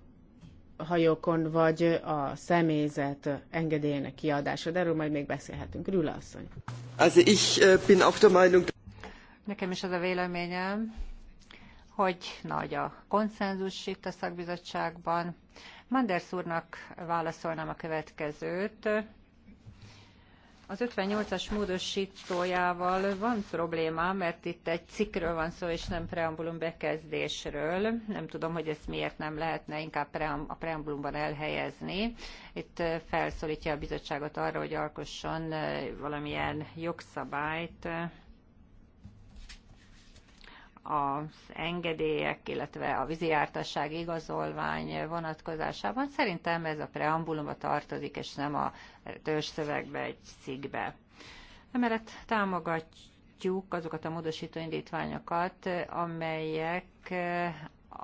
hajókon, vagy a személyzet engedélyének kiadása. De erről majd még beszélhetünk. Rüla asszony. Also ich äh, bin der Meinung... Nekem is az a véleményem, hogy nagy a konszenzus itt a szakbizottságban. Manders úrnak válaszolnám a következőt. Az 58-as módosítójával van probléma, mert itt egy cikkről van szó, és nem preambulum bekezdésről. Nem tudom, hogy ezt miért nem lehetne inkább a preambulumban elhelyezni. Itt eh, felszólítja a bizottságot arra, hogy alkosson eh, valamilyen jogszabályt eh, az engedélyek, illetve a víziártasság igazolvány vonatkozásában. Szerintem ez a preambulumba tartozik, és nem a törzszövegbe, egy cikkbe. Emellett támogatjuk azokat a módosító indítványokat, amelyek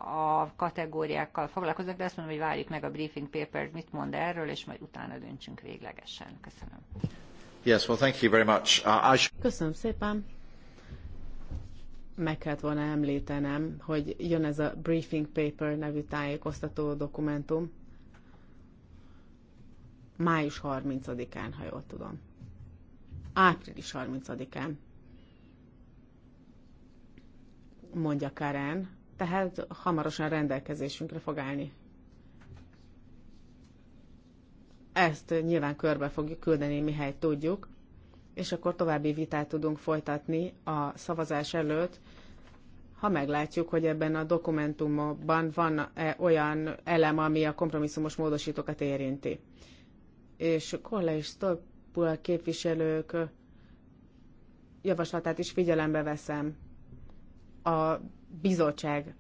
a kategóriákkal foglalkoznak, de azt mondom, hogy várjuk meg a briefing paper mit mond erről, és majd utána döntsünk véglegesen. Köszönöm. Yes, well, thank you very much. Uh, I Köszönöm szépen meg kellett volna említenem, hogy jön ez a briefing paper nevű tájékoztató dokumentum. Május 30-án, ha jól tudom. Április 30-án. Mondja Karen. Tehát hamarosan rendelkezésünkre fog állni. Ezt nyilván körbe fogjuk küldeni, mihelyt tudjuk és akkor további vitát tudunk folytatni a szavazás előtt, ha meglátjuk, hogy ebben a dokumentumban van -e olyan elem, ami a kompromisszumos módosítókat érinti. És Kolla és Stolpula képviselők javaslatát is figyelembe veszem. A bizottság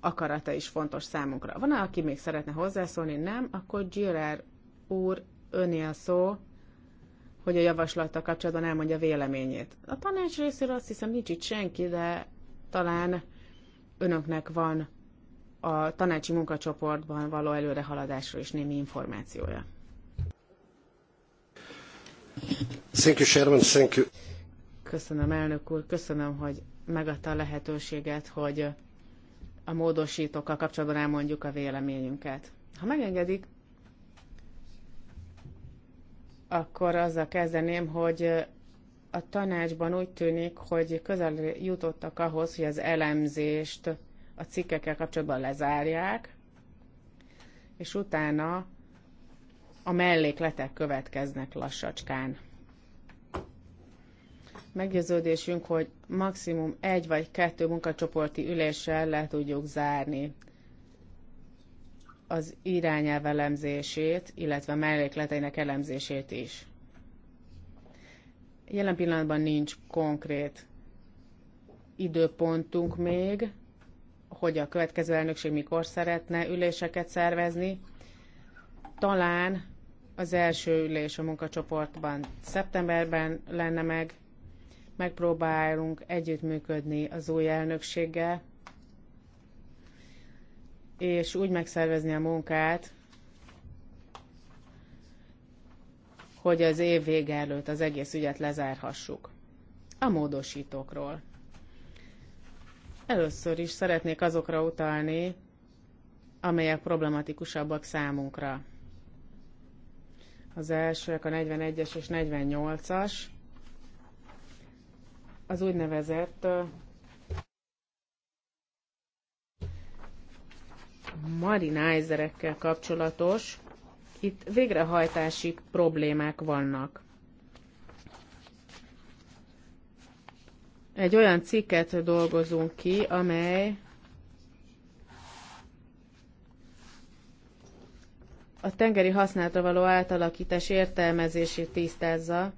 akarata is fontos számunkra. Van, -e, aki még szeretne hozzászólni? Nem? Akkor Girard úr öné a szó, hogy a javaslattal kapcsolatban elmondja véleményét. A tanács részéről azt hiszem nincs itt senki, de talán önöknek van a tanácsi munkacsoportban való előrehaladásról is némi információja. Thank you, Thank you. Köszönöm, elnök úr. Köszönöm, hogy megadta a lehetőséget, hogy a módosítókkal kapcsolatban elmondjuk a véleményünket. Ha megengedik, akkor azzal kezdeném, hogy a tanácsban úgy tűnik, hogy közel jutottak ahhoz, hogy az elemzést a cikkekkel kapcsolatban lezárják, és utána a mellékletek következnek lassacskán. Meggyőződésünk, hogy maximum egy vagy kettő munkacsoporti üléssel le tudjuk zárni az irányelv elemzését, illetve mellékleteinek elemzését is. Jelen pillanatban nincs konkrét időpontunk még, hogy a következő elnökség mikor szeretne üléseket szervezni. Talán az első ülés a munkacsoportban szeptemberben lenne meg. Megpróbálunk együttműködni az új elnökséggel, és úgy megszervezni a munkát, hogy az év vége előtt az egész ügyet lezárhassuk. A módosítókról. Először is szeretnék azokra utalni, amelyek problematikusabbak számunkra. Az elsőek a 41-es és 48-as, az úgynevezett marinájzerekkel kapcsolatos itt végrehajtási problémák vannak. Egy olyan cikket dolgozunk ki, amely a tengeri használatra való átalakítás értelmezését tisztázza,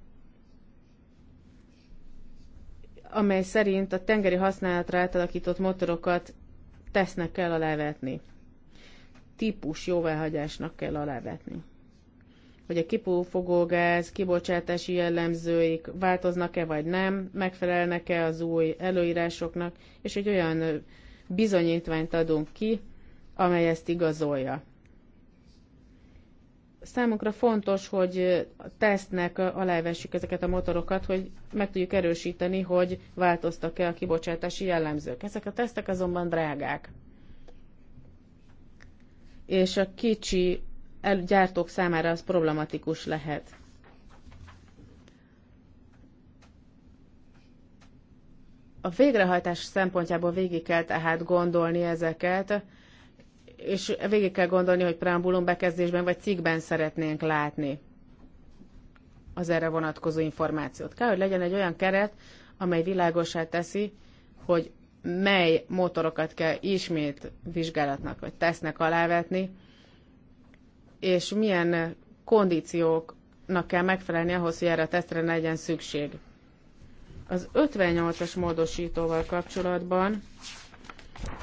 amely szerint a tengeri használatra átalakított motorokat tesznek kell levetni típus jóváhagyásnak kell alávetni. Hogy a kipufogógáz kibocsátási jellemzőik változnak-e vagy nem, megfelelnek-e az új előírásoknak, és hogy olyan bizonyítványt adunk ki, amely ezt igazolja. Számunkra fontos, hogy tesznek alávessük ezeket a motorokat, hogy meg tudjuk erősíteni, hogy változtak-e a kibocsátási jellemzők. Ezek a tesztek azonban drágák és a kicsi gyártók számára az problematikus lehet. A végrehajtás szempontjából végig kell tehát gondolni ezeket, és végig kell gondolni, hogy preambulum bekezdésben vagy cikkben szeretnénk látni az erre vonatkozó információt. Kell, hogy legyen egy olyan keret, amely világosá teszi, hogy mely motorokat kell ismét vizsgálatnak vagy tesznek alávetni, és milyen kondícióknak kell megfelelni ahhoz, hogy erre a tesztre legyen szükség. Az 58-as módosítóval kapcsolatban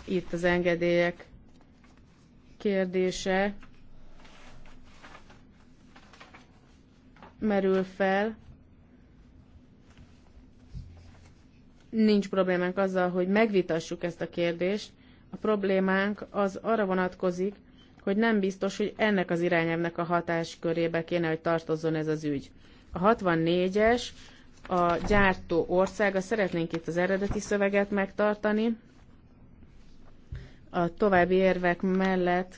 itt az engedélyek kérdése merül fel, Nincs problémánk azzal, hogy megvitassuk ezt a kérdést. A problémánk az arra vonatkozik, hogy nem biztos, hogy ennek az irányelvnek a hatáskörébe kéne, hogy tartozzon ez az ügy. A 64-es, a gyártó országa, szeretnénk itt az eredeti szöveget megtartani. A további érvek mellett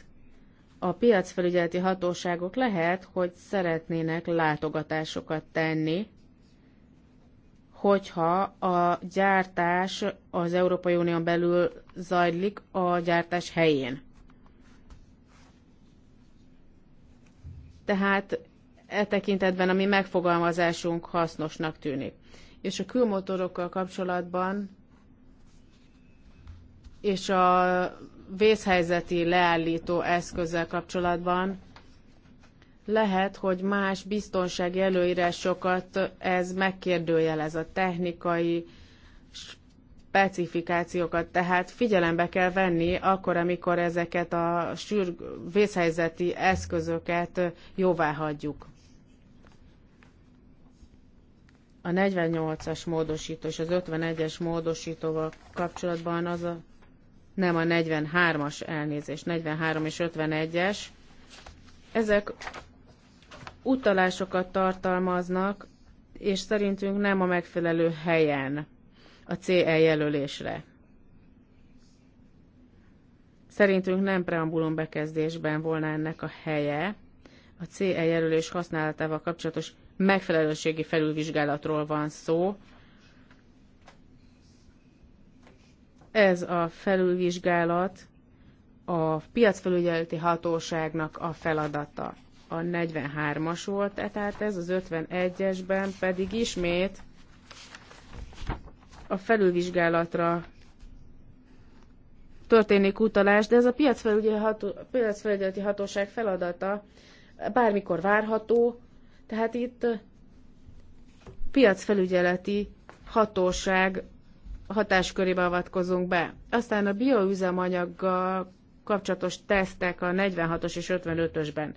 a piacfelügyeleti hatóságok lehet, hogy szeretnének látogatásokat tenni hogyha a gyártás az Európai Unión belül zajlik a gyártás helyén. Tehát e tekintetben a mi megfogalmazásunk hasznosnak tűnik. És a külmotorokkal kapcsolatban és a vészhelyzeti leállító eszközzel kapcsolatban lehet, hogy más biztonsági előírásokat ez megkérdőjelez a technikai specifikációkat, tehát figyelembe kell venni akkor, amikor ezeket a sűr vészhelyzeti eszközöket jóvá hagyjuk. A 48-as módosító és az 51-es módosítóval kapcsolatban az a, nem a 43-as elnézés, 43 és 51-es, ezek utalásokat tartalmaznak, és szerintünk nem a megfelelő helyen a CE jelölésre. Szerintünk nem preambulum bekezdésben volna ennek a helye. A CE jelölés használatával kapcsolatos megfelelőségi felülvizsgálatról van szó. Ez a felülvizsgálat a piacfelügyeleti hatóságnak a feladata a 43-as volt, e, tehát ez az 51-esben pedig ismét a felülvizsgálatra történik utalás, de ez a piacfelügyeleti hatóság feladata bármikor várható, tehát itt piacfelügyeleti hatóság hatáskörébe avatkozunk be. Aztán a bioüzemanyaggal kapcsolatos tesztek a 46-os és 55-ösben.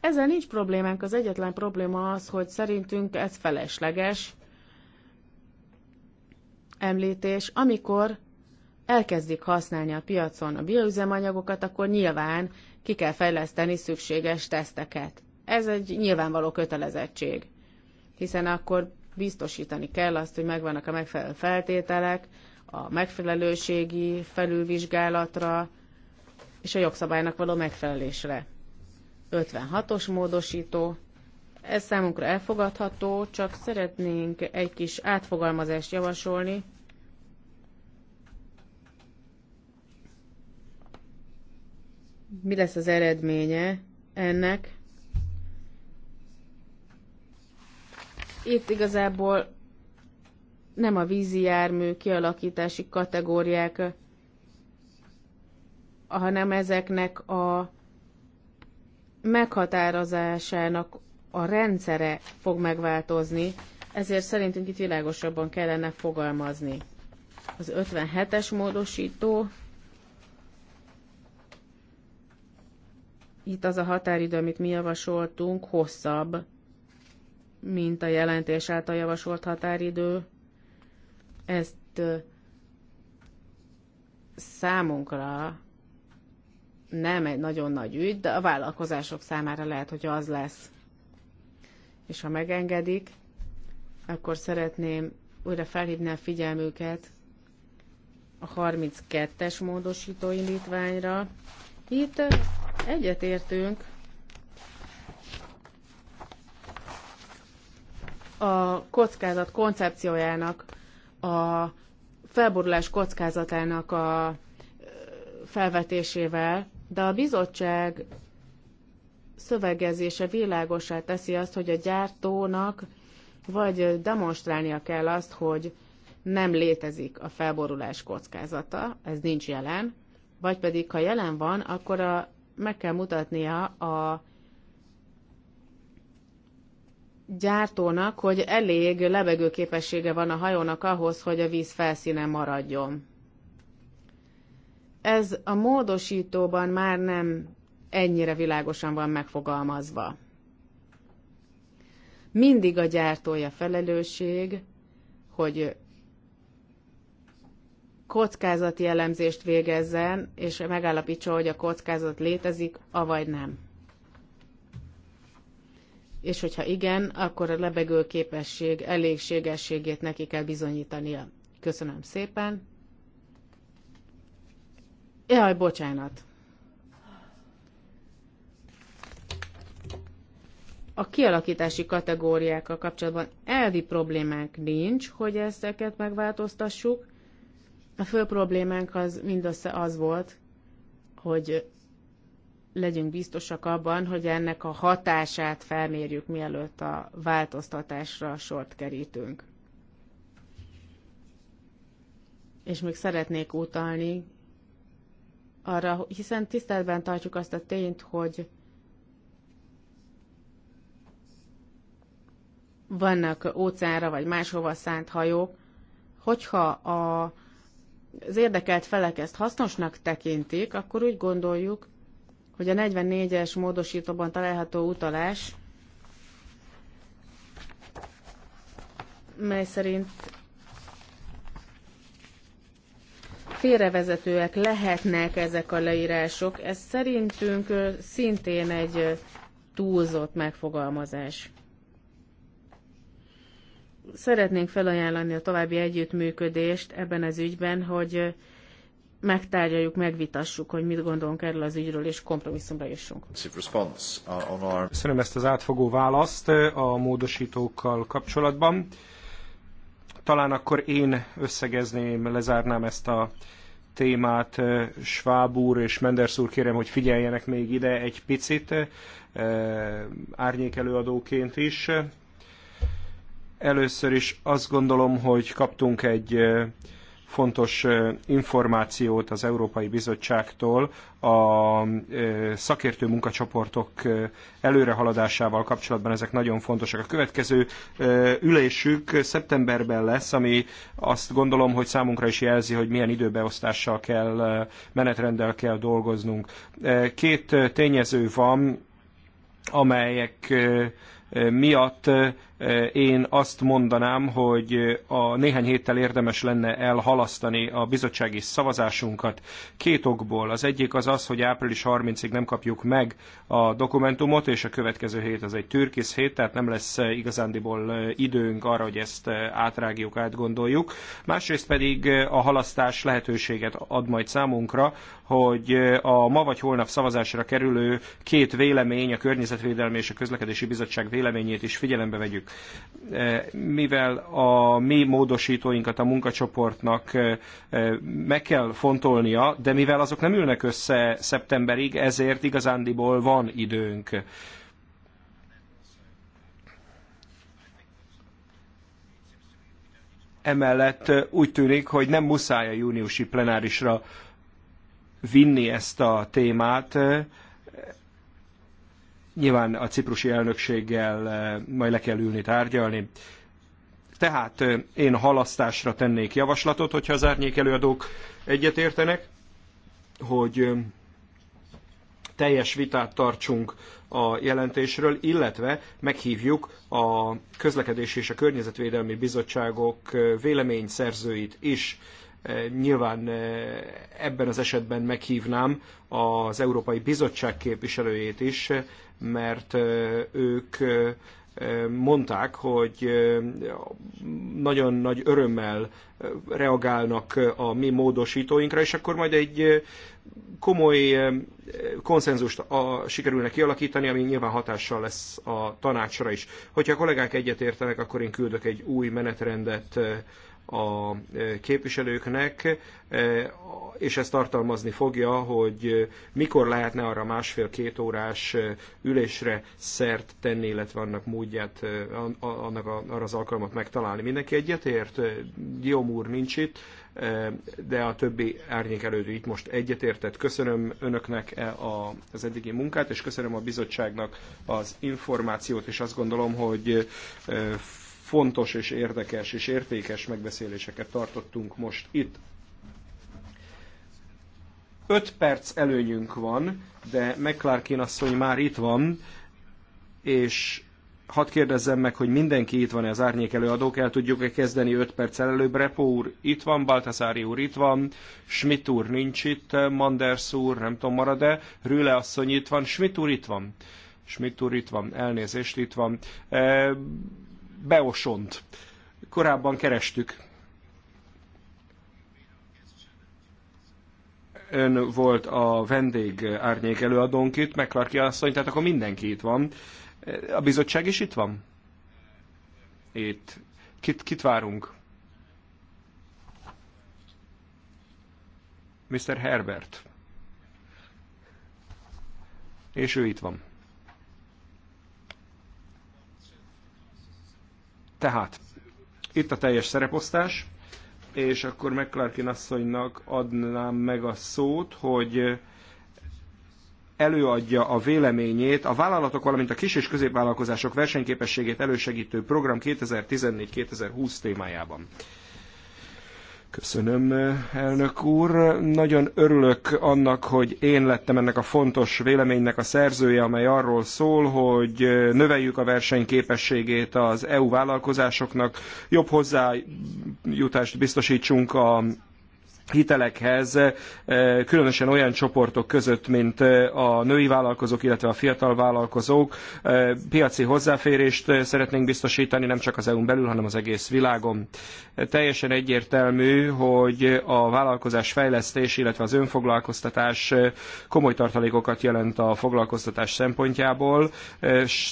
Ezzel nincs problémánk, az egyetlen probléma az, hogy szerintünk ez felesleges említés, amikor elkezdik használni a piacon a bioüzemanyagokat, akkor nyilván ki kell fejleszteni szükséges teszteket. Ez egy nyilvánvaló kötelezettség, hiszen akkor biztosítani kell azt, hogy megvannak a megfelelő feltételek, a megfelelőségi felülvizsgálatra és a jogszabálynak való megfelelésre. 56-os módosító. Ez számunkra elfogadható, csak szeretnénk egy kis átfogalmazást javasolni. Mi lesz az eredménye ennek? Itt igazából nem a vízi jármű kialakítási kategóriák, hanem ezeknek a meghatározásának a rendszere fog megváltozni, ezért szerintünk itt világosabban kellene fogalmazni. Az 57-es módosító, itt az a határidő, amit mi javasoltunk, hosszabb, mint a jelentés által javasolt határidő. Ezt számunkra nem egy nagyon nagy ügy, de a vállalkozások számára lehet, hogy az lesz. És ha megengedik, akkor szeretném újra felhívni a figyelmüket a 32-es módosító indítványra. Itt egyetértünk a kockázat koncepciójának, a felborulás kockázatának a felvetésével, de a bizottság szövegezése világosá teszi azt, hogy a gyártónak vagy demonstrálnia kell azt, hogy nem létezik a felborulás kockázata, ez nincs jelen, vagy pedig ha jelen van, akkor a, meg kell mutatnia a gyártónak, hogy elég lebegőképessége van a hajónak ahhoz, hogy a víz felszínen maradjon. Ez a módosítóban már nem ennyire világosan van megfogalmazva. Mindig a gyártója felelősség, hogy kockázati elemzést végezzen, és megállapítsa, hogy a kockázat létezik, avagy nem. És hogyha igen, akkor a lebegő képesség elégségességét neki kell bizonyítania. Köszönöm szépen! Jaj, bocsánat. A kialakítási kategóriákkal kapcsolatban elvi problémánk nincs, hogy ezeket megváltoztassuk. A fő problémánk az mindössze az volt, hogy legyünk biztosak abban, hogy ennek a hatását felmérjük, mielőtt a változtatásra sort kerítünk. És még szeretnék utalni arra, hiszen tiszteletben tartjuk azt a tényt, hogy vannak óceánra vagy máshova szánt hajók, hogyha a, az érdekelt felek ezt hasznosnak tekintik, akkor úgy gondoljuk, hogy a 44-es módosítóban található utalás, mely szerint félrevezetőek lehetnek ezek a leírások. Ez szerintünk szintén egy túlzott megfogalmazás. Szeretnénk felajánlani a további együttműködést ebben az ügyben, hogy megtárgyaljuk, megvitassuk, hogy mit gondolunk erről az ügyről, és kompromisszumra jussunk. Uh, Köszönöm ezt az átfogó választ a módosítókkal kapcsolatban. Talán akkor én összegezném, lezárnám ezt a témát. Schwab úr és Menders úr kérem, hogy figyeljenek még ide egy picit, eh, árnyékelőadóként is. Először is azt gondolom, hogy kaptunk egy eh, fontos információt az Európai Bizottságtól a szakértő munkacsoportok előrehaladásával kapcsolatban ezek nagyon fontosak. A következő ülésük szeptemberben lesz, ami azt gondolom, hogy számunkra is jelzi, hogy milyen időbeosztással kell, menetrenddel kell dolgoznunk. Két tényező van, amelyek miatt én azt mondanám, hogy a néhány héttel érdemes lenne elhalasztani a bizottsági szavazásunkat két okból. Az egyik az az, hogy április 30-ig nem kapjuk meg a dokumentumot, és a következő hét az egy türkisz hét, tehát nem lesz igazándiból időnk arra, hogy ezt átrágjuk, átgondoljuk. Másrészt pedig a halasztás lehetőséget ad majd számunkra, hogy a ma vagy holnap szavazásra kerülő két vélemény, a Környezetvédelmi és a Közlekedési Bizottság véleményét is figyelembe vegyük. Eh, mivel a mi módosítóinkat a munkacsoportnak eh, eh, meg kell fontolnia, de mivel azok nem ülnek össze szeptemberig, ezért igazándiból van időnk. Emellett úgy tűnik, hogy nem muszáj a júniusi plenárisra vinni ezt a témát, Nyilván a ciprusi elnökséggel eh, majd le kell ülni tárgyalni. Tehát eh, én halasztásra tennék javaslatot, hogyha az árnyék előadók egyetértenek, hogy eh, teljes vitát tartsunk a jelentésről, illetve meghívjuk a Közlekedési és a Környezetvédelmi Bizottságok véleményszerzőit is E, nyilván e, ebben az esetben meghívnám az Európai Bizottság képviselőjét is, e, mert ők mondták, hogy nagyon nagy örömmel reagálnak a mi módosítóinkra, és akkor majd egy komoly konszenzust a, sikerülne kialakítani, ami nyilván hatással lesz a tanácsra is. Hogyha a kollégák egyetértenek, akkor én küldök egy új menetrendet a e, képviselőknek, e, és ez tartalmazni fogja, hogy mikor lehetne arra másfél-két órás e, ülésre szert tenni, illetve annak módját, annak a, arra az alkalmat megtalálni. Mindenki egyetért, Guillaume úr nincs itt, de a többi árnyék elődő itt most egyetértett. Köszönöm önöknek az eddigi munkát, és köszönöm a bizottságnak az információt, és azt gondolom, hogy fontos és érdekes és értékes megbeszéléseket tartottunk most itt. Öt perc előnyünk van, de McClarkin asszony már itt van, és hadd kérdezzem meg, hogy mindenki itt van-e az árnyék előadók, el tudjuk-e kezdeni öt perccel előbb. Repo úr itt van, Baltasári úr itt van, Schmidt úr nincs itt, Manders úr nem tudom marad-e, Rüle asszony itt van, Schmidt úr itt van. Schmidt úr itt van, elnézést itt van. E beosont. Korábban kerestük. Ön volt a vendég árnyék előadónk itt, McClarky asszony, tehát akkor mindenki itt van. A bizottság is itt van? Itt. Kit, kit várunk? Mr. Herbert. És ő itt van. Tehát itt a teljes szereposztás, és akkor McClarkin asszonynak adnám meg a szót, hogy előadja a véleményét a vállalatok, valamint a kis- és középvállalkozások versenyképességét elősegítő program 2014-2020 témájában. Köszönöm, elnök úr. Nagyon örülök annak, hogy én lettem ennek a fontos véleménynek a szerzője, amely arról szól, hogy növeljük a versenyképességét az EU vállalkozásoknak, jobb hozzájutást biztosítsunk a hitelekhez, eh, különösen olyan csoportok között, mint eh, a női vállalkozók, illetve a fiatal vállalkozók. Eh, piaci hozzáférést szeretnénk biztosítani nem csak az EU-n belül, hanem az egész világon. Teljesen egyértelmű, hogy a vállalkozás fejlesztés, illetve az önfoglalkoztatás komoly tartalékokat jelent a foglalkoztatás szempontjából.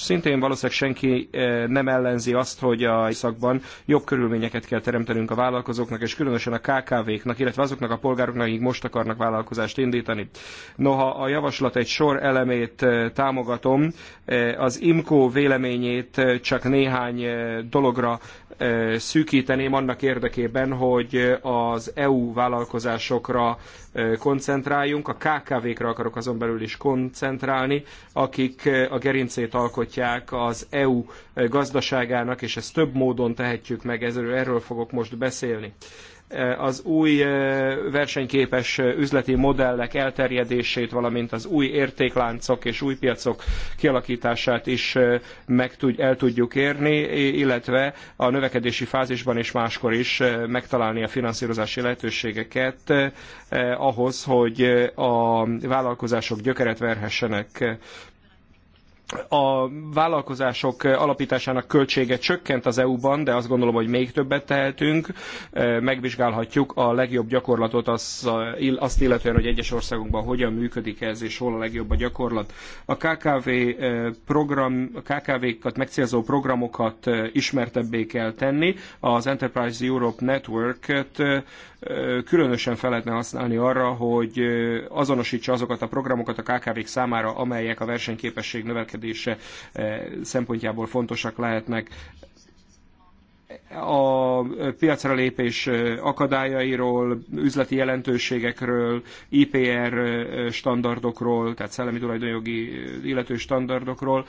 Szintén valószínűleg senki nem ellenzi azt, hogy a szakban jobb körülményeket kell teremtenünk a vállalkozóknak, és különösen a KKV-knak, illetve azoknak a polgároknak, akik most akarnak vállalkozást indítani. Noha a javaslat egy sor elemét eh, támogatom, eh, az IMCO véleményét eh, csak néhány dologra szűkíteném annak érdekében, hogy az EU vállalkozásokra koncentráljunk, a KKV-kra akarok azon belül is koncentrálni, akik a gerincét alkotják az EU gazdaságának, és ezt több módon tehetjük meg, erről, fogok most beszélni. Eh, az új eh, versenyképes eh, üzleti modellek elterjedését, valamint az új értékláncok és új piacok kialakítását is meg tud, el tudjuk érni, illetve a növekedési fázisban és máskor is megtalálni a finanszírozási lehetőségeket ahhoz, hogy a vállalkozások gyökeret verhessenek a vállalkozások alapításának költsége csökkent az EU-ban, de azt gondolom, hogy még többet tehetünk. E, megvizsgálhatjuk a legjobb gyakorlatot azt illetően, hogy egyes országokban hogyan működik ez, és hol a legjobb a gyakorlat. A KKV e, program, a KKV-kat megcélzó programokat e, ismertebbé kell tenni. Az Enterprise Europe Network-et különösen fel lehetne használni arra, hogy azonosítsa azokat a programokat a KKV-k számára, amelyek a versenyképesség növekedése szempontjából fontosak lehetnek a piacra lépés akadályairól, üzleti jelentőségekről, IPR standardokról, tehát szellemi tulajdonjogi illető standardokról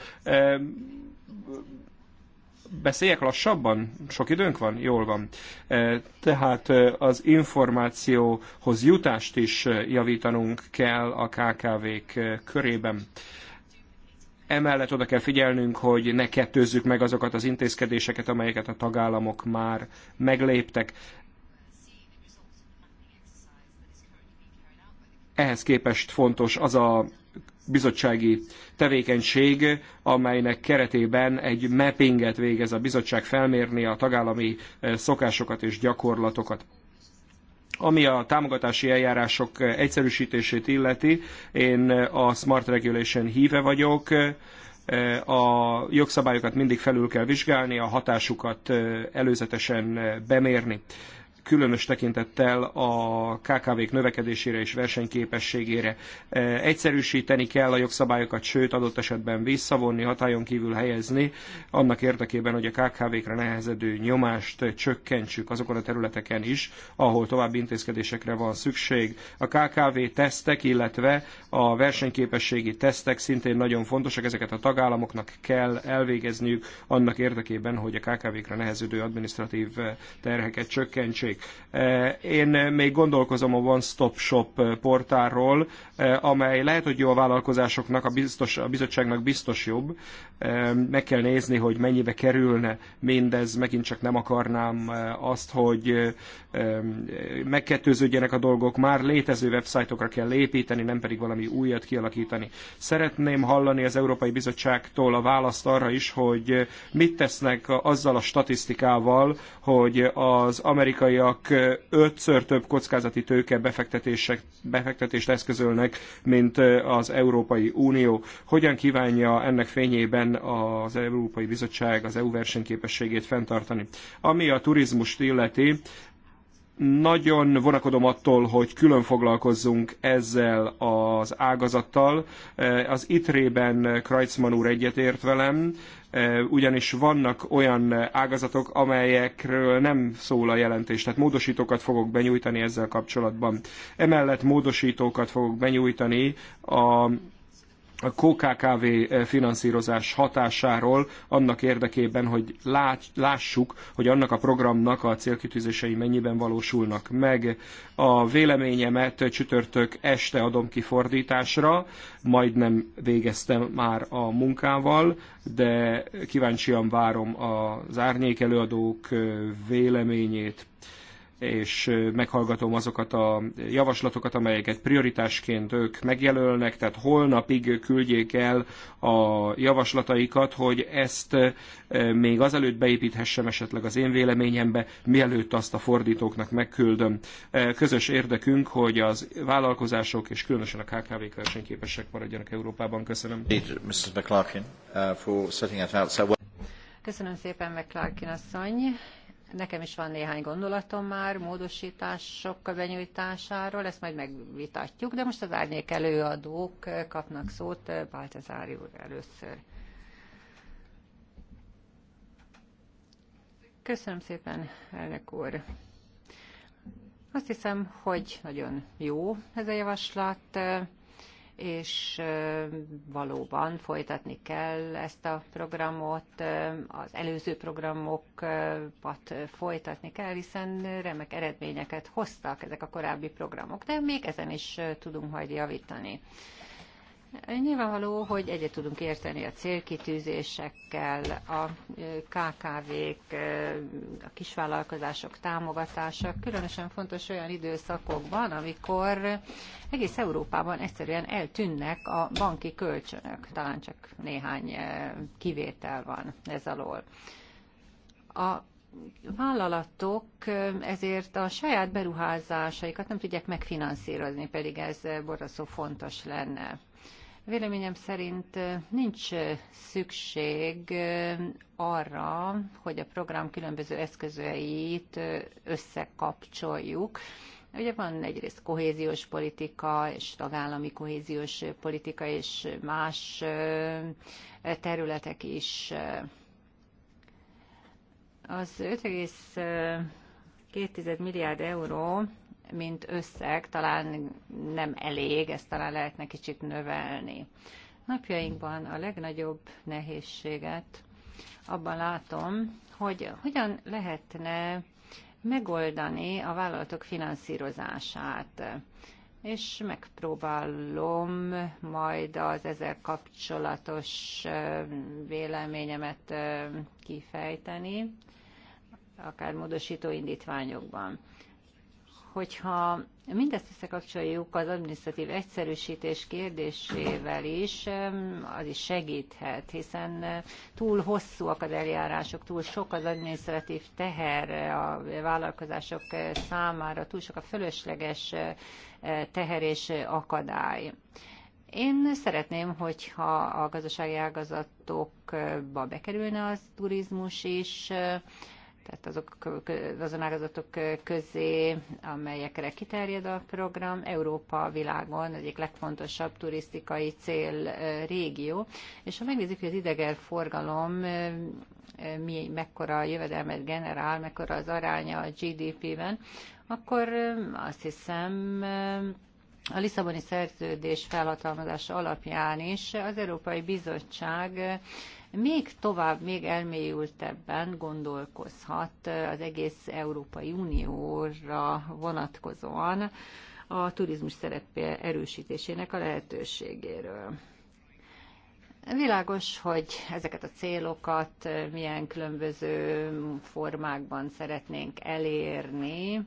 Beszéljek lassabban? Sok időnk van? Jól van. E, tehát e, az információhoz jutást is e, javítanunk kell a KKV-k körében emellett oda kell figyelnünk, hogy ne kettőzzük meg azokat az intézkedéseket, amelyeket a tagállamok már megléptek. Ehhez képest fontos az a bizottsági tevékenység, amelynek keretében egy mappinget végez a bizottság felmérni a tagállami eh, szokásokat és gyakorlatokat. Ami a támogatási eljárások eh, egyszerűsítését illeti, én eh, a Smart Regulation híve vagyok, a jogszabályokat mindig felül kell vizsgálni, a hatásukat előzetesen bemérni különös tekintettel a KKV-k növekedésére és versenyképességére. E, egyszerűsíteni kell a jogszabályokat, sőt adott esetben visszavonni, hatályon kívül helyezni, annak érdekében, hogy a kkv kre nehezedő nyomást csökkentsük azokon a területeken is, ahol további intézkedésekre van szükség. A KKV tesztek, illetve a versenyképességi tesztek szintén nagyon fontosak, ezeket a tagállamoknak kell elvégezniük annak érdekében, hogy a kkv kre nehezedő adminisztratív terheket csökkentsék Eh, én még gondolkozom a One Stop Shop eh, portálról, eh, amely lehet, hogy jó a vállalkozásoknak, a, biztos, a bizottságnak biztos jobb. Meg kell nézni, hogy mennyibe kerülne mindez. Megint csak nem akarnám azt, hogy megkettőződjenek a dolgok. Már létező websájtokra kell építeni, nem pedig valami újat kialakítani. Szeretném hallani az Európai Bizottságtól a választ arra is, hogy mit tesznek azzal a statisztikával, hogy az amerikai kínaiak ötször több kockázati tőke befektetést eszközölnek, mint az Európai Unió. Hogyan kívánja ennek fényében az Európai Bizottság az EU versenyképességét fenntartani? Ami a turizmust illeti, nagyon vonakodom attól, hogy külön foglalkozzunk ezzel az ágazattal. Az ITRE-ben úr egyetért velem, ugyanis vannak olyan ágazatok, amelyekről nem szól a jelentés, tehát módosítókat fogok benyújtani ezzel kapcsolatban. Emellett módosítókat fogok benyújtani a a KKV finanszírozás hatásáról annak érdekében, hogy lássuk, hogy annak a programnak a célkitűzései mennyiben valósulnak meg. A véleményemet csütörtök este adom ki fordításra, majdnem végeztem már a munkával, de kíváncsian várom az árnyék előadók véleményét és meghallgatom azokat a javaslatokat, amelyeket prioritásként ők megjelölnek, tehát holnapig küldjék el a javaslataikat, hogy ezt még azelőtt beépíthessem esetleg az én véleményembe, mielőtt azt a fordítóknak megküldöm. Közös érdekünk, hogy az vállalkozások és különösen a kkv versenyképesek maradjanak Európában. Köszönöm. Uh, Köszönöm szépen, McClarkin asszony. Nekem is van néhány gondolatom már módosítások benyújtásáról, ezt majd megvitatjuk, de most az árnyék előadók kapnak szót, Baltazári úr először. Köszönöm szépen, elnök úr. Azt hiszem, hogy nagyon jó ez a javaslat és valóban folytatni kell ezt a programot, az előző programokat folytatni kell, hiszen remek eredményeket hoztak ezek a korábbi programok, de még ezen is tudunk majd javítani. Nyilvánvaló, hogy egyet tudunk érteni a célkitűzésekkel, a KKV-k, a kisvállalkozások támogatása, különösen fontos olyan időszakokban, amikor egész Európában egyszerűen eltűnnek a banki kölcsönök. Talán csak néhány kivétel van ez alól. A vállalatok ezért a saját beruházásaikat nem tudják megfinanszírozni, pedig ez borzasztó fontos lenne. Véleményem szerint nincs szükség arra, hogy a program különböző eszközeit összekapcsoljuk. Ugye van egyrészt kohéziós politika, és tagállami kohéziós politika, és más területek is. Az 5,2 milliárd euró mint összeg talán nem elég, ezt talán lehetne kicsit növelni. Napjainkban a legnagyobb nehézséget abban látom, hogy hogyan lehetne megoldani a vállalatok finanszírozását és megpróbálom majd az ezzel kapcsolatos véleményemet kifejteni, akár módosító indítványokban hogyha mindezt összekapcsoljuk az administratív egyszerűsítés kérdésével is, az is segíthet, hiszen eh, túl hosszúak az eljárások, túl sok az administratív teher eh, a vállalkozások eh, számára, túl sok a fölösleges teher és akadály. Én szeretném, hogyha a gazdasági ágazatokba bekerülne az turizmus is, tehát azok, azon ágazatok közé, amelyekre kiterjed a program. Európa világon egyik legfontosabb turisztikai cél régió, és ha megnézzük, hogy az idegenforgalom mi, mekkora jövedelmet generál, mekkora az aránya a GDP-ben, akkor azt hiszem, a Lisszaboni szerződés felhatalmazása alapján is az Európai Bizottság még tovább, még elmélyültebben gondolkozhat az egész Európai Unióra vonatkozóan a turizmus szerepe erősítésének a lehetőségéről. Világos, hogy ezeket a célokat milyen különböző formákban szeretnénk elérni,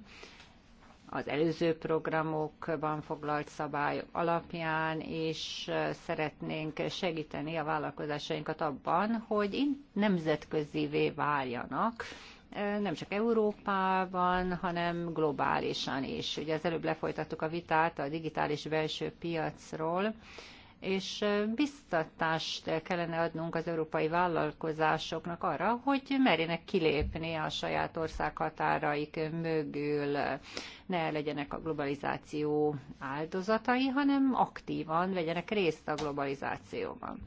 az előző programokban foglalt szabályok alapján, és szeretnénk segíteni a vállalkozásainkat abban, hogy nemzetközivé váljanak, nem csak Európában, hanem globálisan is. Ugye az előbb lefolytattuk a vitát a digitális belső piacról, és biztatást kellene adnunk az európai vállalkozásoknak arra, hogy merjenek kilépni a saját ország határaik mögül, ne legyenek a globalizáció áldozatai, hanem aktívan vegyenek részt a globalizációban.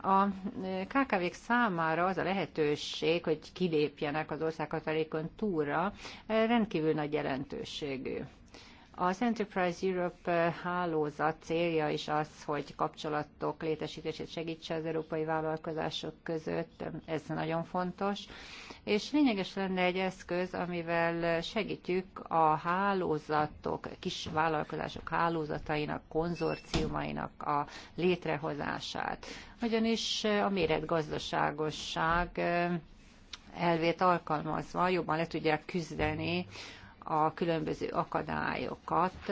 A kkv számára az a lehetőség, hogy kilépjenek az országhatárékon túlra, rendkívül nagy jelentőségű. Az Enterprise Europe eh, hálózat célja is az, hogy kapcsolatok létesítését segítse az európai vállalkozások között, ez nagyon fontos, és lényeges lenne egy eszköz, amivel segítjük a hálózatok, kis vállalkozások hálózatainak, konzorciumainak a létrehozását. Ugyanis eh, a méret gazdaságosság eh, elvét alkalmazva jobban le tudják küzdeni a különböző akadályokat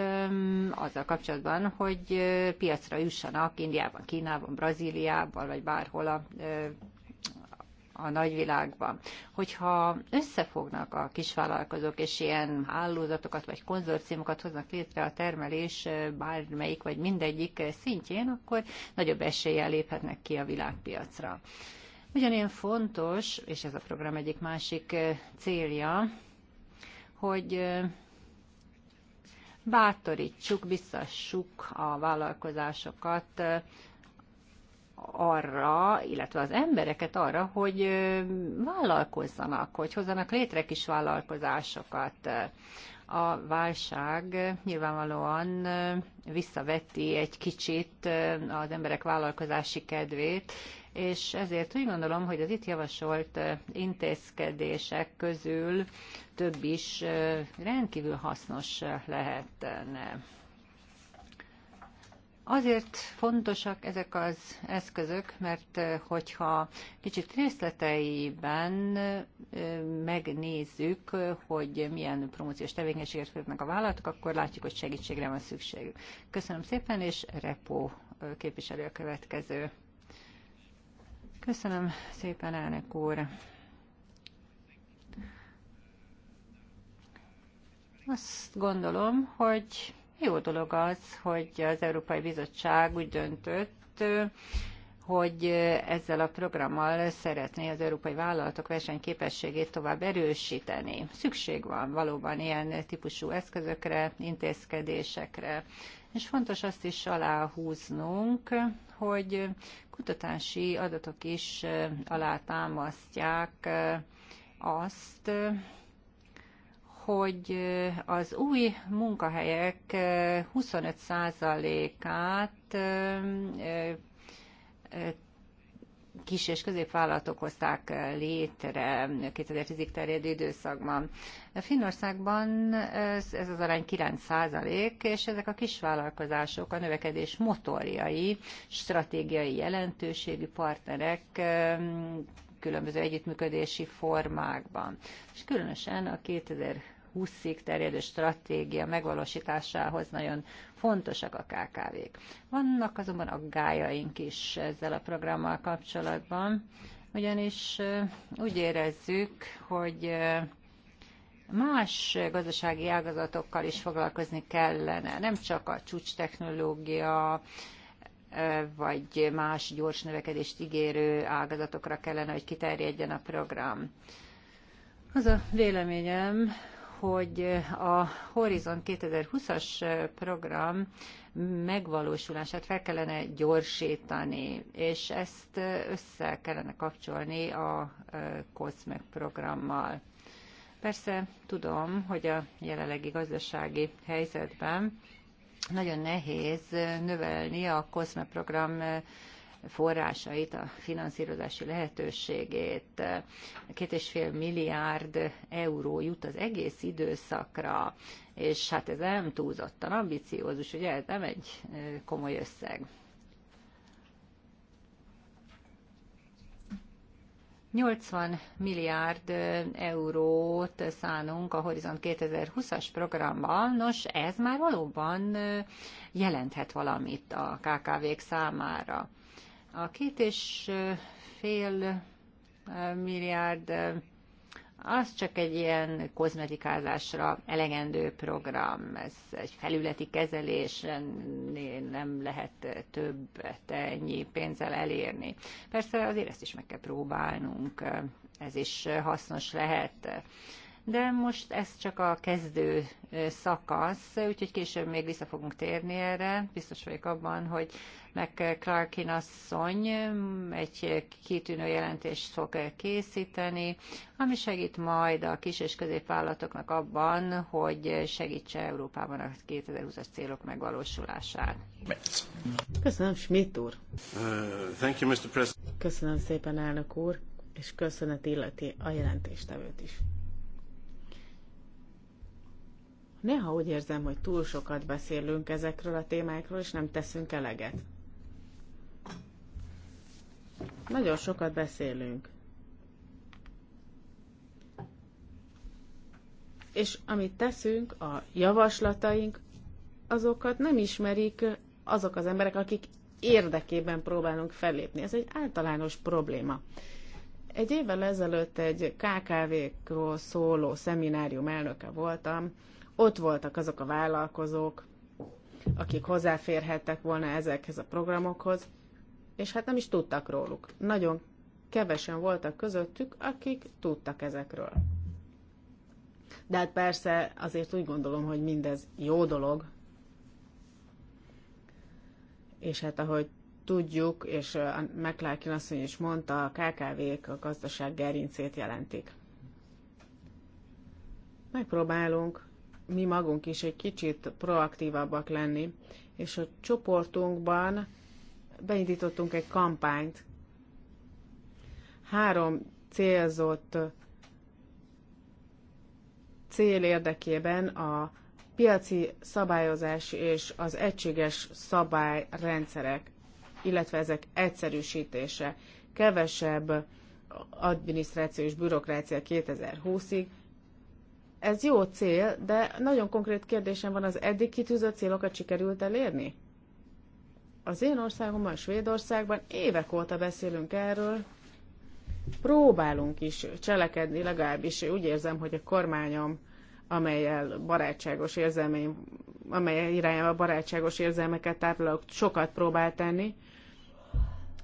azzal kapcsolatban, hogy piacra jussanak Indiában, Kínában, Brazíliában, vagy bárhol a a nagyvilágban. Hogyha összefognak a kisvállalkozók, és ilyen hálózatokat vagy konzorciumokat hoznak létre a termelés bármelyik vagy mindegyik szintjén, akkor nagyobb eséllyel léphetnek ki a világpiacra. Ugyanilyen fontos, és ez a program egyik másik célja, hogy bátorítsuk, biztassuk a vállalkozásokat arra, illetve az embereket arra, hogy vállalkozzanak, hogy hozzanak létre kis vállalkozásokat. A válság nyilvánvalóan visszaveti egy kicsit az emberek vállalkozási kedvét, és ezért úgy gondolom, hogy az itt javasolt intézkedések közül több is rendkívül hasznos lehetne. Azért fontosak ezek az eszközök, mert hogyha kicsit részleteiben megnézzük, hogy milyen promóciós tevékenységet folytatnak a vállalatok, akkor látjuk, hogy segítségre van szükségük. Köszönöm szépen, és Repo képviselő a következő. Köszönöm szépen, elnök úr. Azt gondolom, hogy jó dolog az, hogy az Európai Bizottság úgy döntött, hogy ezzel a programmal szeretné az európai vállalatok versenyképességét tovább erősíteni. Szükség van valóban ilyen típusú eszközökre, intézkedésekre. És fontos azt is aláhúznunk, hogy kutatási adatok is alátámasztják azt, hogy az új munkahelyek 25%-át kis és középvállalatok hozták eh, létre 2010-ig terjedő időszakban. Finnországban ez, ez az arány 9%, és ezek a kisvállalkozások a növekedés motorjai, stratégiai jelentőségű partnerek különböző együttműködési formákban. És különösen a 2000 20 ig terjedő stratégia megvalósításához nagyon fontosak a KKV-k. Vannak azonban aggájaink is ezzel a programmal kapcsolatban, ugyanis úgy érezzük, hogy más gazdasági ágazatokkal is foglalkozni kellene, nem csak a csúcs technológia, vagy más gyors növekedést ígérő ágazatokra kellene, hogy kiterjedjen a program. Az a véleményem, hogy a Horizon 2020-as program megvalósulását fel kellene gyorsítani, és ezt össze kellene kapcsolni a e, COSME programmal. Persze tudom, hogy a jelenlegi gazdasági helyzetben nagyon nehéz növelni a COSME program forrásait, a finanszírozási lehetőségét. Két és fél milliárd euró jut az egész időszakra, és hát ez nem túlzottan ambiciózus, ugye ez nem egy komoly összeg. 80 milliárd eurót szánunk a Horizont 2020-as programban, nos ez már valóban jelenthet valamit a KKV-k számára. A két és fél milliárd az csak egy ilyen kozmetikázásra elegendő program, ez egy felületi kezelés, nem lehet több ennyi pénzzel elérni. Persze azért ezt is meg kell próbálnunk, ez is hasznos lehet de most ez csak a kezdő szakasz, úgyhogy később még vissza fogunk térni erre. Biztos vagyok abban, hogy meg Clarkin asszony mm, egy kitűnő jelentést fog készíteni, ami segít majd a kis és középvállalatoknak abban, hogy segítse Európában a 2020-as célok megvalósulását. Köszönöm, Schmidt úr. Uh, thank you, Mr. President. Köszönöm szépen, elnök úr, és köszönet illeti a jelentéstevőt is. Néha úgy érzem, hogy túl sokat beszélünk ezekről a témákról, és nem teszünk eleget. Nagyon sokat beszélünk. És amit teszünk, a javaslataink, azokat nem ismerik azok az emberek, akik érdekében próbálunk fellépni. Ez egy általános probléma. Egy évvel ezelőtt egy KKV-król szóló szeminárium elnöke voltam, ott voltak azok a vállalkozók, akik hozzáférhettek volna ezekhez a programokhoz, és hát nem is tudtak róluk. Nagyon kevesen voltak közöttük, akik tudtak ezekről. De hát persze azért úgy gondolom, hogy mindez jó dolog, és hát ahogy tudjuk, és a McLarkin asszony is mondta, a KKV-k a gazdaság gerincét jelentik. Megpróbálunk mi magunk is egy kicsit proaktívabbak lenni, és a csoportunkban beindítottunk egy kampányt. Három célzott cél érdekében a piaci szabályozás és az egységes szabályrendszerek, illetve ezek egyszerűsítése, kevesebb adminisztráció és bürokrácia 2020-ig, ez jó cél, de nagyon konkrét kérdésem van, az eddig kitűzött célokat sikerült elérni? Az én országomban, Svédországban évek óta beszélünk erről, próbálunk is cselekedni, legalábbis úgy érzem, hogy a kormányom, amelyel barátságos érzelmeim, amely irányába barátságos érzelmeket táplálok, sokat próbál tenni,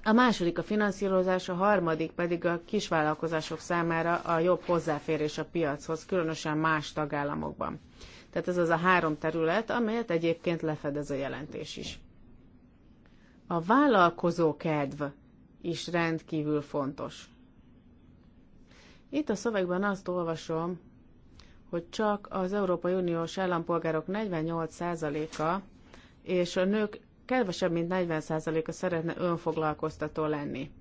a második a finanszírozás, a harmadik pedig a kisvállalkozások számára a jobb hozzáférés a piachoz, különösen más tagállamokban. Tehát ez az a három terület, amelyet egyébként lefedez a jelentés is. A vállalkozó kedv is rendkívül fontos. Itt a szövegben azt olvasom, hogy csak az Európai Uniós állampolgárok 48%-a és a nők kevesebb, mint 40%-a szeretne önfoglalkoztató lenni.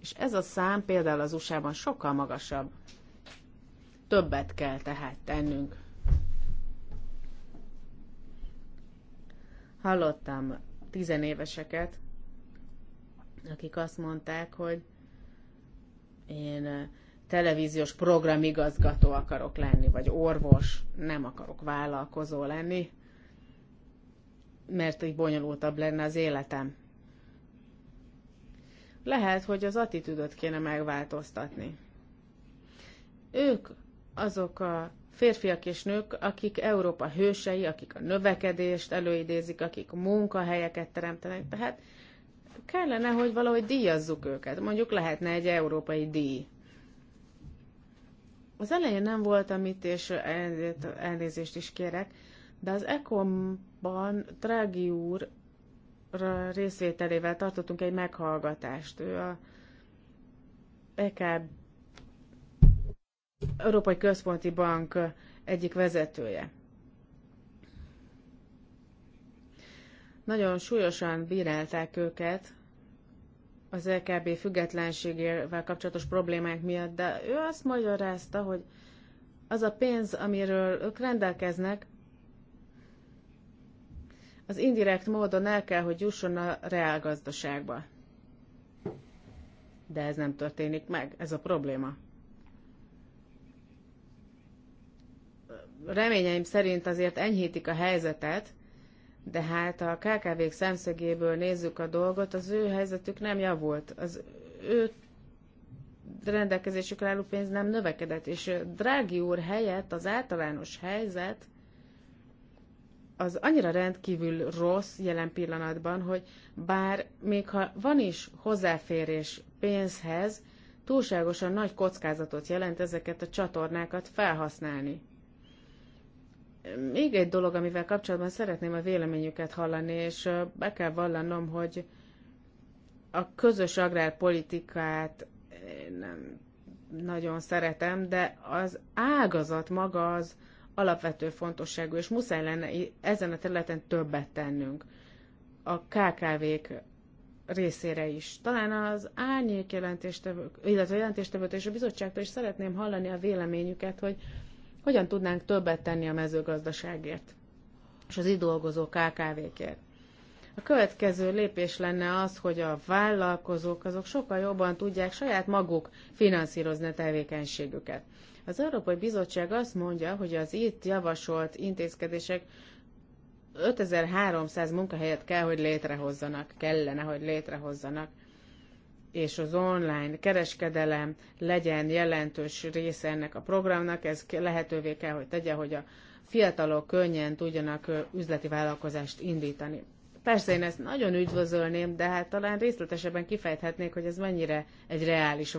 És ez a szám például az USA-ban sokkal magasabb. Többet kell tehát tennünk. Hallottam tizenéveseket, akik azt mondták, hogy én eh, televíziós programigazgató akarok lenni, vagy orvos, nem akarok vállalkozó lenni mert így bonyolultabb lenne az életem. Lehet, hogy az attitűdöt kéne megváltoztatni. Ők azok a férfiak és nők, akik Európa hősei, akik a növekedést előidézik, akik munkahelyeket teremtenek, tehát kellene, hogy valahogy díjazzuk őket. Mondjuk lehetne egy európai díj. Az elején nem volt amit, és elnézést is kérek, de az ECOM-ban Drági úr részvételével tartottunk egy meghallgatást. Ő a EKB Európai Központi Bank egyik vezetője. Nagyon súlyosan bírálták őket az LKB függetlenségével kapcsolatos problémák miatt, de ő azt magyarázta, hogy az a pénz, amiről ők rendelkeznek, az indirekt módon el kell, hogy jusson a reálgazdaságba. De ez nem történik meg, ez a probléma. Reményeim szerint azért enyhítik a helyzetet, de hát a kkv szemszögéből nézzük a dolgot, az ő helyzetük nem javult. Az ő rendelkezésükre álló pénz nem növekedett, és Drági úr helyett az általános helyzet az annyira rendkívül rossz jelen pillanatban, hogy bár még ha van is hozzáférés pénzhez, túlságosan nagy kockázatot jelent ezeket a csatornákat felhasználni. Még egy dolog, amivel kapcsolatban szeretném a véleményüket hallani, és be kell vallanom, hogy a közös agrárpolitikát nem nagyon szeretem, de az ágazat maga az, alapvető fontosságú, és muszáj lenne ezen a területen többet tennünk. A KKV-k részére is. Talán az árnyék jelentéstevők, illetve jelentéstevőt és a bizottságtól is szeretném hallani a véleményüket, hogy hogyan tudnánk többet tenni a mezőgazdaságért és az itt dolgozó KKV-kért. A következő lépés lenne az, hogy a vállalkozók azok sokkal jobban tudják saját maguk finanszírozni a tevékenységüket. Az Európai Bizottság azt mondja, hogy az itt javasolt intézkedések 5300 munkahelyet kell, hogy létrehozzanak, kellene, hogy létrehozzanak, és az online kereskedelem legyen jelentős része ennek a programnak, ez lehetővé kell, hogy tegye, hogy a fiatalok könnyen tudjanak üzleti vállalkozást indítani. Persze én ezt nagyon üdvözölném, de hát talán részletesebben kifejthetnék, hogy ez mennyire egy reális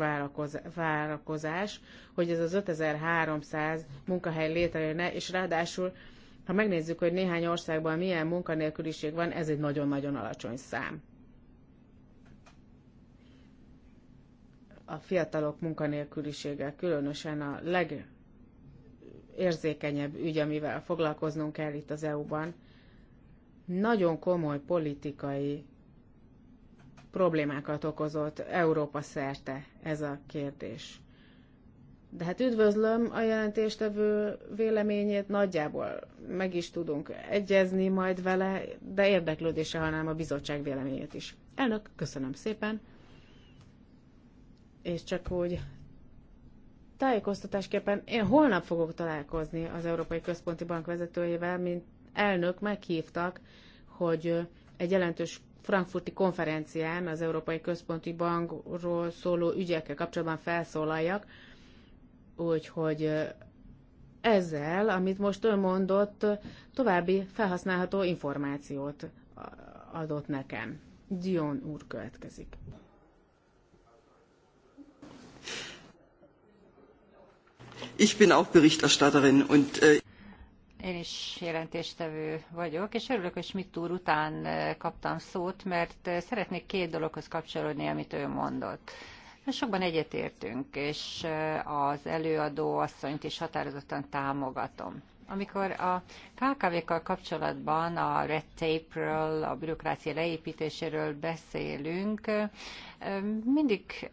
várakozás, hogy ez az 5300 munkahely létrejönne, és ráadásul, ha megnézzük, hogy néhány országban milyen munkanélküliség van, ez egy nagyon-nagyon alacsony szám. A fiatalok munkanélkülisége különösen a legérzékenyebb ügy, amivel foglalkoznunk kell itt az EU-ban – nagyon komoly politikai problémákat okozott Európa szerte ez a kérdés. De hát üdvözlöm a jelentéstevő véleményét, nagyjából meg is tudunk egyezni majd vele, de érdeklődése halnám a bizottság véleményét is. Elnök, köszönöm szépen, és csak úgy tájékoztatásképpen én holnap fogok találkozni az Európai Központi Bank vezetőjével, mint elnök meghívtak, hogy egy jelentős frankfurti konferencián az Európai Központi Bankról szóló ügyekkel kapcsolatban felszólaljak, úgyhogy ezzel, amit most ön mondott, további felhasználható információt adott nekem. Dion úr következik. Ich bin auch Berichterstatterin und äh én is jelentéstevő vagyok, és örülök, hogy Schmidt úr után eh, kaptam szót, mert eh, szeretnék két dologhoz kapcsolódni, amit ő mondott. Sokban egyetértünk, és eh, az előadó asszonyt is határozottan támogatom. Amikor a KKV-kkal kapcsolatban a red tape-ről, a bürokrácia leépítéséről beszélünk. Mindig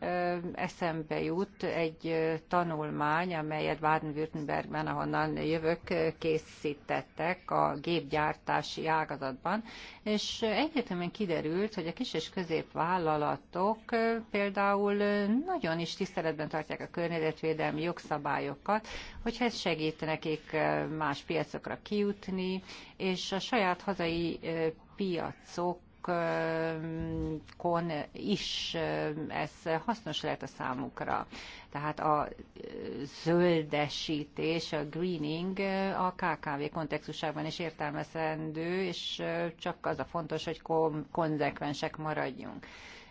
eszembe jut egy tanulmány, amelyet Baden-Württembergben, ahonnan jövök, készítettek a gépgyártási ágazatban, és egyértelműen kiderült, hogy a kis és középvállalatok például nagyon is tiszteletben tartják a környezetvédelmi jogszabályokat, hogyha ez segít nekik más piacokra kijutni, jutni, és a saját hazai piacok kon is ez hasznos lehet a számukra. Tehát a zöldesítés, a greening a KKV kontextusában is értelmezendő, és csak az a fontos, hogy konzekvensek maradjunk.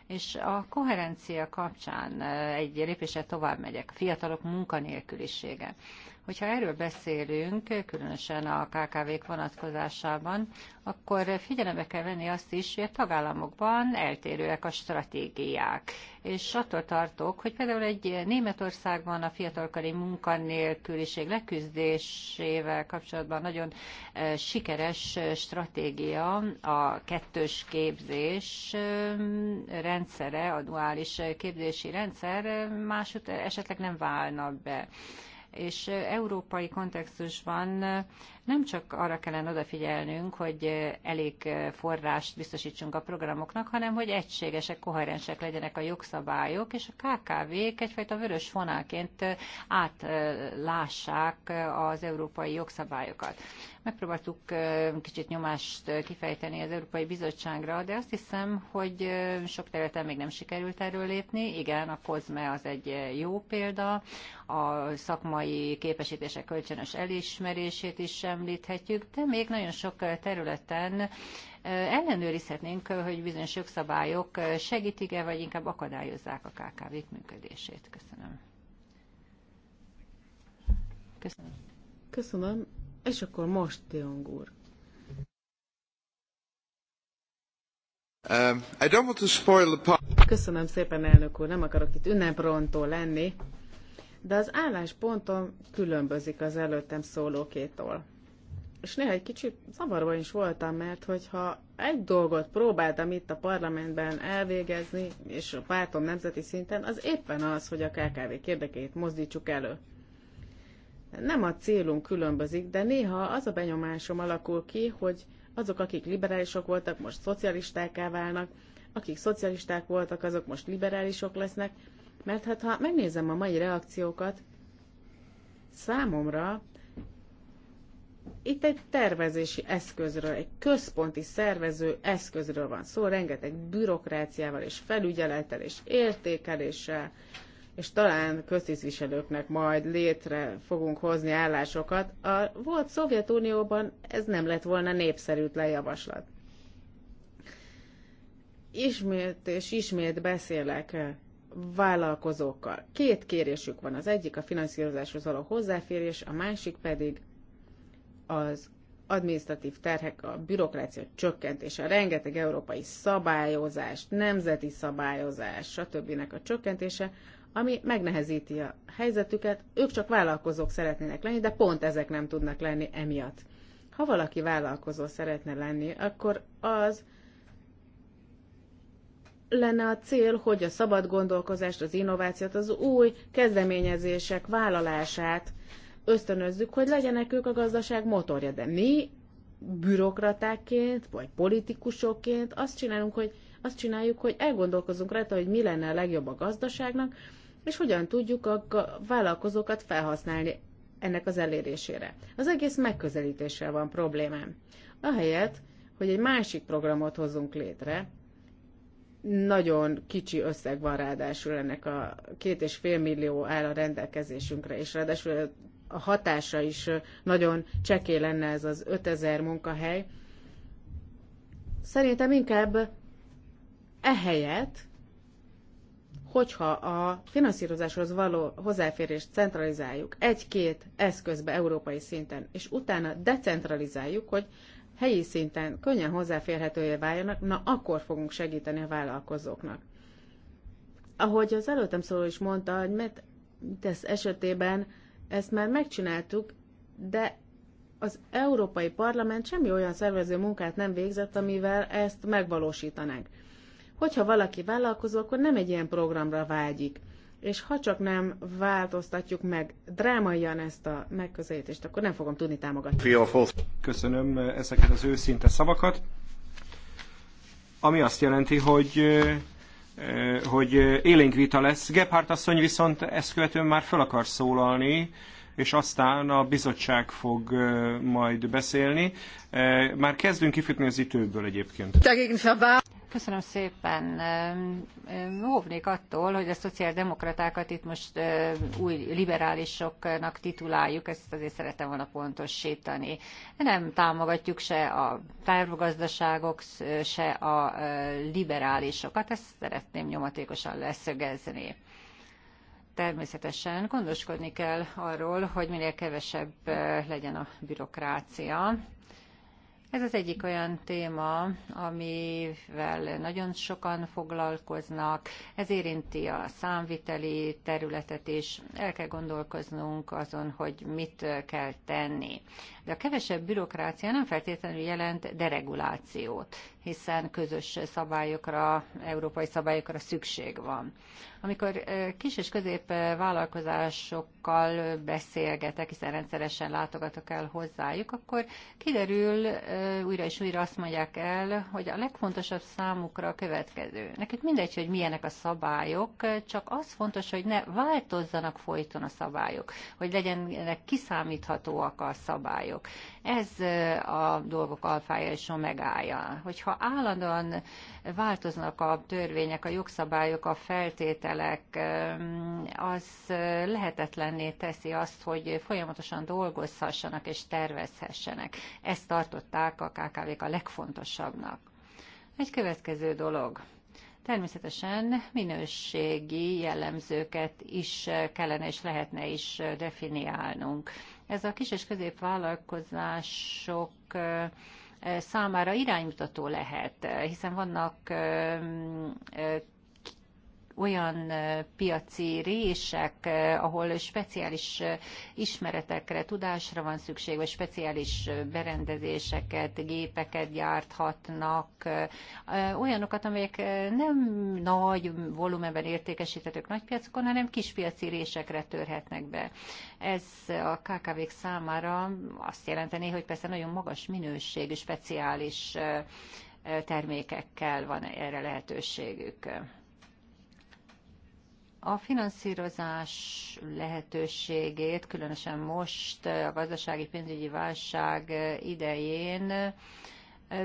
És a koherencia kapcsán egy lépéssel tovább megyek, a fiatalok munkanélkülisége. Hogyha erről beszélünk, különösen a KKV-k vonatkozásában, akkor figyelembe kell venni azt is, hogy a tagállamokban eltérőek a stratégiák. És attól tartok, hogy például egy Németországban a fiatalkori munkanélküliség leküzdésével kapcsolatban nagyon e, sikeres stratégia a kettős képzés e, rendszere, a duális képzési rendszer, e, másút esetleg nem válna be és európai kontextusban nem csak arra kellene odafigyelnünk, hogy elég forrást biztosítsunk a programoknak, hanem hogy egységesek, koherensek legyenek a jogszabályok, és a KKV-k egyfajta vörös fonálként átlássák az európai jogszabályokat. Megpróbáltuk kicsit nyomást kifejteni az Európai Bizottságra, de azt hiszem, hogy sok területen még nem sikerült erről lépni. Igen, a COSME az egy jó példa, a szakmai képesítések kölcsönös elismerését is említhetjük, de még nagyon sok területen ellenőrizhetnénk, hogy bizonyos jogszabályok segítik-e, vagy inkább akadályozzák a KKV-k működését. Köszönöm. Köszönöm. Köszönöm. És akkor most, Tiong úr. Um, I don't want to spoil the Köszönöm szépen, elnök úr, nem akarok itt ünneprontó lenni, de az álláspontom különbözik az előttem szólókétól. És néha egy kicsit zavarba is voltam, mert hogyha egy dolgot próbáltam itt a parlamentben elvégezni, és a pártom nemzeti szinten, az éppen az, hogy a KKV érdekeit mozdítsuk elő. Nem a célunk különbözik, de néha az a benyomásom alakul ki, hogy azok, akik liberálisok voltak, most szocialistáká válnak, akik szocialisták voltak, azok most liberálisok lesznek, mert hát ha megnézem a mai reakciókat, számomra itt egy tervezési eszközről, egy központi szervező eszközről van szó, rengeteg bürokráciával és felügyelettel és értékeléssel, és talán köztisztviselőknek majd létre fogunk hozni állásokat. A volt Szovjetunióban ez nem lett volna népszerűtlen javaslat. Ismét és ismét beszélek vállalkozókkal. Két kérésük van, az egyik a finanszírozáshoz való hozzáférés, a másik pedig az administratív terhek, a bürokrácia csökkentése, a rengeteg európai szabályozást, nemzeti szabályozás, stb. a csökkentése, ami megnehezíti a helyzetüket, ők csak vállalkozók szeretnének lenni, de pont ezek nem tudnak lenni emiatt. Ha valaki vállalkozó szeretne lenni, akkor az lenne a cél, hogy a szabad gondolkozást, az innovációt, az új kezdeményezések vállalását ösztönözzük, hogy legyenek ők a gazdaság motorja. De mi bürokratákként, vagy politikusokként azt csinálunk, hogy azt csináljuk, hogy elgondolkozunk rajta, hogy mi lenne a legjobb a gazdaságnak, és hogyan tudjuk a vállalkozókat felhasználni ennek az elérésére. Az egész megközelítéssel van problémám. Ahelyett, hogy egy másik programot hozunk létre, nagyon kicsi összeg van ráadásul ennek a két és fél millió áll a rendelkezésünkre, és ráadásul a hatása is nagyon cseké lenne ez az 5000 munkahely. Szerintem inkább ehelyett, hogyha a finanszírozáshoz való hozzáférést centralizáljuk egy-két eszközbe európai szinten, és utána decentralizáljuk, hogy helyi szinten könnyen hozzáférhetővé váljanak, na akkor fogunk segíteni a vállalkozóknak. Ahogy az előttem szóló is mondta, hogy mert tesz esetében ezt már megcsináltuk, de az Európai Parlament semmi olyan szervező munkát nem végzett, amivel ezt megvalósítanánk. Hogyha valaki vállalkozó, akkor nem egy ilyen programra vágyik és ha csak nem változtatjuk meg drámaian ezt a megközelítést, akkor nem fogom tudni támogatni. Köszönöm ezeket az őszinte szavakat, ami azt jelenti, hogy hogy élénk vita lesz. Gebhardt asszony viszont ezt követően már föl akar szólalni, és aztán a bizottság fog majd beszélni. Már kezdünk kifutni az időből egyébként. Köszönöm szépen. Óvnék attól, hogy a szociáldemokratákat itt most új liberálisoknak tituláljuk, ezt azért szeretem volna pontosítani. Nem támogatjuk se a tárgazdaságok, se a liberálisokat, ezt szeretném nyomatékosan leszögezni természetesen gondoskodni kell arról, hogy minél kevesebb legyen a bürokrácia. Ez az egyik olyan téma, amivel nagyon sokan foglalkoznak, ez érinti a számviteli területet is, el kell gondolkoznunk azon, hogy mit kell tenni. De a kevesebb bürokrácia nem feltétlenül jelent deregulációt, hiszen közös szabályokra, európai szabályokra szükség van. Amikor kis és közép vállalkozásokkal beszélgetek, hiszen rendszeresen látogatok el hozzájuk, akkor kiderül, újra és újra azt mondják el, hogy a legfontosabb számukra a következő. Nekik mindegy, hogy milyenek a szabályok, csak az fontos, hogy ne változzanak folyton a szabályok, hogy legyenek kiszámíthatóak a szabályok vagyok. Ez a dolgok alfája és omegája. Hogyha állandóan változnak a törvények, a jogszabályok, a feltételek, az lehetetlenné teszi azt, hogy folyamatosan dolgozhassanak és tervezhessenek. Ezt tartották a KKV-k a legfontosabbnak. Egy következő dolog. Természetesen minőségi jellemzőket is kellene és lehetne is definiálnunk. Ez a kis és középvállalkozások számára iránymutató lehet, hiszen vannak olyan piaci rések, ahol speciális ismeretekre, tudásra van szükség, vagy speciális berendezéseket, gépeket gyárthatnak, olyanokat, amelyek nem nagy volumenben értékesíthetők nagy piacokon, hanem kis piaci résekre törhetnek be. Ez a KKV-k számára azt jelenteni, hogy persze nagyon magas minőségű, speciális termékekkel van erre lehetőségük. A finanszírozás lehetőségét, különösen most eh, a gazdasági pénzügyi válság eh, idején eh,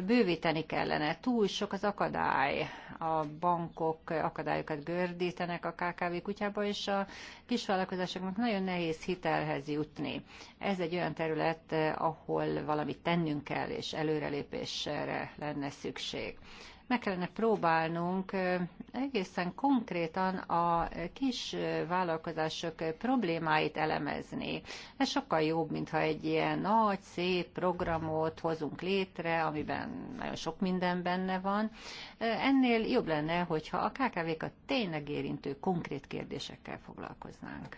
bővíteni kellene. Túl sok az akadály. A bankok akadályokat gördítenek a KKV kutyába, és a kisvállalkozásoknak nagyon nehéz hitelhez jutni. Ez egy olyan terület, ahol valamit tennünk kell, és előrelépésre lenne szükség meg kellene próbálnunk egészen konkrétan a kis vállalkozások problémáit elemezni. Ez sokkal jobb, mintha egy ilyen nagy, szép programot hozunk létre, amiben nagyon sok minden benne van. Ennél jobb lenne, hogyha a KKV-kat tényleg érintő konkrét kérdésekkel foglalkoznánk.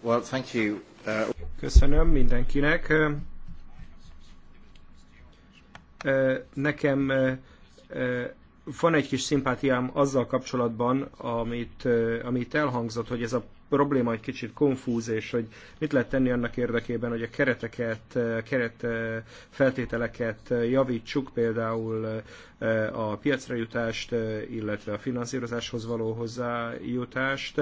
Well, thank you. Uh... Köszönöm mindenkinek nekem van egy kis szimpátiám azzal kapcsolatban, amit, amit elhangzott, hogy ez a probléma egy kicsit konfúz, és hogy mit lehet tenni annak érdekében, hogy a kereteket, keret feltételeket javítsuk, például a piacra jutást, illetve a finanszírozáshoz való hozzájutást.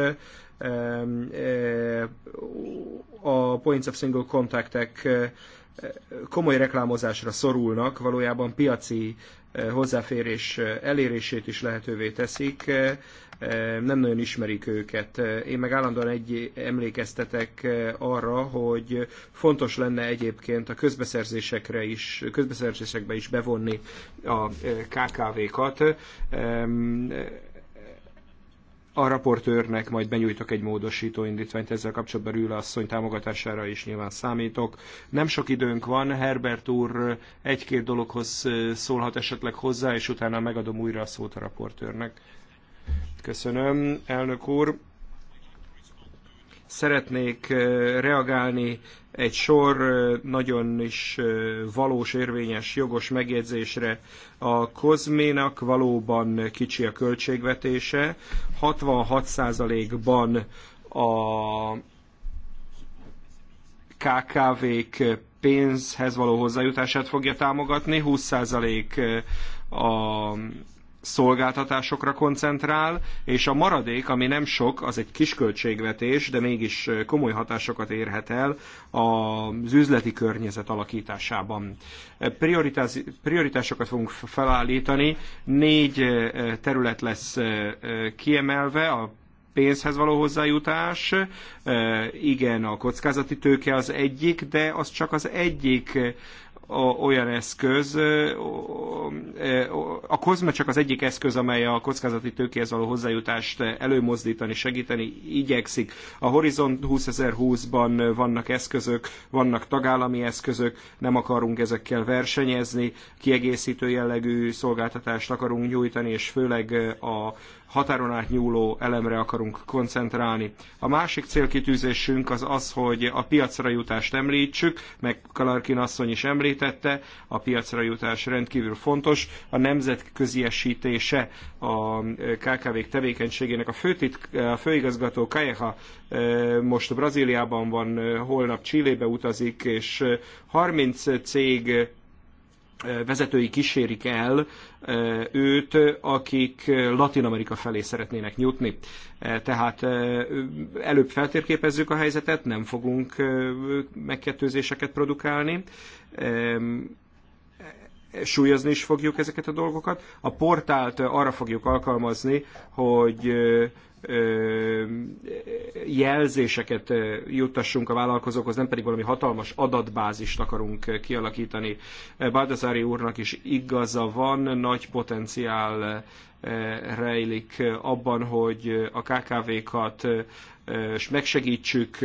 A Points of Single contact komoly reklámozásra szorulnak, valójában piaci eh, hozzáférés eh, elérését is lehetővé teszik, eh, nem nagyon ismerik őket. Én meg állandóan egy emlékeztetek arra, hogy fontos lenne egyébként a közbeszerzésekre is, közbeszerzésekbe is bevonni a KKV-kat a raportőrnek majd benyújtok egy módosító indítványt, ezzel kapcsolatban Rüla asszony támogatására is nyilván számítok. Nem sok időnk van, Herbert úr egy-két dologhoz szólhat esetleg hozzá, és utána megadom újra a szót a raportőrnek. Köszönöm, elnök úr. Szeretnék reagálni egy sor nagyon is valós, érvényes, jogos megjegyzésre. A Kozménak valóban kicsi a költségvetése, 66%-ban a KKV-k pénzhez való hozzájutását fogja támogatni, 20% a szolgáltatásokra koncentrál, és a maradék, ami nem sok, az egy kis költségvetés, de mégis komoly hatásokat érhet el az üzleti környezet alakításában. Prioritásokat fogunk felállítani, négy terület lesz kiemelve, a pénzhez való hozzájutás, igen, a kockázati tőke az egyik, de az csak az egyik olyan eszköz. A kozma csak az egyik eszköz, amely a kockázati tőkéhez való hozzájutást előmozdítani, segíteni igyekszik. A Horizon 2020-ban vannak eszközök, vannak tagállami eszközök, nem akarunk ezekkel versenyezni, kiegészítő jellegű szolgáltatást akarunk nyújtani, és főleg a határon átnyúló elemre akarunk koncentrálni. A másik célkitűzésünk az az, hogy a piacra jutást említsük, meg Kalarkin asszony is említ, említette, a piacra jutás rendkívül fontos. A nemzetköziesítése a e, KKV-k tevékenységének a, főtit, e, a főigazgató Kajeha e, most Brazíliában van, holnap Csillébe utazik, és 30 cég vezetői kísérik el őt, akik Latin Amerika felé szeretnének nyújtni. Tehát előbb feltérképezzük a helyzetet, nem fogunk megkettőzéseket produkálni, súlyozni is fogjuk ezeket a dolgokat. A portált arra fogjuk alkalmazni, hogy jelzéseket juttassunk a vállalkozókhoz, nem pedig valami hatalmas adatbázist akarunk kialakítani. Baldassari úrnak is igaza van, nagy potenciál rejlik abban, hogy a KKV-kat megsegítsük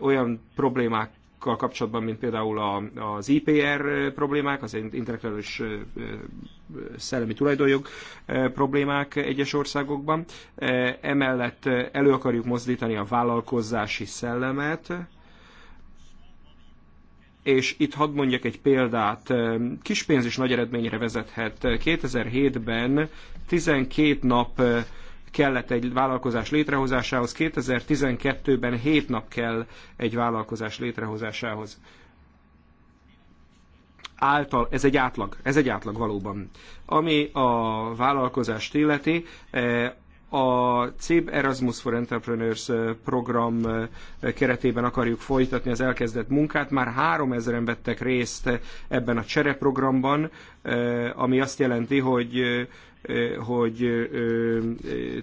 olyan problémák problémákkal kapcsolatban, mint például a, az IPR problémák, az intellektuális szellemi tulajdonjog problémák egyes országokban. Emellett elő akarjuk mozdítani a vállalkozási szellemet, és itt hadd mondjak egy példát, kis pénz is nagy eredményre vezethet. 2007-ben 12 nap kellett egy vállalkozás létrehozásához, 2012-ben 7 nap kell egy vállalkozás létrehozásához. Által, ez egy átlag, ez egy átlag valóban. Ami a vállalkozást illeti, eh, a CIB e Erasmus for Entrepreneurs eh, program eh, keretében akarjuk folytatni az elkezdett munkát. Már 3000-en vettek részt ebben a csereprogramban, ami azt jelenti, hogy hogy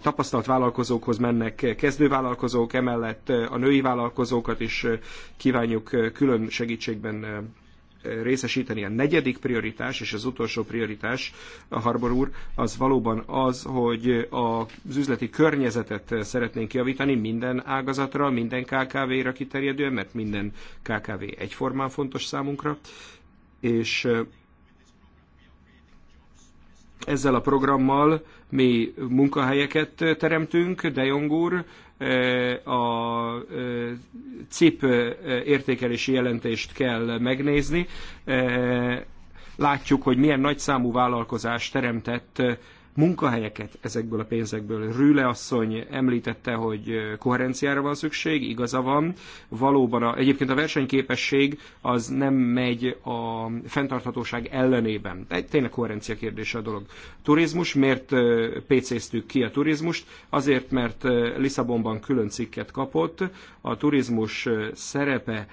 tapasztalt vállalkozókhoz mennek kezdővállalkozók, emellett a női vállalkozókat is kívánjuk külön segítségben részesíteni. A negyedik prioritás, és az utolsó prioritás, a Harbor úr, az valóban az, hogy az üzleti környezetet szeretnénk javítani minden ágazatra, minden KKV-ra kiterjedően, mert minden KKV egyformán fontos számunkra, és ezzel a programmal mi munkahelyeket teremtünk, De Jong úr, eh, a eh, CIP eh, értékelési jelentést kell megnézni. Látjuk, hogy milyen nagyszámú vállalkozás teremtett munkahelyeket ezekből a pénzekből. Rüle asszony említette, hogy koherenciára van szükség, igaza van. Valóban a, egyébként a versenyképesség az nem megy a fenntarthatóság ellenében. Egy tényleg koherencia kérdése a dolog. Turizmus, miért PC-ztük ki a turizmust? Azért, mert Lisszabonban külön cikket kapott. A turizmus szerepe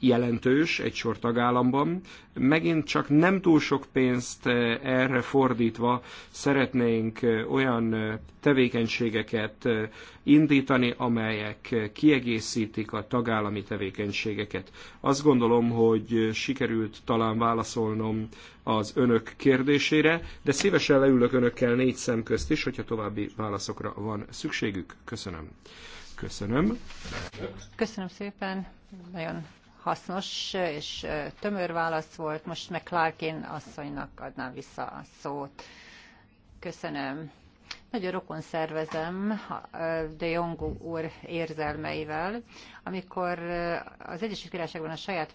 jelentős egy sor tagállamban. Megint csak nem túl sok pénzt eh, erre fordítva szeretnénk eh, olyan eh, tevékenységeket indítani, amelyek kiegészítik a tagállami tevékenységeket. Azt gondolom, hogy sikerült talán válaszolnom az önök kérdésére, de szívesen leülök önökkel négy szem közt is, hogyha további válaszokra van szükségük. Köszönöm. Köszönöm. Köszönöm szépen. Nagyon hasznos és tömör válasz volt. Most meg Clarkin asszonynak adnám vissza a szót. Köszönöm. Nagyon rokon szervezem De Jong úr érzelmeivel, amikor az Egyesült Királyságban a saját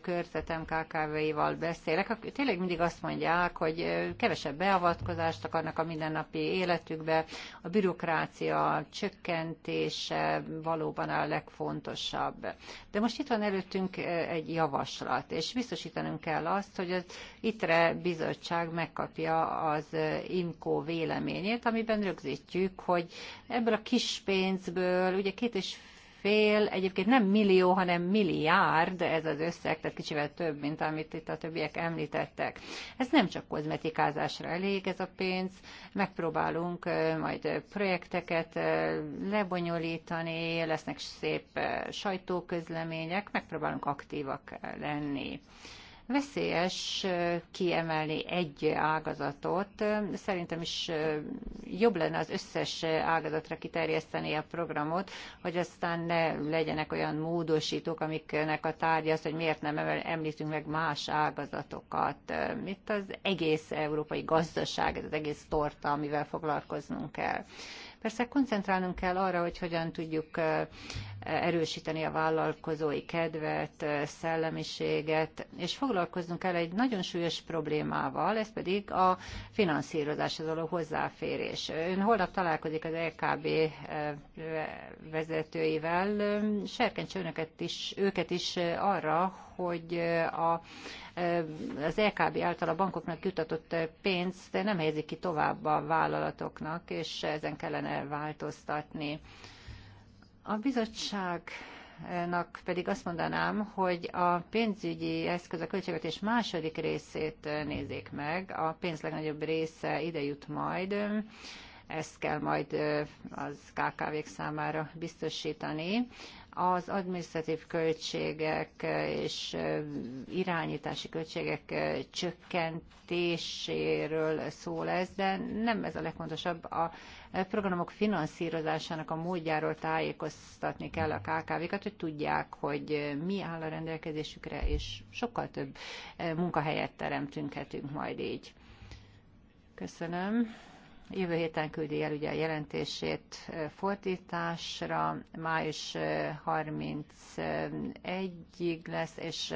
körzetem KKV-ival beszélek, tényleg mindig azt mondják, hogy kevesebb beavatkozást akarnak a mindennapi életükbe, a bürokrácia csökkentése valóban a legfontosabb. De most itt van előttünk egy javaslat, és biztosítanunk kell azt, hogy az ITRE bizottság megkapja az IMCO véleményét, közleményét, amiben rögzítjük, hogy ebből a kis pénzből, ugye két és fél, egyébként nem millió, hanem milliárd ez az összeg, tehát kicsivel több, mint amit itt a többiek említettek. Ez nem csak kozmetikázásra elég ez a pénz, megpróbálunk majd projekteket lebonyolítani, lesznek szép sajtóközlemények, megpróbálunk aktívak lenni. Veszélyes kiemelni egy ágazatot. Szerintem is jobb lenne az összes ágazatra kiterjeszteni a programot, hogy aztán ne legyenek olyan módosítók, amiknek a tárgya az, hogy miért nem említünk meg más ágazatokat. Itt az egész európai gazdaság, ez az egész torta, amivel foglalkoznunk kell. Persze koncentrálnunk kell arra, hogy hogyan tudjuk erősíteni a vállalkozói kedvet, szellemiséget, és foglalkoznunk el egy nagyon súlyos problémával, ez pedig a finanszírozáshoz való hozzáférés. Ön holnap találkozik az LKB e eh, vezetőivel, serkentse önöket is, őket is eh, arra, hogy eh, a, az LKB e által a bankoknak jutatott pénzt nem helyezik ki tovább a vállalatoknak, és ezen kellene változtatni. A bizottságnak pedig azt mondanám, hogy a pénzügyi eszköz a költségvetés második részét nézzék meg. A pénz legnagyobb része ide jut majd. Ezt kell majd az KKV-k számára biztosítani az adminisztratív költségek és irányítási költségek csökkentéséről szól ez, de nem ez a legfontosabb. A programok finanszírozásának a módjáról tájékoztatni kell a KKV-kat, hogy tudják, hogy mi áll a rendelkezésükre, és sokkal több munkahelyet teremtünk majd így. Köszönöm. Jövő héten küldi el ugye a jelentését fordításra, május 31-ig lesz, és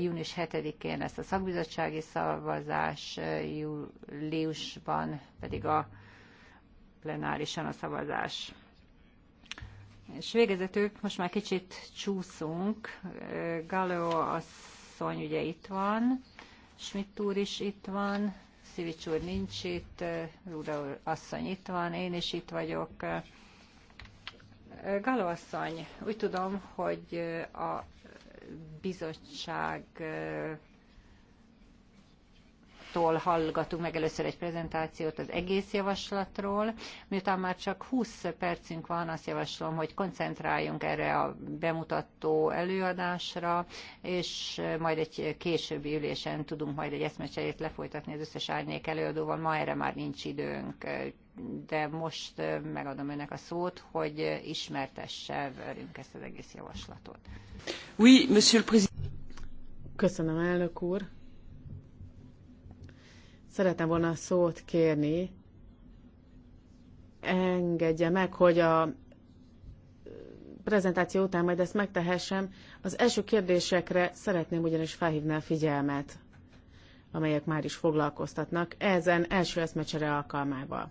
június 7-én lesz a szakbizottsági szavazás, júliusban pedig a plenárisan a szavazás. És végezetük, most már kicsit csúszunk. Galeo asszony ugye itt van, Schmidt úr is itt van, Szivics úr nincs itt, Ruda úr asszony itt van, én is itt vagyok. Galo asszony, úgy tudom, hogy a bizottság Bizottságtól hallgatunk meg először egy prezentációt az egész javaslatról. Miután már csak 20 percünk van, azt javaslom, hogy koncentráljunk erre a bemutató előadásra, és majd egy későbbi ülésen tudunk majd egy eszmecserét lefolytatni az összes árnyék előadóval. Ma erre már nincs időnk, de most megadom önnek a szót, hogy ismertesse velünk ezt az egész javaslatot. Oui, monsieur le président. Köszönöm, elnök úr. Szeretem volna szót kérni. Engedje meg, hogy a prezentáció után majd ezt megtehessem. Az első kérdésekre szeretném ugyanis felhívni a figyelmet, amelyek már is foglalkoztatnak ezen első eszmecsere alkalmával.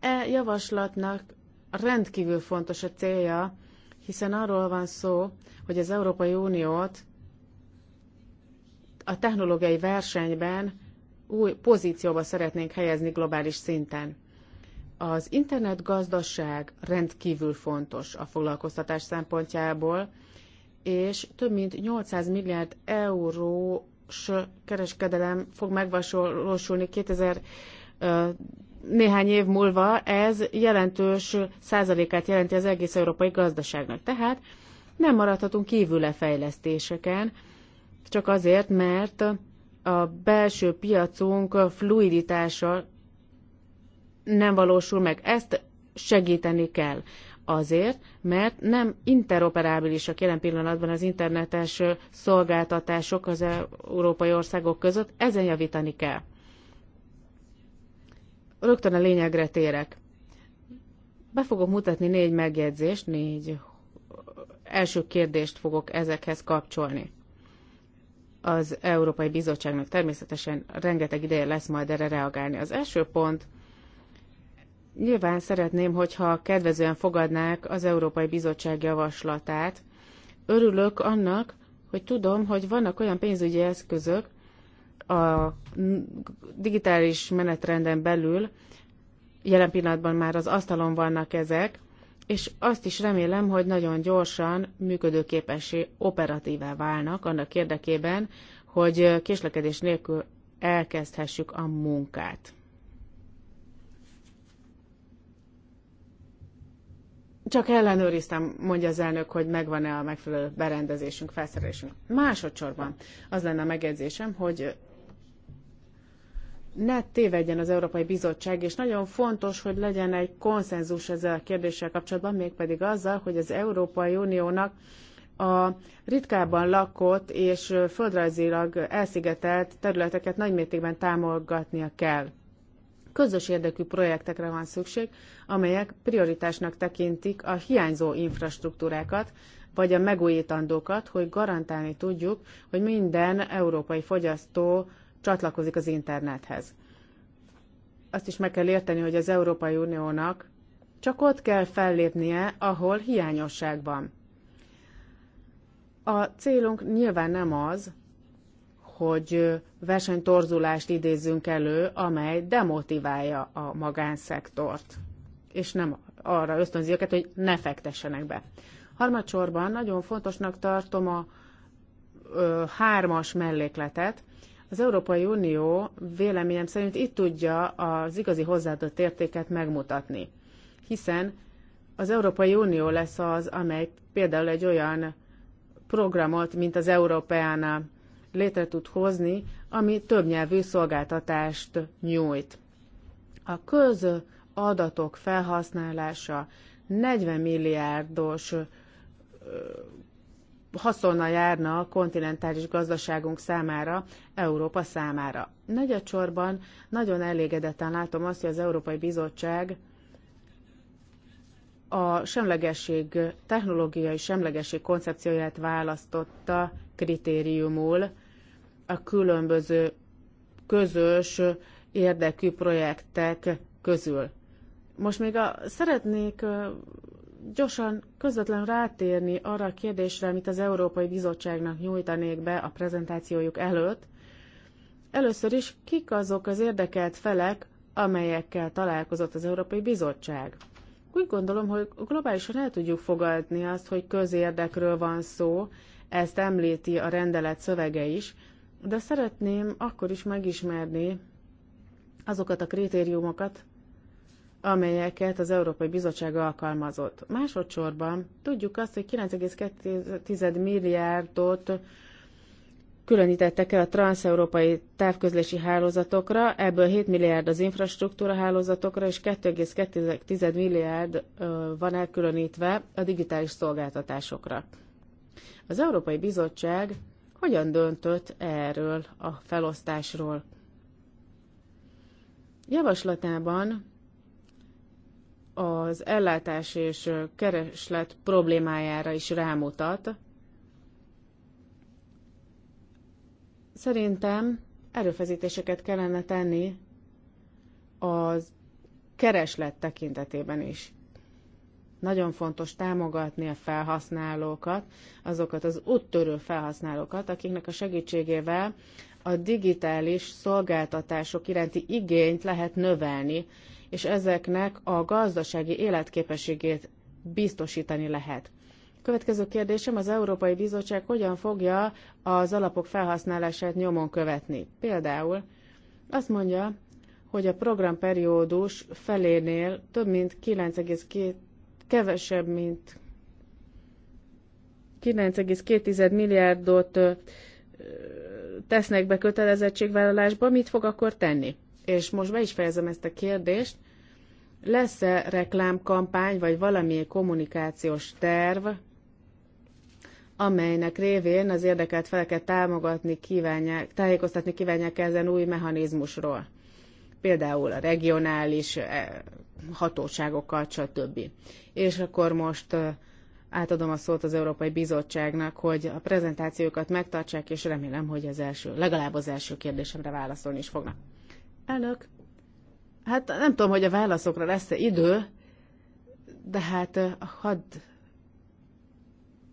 E javaslatnak rendkívül fontos a célja, hiszen arról van szó, hogy az Európai Uniót a technológiai versenyben új pozícióba szeretnénk helyezni globális szinten. Az internetgazdaság rendkívül fontos a foglalkoztatás szempontjából, és több mint 800 milliárd eurós kereskedelem fog megvalósulni 2000 néhány év múlva ez jelentős százalékát jelenti az egész európai gazdaságnak. Tehát nem maradhatunk kívül a fejlesztéseken, csak azért, mert a belső piacunk fluiditása nem valósul meg. Ezt segíteni kell. Azért, mert nem interoperábilisak jelen pillanatban az internetes szolgáltatások az európai országok között, ezen javítani kell. Rögtön a lényegre térek. Be fogok mutatni négy megjegyzést, négy első kérdést fogok ezekhez kapcsolni az Európai Bizottságnak természetesen rengeteg ideje lesz majd erre reagálni. Az első pont, nyilván szeretném, hogyha kedvezően fogadnák az Európai Bizottság javaslatát. Örülök annak, hogy tudom, hogy vannak olyan pénzügyi eszközök a digitális menetrenden belül, jelen pillanatban már az asztalon vannak ezek, és azt is remélem, hogy nagyon gyorsan működőképessé operatívá válnak annak érdekében, hogy késlekedés nélkül elkezdhessük a munkát. Csak ellenőriztem, mondja az elnök, hogy megvan-e a megfelelő berendezésünk, felszerelésünk. Másodszorban az lenne a megjegyzésem, hogy ne tévedjen az Európai Bizottság, és nagyon fontos, hogy legyen egy konszenzus ezzel a kérdéssel kapcsolatban, mégpedig azzal, hogy az Európai Uniónak a ritkábban lakott és földrajzilag elszigetelt területeket nagymértékben támogatnia kell. Közös érdekű projektekre van szükség, amelyek prioritásnak tekintik a hiányzó infrastruktúrákat, vagy a megújítandókat, hogy garantálni tudjuk, hogy minden európai fogyasztó csatlakozik az internethez. Azt is meg kell érteni, hogy az Európai Uniónak csak ott kell fellépnie, ahol hiányosság van. A célunk nyilván nem az, hogy versenytorzulást idézzünk elő, amely demotiválja a magánszektort, és nem arra ösztönzi őket, hogy ne fektessenek be. Harmadsorban nagyon fontosnak tartom a ö, hármas mellékletet, az Európai Unió véleményem szerint itt tudja az igazi hozzáadott értéket megmutatni, hiszen az Európai Unió lesz az, amely például egy olyan programot, mint az Európeána létre tud hozni, ami többnyelvű szolgáltatást nyújt. A közadatok felhasználása 40 milliárdos haszonnal járna a kontinentális gazdaságunk számára, Európa számára. Negyedsorban nagyon elégedetten látom azt, hogy az Európai Bizottság a semlegesség, technológiai semlegesség koncepcióját választotta kritériumul a különböző közös érdekű projektek közül. Most még a, szeretnék gyorsan közvetlen rátérni arra a kérdésre, amit az Európai Bizottságnak nyújtanék be a prezentációjuk előtt. Először is, kik azok az érdekelt felek, amelyekkel találkozott az Európai Bizottság? Úgy gondolom, hogy globálisan el tudjuk fogadni azt, hogy közérdekről van szó, ezt említi a rendelet szövege is, de szeretném akkor is megismerni azokat a kritériumokat, amelyeket az Európai Bizottság alkalmazott. Másodszorban tudjuk azt, hogy 9,2 milliárdot különítettek el a transeurópai távközlési hálózatokra, ebből 7 milliárd az infrastruktúra hálózatokra, és 2,2 milliárd van elkülönítve a digitális szolgáltatásokra. Az Európai Bizottság hogyan döntött erről a felosztásról? Javaslatában az ellátás és kereslet problémájára is rámutat. Szerintem erőfeszítéseket kellene tenni az kereslet tekintetében is. Nagyon fontos támogatni a felhasználókat, azokat az úttörő felhasználókat, akiknek a segítségével a digitális szolgáltatások iránti igényt lehet növelni, és ezeknek a gazdasági életképességét biztosítani lehet. Következő kérdésem, az Európai Bizottság hogyan fogja az alapok felhasználását nyomon követni? Például azt mondja, hogy a programperiódus felénél több mint 9,2 kevesebb, mint 9,2 milliárdot tesznek be kötelezettségvállalásba, mit fog akkor tenni? És most be is fejezem ezt a kérdést lesz-e reklámkampány, vagy valami kommunikációs terv, amelynek révén az érdekelt feleket támogatni kívánják, tájékoztatni kívánják ezen új mechanizmusról. Például a regionális eh, hatóságokkal, stb. És akkor most eh, átadom a szót az Európai Bizottságnak, hogy a prezentációkat megtartsák, és remélem, hogy az első, legalább az első kérdésemre válaszolni is fognak. Elnök, Hát nem tudom, hogy a válaszokra lesz-e idő, de hát hadd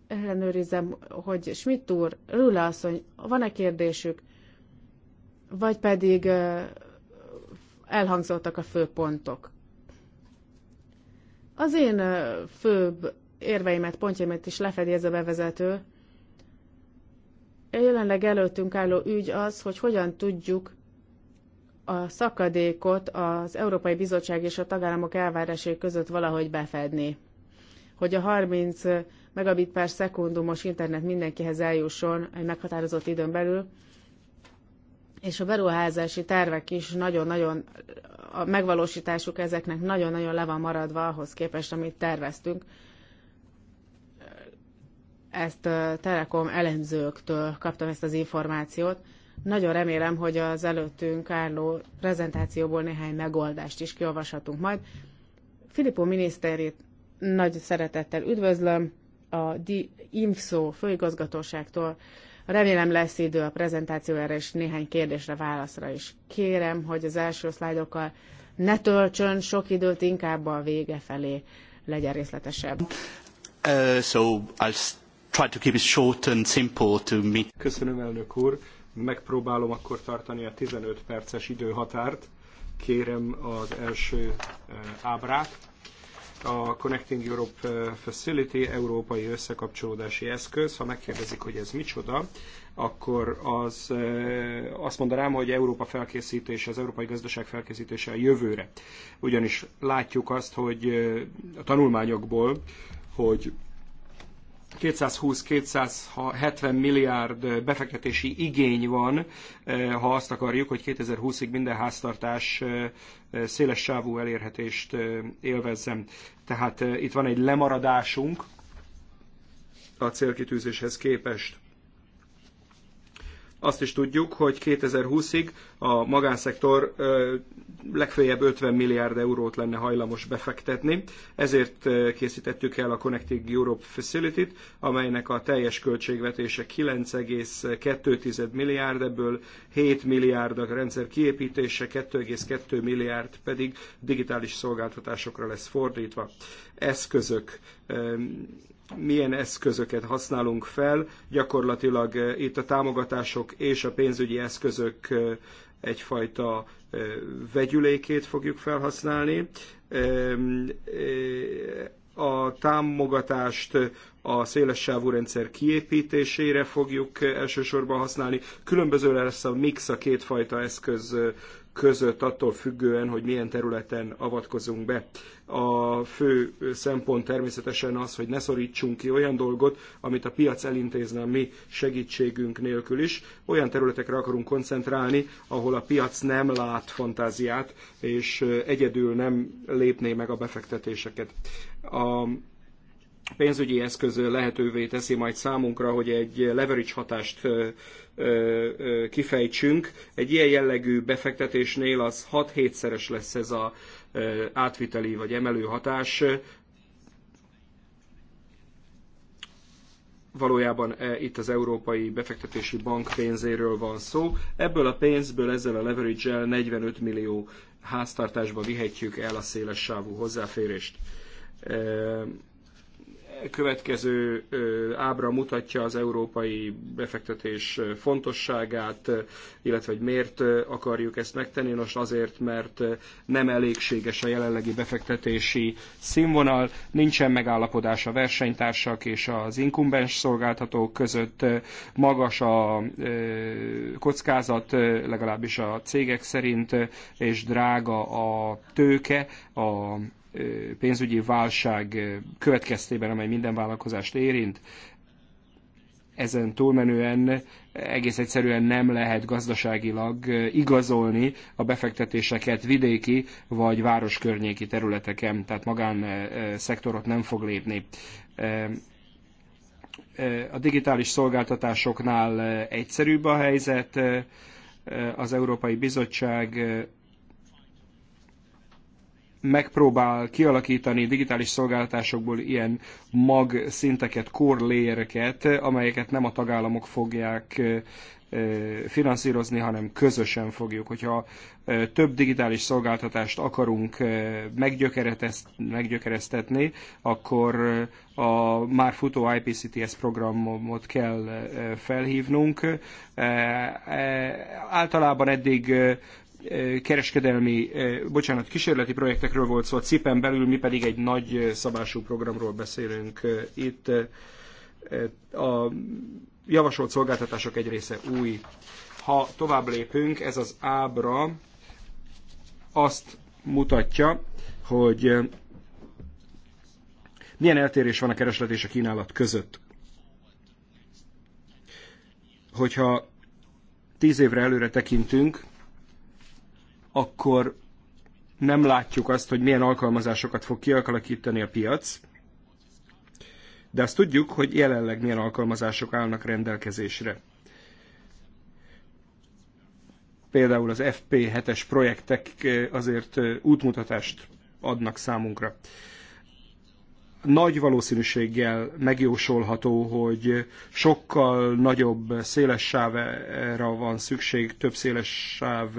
ellenőrizem, hogy Schmidt úr, Lula asszony, van-e kérdésük, vagy pedig elhangzottak a fő pontok. Az én főbb érveimet, pontjaimat is lefedi ez a bevezető. Jelenleg előttünk álló ügy az, hogy hogyan tudjuk a szakadékot az Európai Bizottság és a tagállamok elvárásai között valahogy befedni. Hogy a 30 megabit per szekundumos internet mindenkihez eljusson egy meghatározott időn belül, és a beruházási tervek is nagyon-nagyon, a megvalósításuk ezeknek nagyon-nagyon le van maradva ahhoz képest, amit terveztünk. Ezt a Telekom elemzőktől kaptam ezt az információt nagyon remélem, hogy az előttünk álló prezentációból néhány megoldást is kiolvashatunk majd. Filippo miniszterét nagy szeretettel üdvözlöm a Di IMSZO főigazgatóságtól. Remélem lesz idő a prezentációjára és néhány kérdésre, válaszra is. Kérem, hogy az első szlájdokkal ne töltsön sok időt, inkább a vége felé legyen részletesebb. Uh, so I'll try to keep it short and simple to me. Köszönöm, elnök úr megpróbálom akkor tartani a 15 perces időhatárt. Kérem az első eh, ábrát. A Connecting Europe eh, Facility európai összekapcsolódási eszköz. Ha megkérdezik, hogy ez micsoda, akkor az, eh, azt mondanám, hogy Európa felkészítése, az európai gazdaság felkészítése a jövőre. Ugyanis látjuk azt, hogy a tanulmányokból, hogy 220-270 milliárd befektetési igény van, eh, ha azt akarjuk, hogy 2020-ig minden háztartás eh, eh, széles sávú elérhetést élvezzen. Tehát itt van egy lemaradásunk a célkitűzéshez képest. Azt is tudjuk, hogy 2020-ig a magánszektor legfeljebb 50 milliárd eurót lenne hajlamos befektetni. Ezért készítettük el a Connecting Europe Facility-t, amelynek a teljes költségvetése 9,2 milliárd, ebből 7 milliárd a rendszer kiépítése, 2,2 milliárd pedig digitális szolgáltatásokra lesz fordítva. Eszközök milyen eszközöket használunk fel. Gyakorlatilag eh, itt a támogatások és a pénzügyi eszközök eh, egyfajta eh, vegyülékét fogjuk felhasználni. A támogatást a széles sávú rendszer kiépítésére fogjuk elsősorban használni. Különböző lesz a mix a kétfajta eszköz között attól függően, hogy milyen területen avatkozunk be. A fő szempont természetesen az, hogy ne szorítsunk ki olyan dolgot, amit a piac elintézne a mi segítségünk nélkül is. Olyan területekre akarunk koncentrálni, ahol a piac nem lát fantáziát, és egyedül nem lépné meg a befektetéseket. A pénzügyi eszköz lehetővé teszi majd számunkra, hogy egy leverage hatást kifejtsünk. Egy ilyen jellegű befektetésnél az 6-7 szeres lesz ez a átviteli vagy emelő hatás. Valójában e, itt az Európai Befektetési Bank pénzéről van szó. Ebből a pénzből ezzel a leverage-el 45 millió háztartásba vihetjük el a széles sávú hozzáférést következő ábra mutatja az európai befektetés fontosságát, illetve hogy miért akarjuk ezt megtenni. Nos, azért, mert nem elégséges a jelenlegi befektetési színvonal, nincsen megállapodás a versenytársak és az inkumbens szolgáltatók között, magas a kockázat, legalábbis a cégek szerint, és drága a tőke, a pénzügyi válság következtében, amely minden vállalkozást érint, ezen túlmenően egész egyszerűen nem lehet gazdaságilag igazolni a befektetéseket vidéki vagy városkörnyéki területeken, tehát szektorot nem fog lépni. A digitális szolgáltatásoknál egyszerűbb a helyzet, az Európai Bizottság megpróbál kialakítani digitális szolgáltatásokból ilyen mag szinteket, korléreket, amelyeket nem a tagállamok fogják finanszírozni, hanem közösen fogjuk. Hogyha több digitális szolgáltatást akarunk meggyökeresztetni, akkor a már futó IPCTS programot kell felhívnunk. Általában eddig kereskedelmi, bocsánat, kísérleti projektekről volt szó a CIP-en belül, mi pedig egy nagy szabású programról beszélünk. Itt a javasolt szolgáltatások egy része új. Ha tovább lépünk, ez az ábra azt mutatja, hogy milyen eltérés van a kereslet és a kínálat között. Hogyha tíz évre előre tekintünk, akkor nem látjuk azt, hogy milyen alkalmazásokat fog kialakítani a piac, de azt tudjuk, hogy jelenleg milyen alkalmazások állnak rendelkezésre. Például az FP7-es projektek eh, azért eh, útmutatást adnak számunkra nagy valószínűséggel megjósolható, hogy sokkal nagyobb széles sávra van szükség, több széles sáv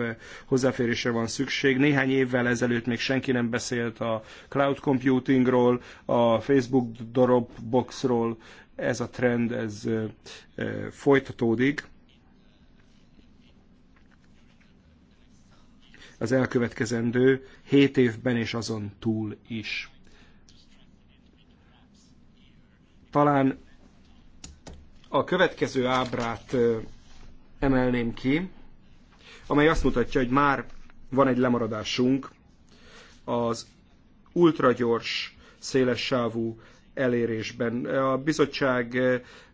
hozzáférésre van szükség. Néhány évvel ezelőtt még senki nem beszélt a cloud computingról, a Facebook Dropboxról. Ez a trend, ez folytatódik. Az elkövetkezendő 7 évben és azon túl is. Talán a következő ábrát emelném ki, amely azt mutatja, hogy már van egy lemaradásunk az ultragyors, szélessávú elérésben. A bizottság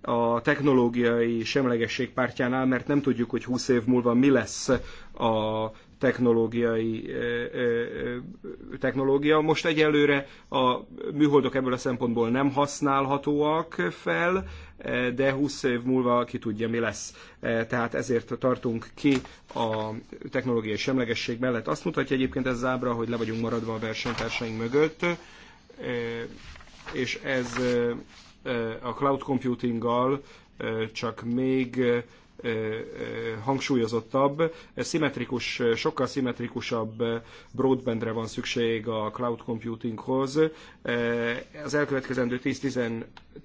a technológiai semlegesség pártján áll, mert nem tudjuk, hogy 20 év múlva mi lesz a technológiai technológia. Most egyelőre a műholdok ebből a szempontból nem használhatóak fel, de 20 év múlva ki tudja, mi lesz. Tehát ezért tartunk ki a technológiai semlegesség mellett. Azt mutatja egyébként ez az ábra, hogy le vagyunk maradva a versenytársaink mögött, és ez a cloud computinggal csak még hangsúlyozottabb, szimmetrikus, sokkal szimmetrikusabb broadbandre van szükség a cloud computinghoz. Az elkövetkezendő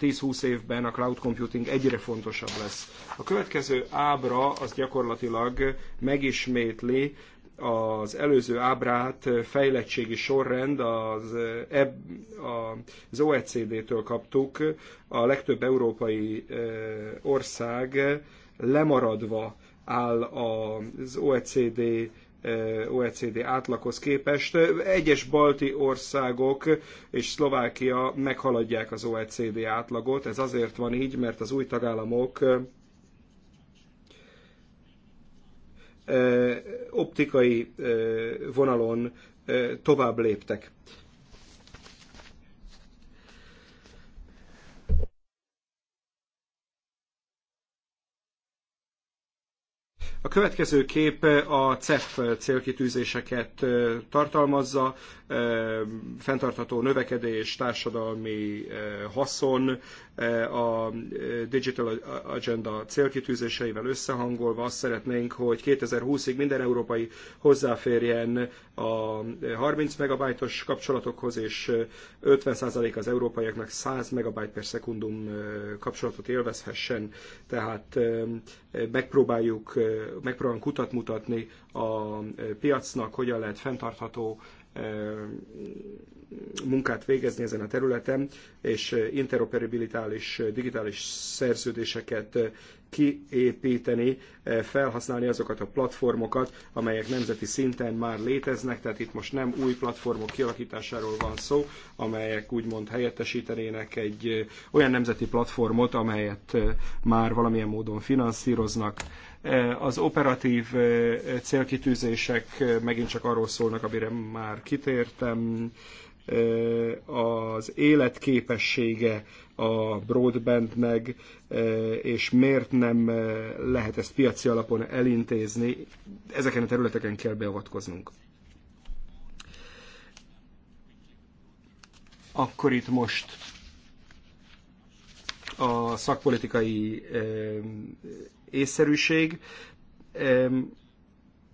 10-20 évben a cloud computing egyre fontosabb lesz. A következő ábra az gyakorlatilag megismétli az előző ábrát fejlettségi sorrend az, e, az OECD-től kaptuk. A legtöbb európai ország lemaradva áll az OECD eh, OECD átlaghoz képest. Egyes balti országok és Szlovákia meghaladják az OECD átlagot. Ez azért van így, mert az új tagállamok eh, optikai eh, vonalon tovább léptek. A következő kép a CEF célkitűzéseket tartalmazza, fenntartható növekedés, társadalmi haszon, a Digital Agenda célkitűzéseivel összehangolva azt szeretnénk, hogy 2020-ig minden európai hozzáférjen a 30 megabajtos kapcsolatokhoz, és 50% az európaiaknak 100 megabajt per szekundum kapcsolatot élvezhessen, tehát megpróbáljuk, megpróbálunk kutat mutatni a piacnak, hogyan lehet fenntartható munkát végezni ezen a területen, és interoperabilitális digitális szerződéseket kiépíteni, felhasználni azokat a platformokat, amelyek nemzeti szinten már léteznek, tehát itt most nem új platformok kialakításáról van szó, amelyek úgymond helyettesítenének egy olyan nemzeti platformot, amelyet már valamilyen módon finanszíroznak, az operatív célkitűzések megint csak arról szólnak, amire már kitértem, az életképessége a broadbandnek, és miért nem lehet ezt piaci alapon elintézni. Ezeken a területeken kell beavatkoznunk. Akkor itt most a szakpolitikai észszerűség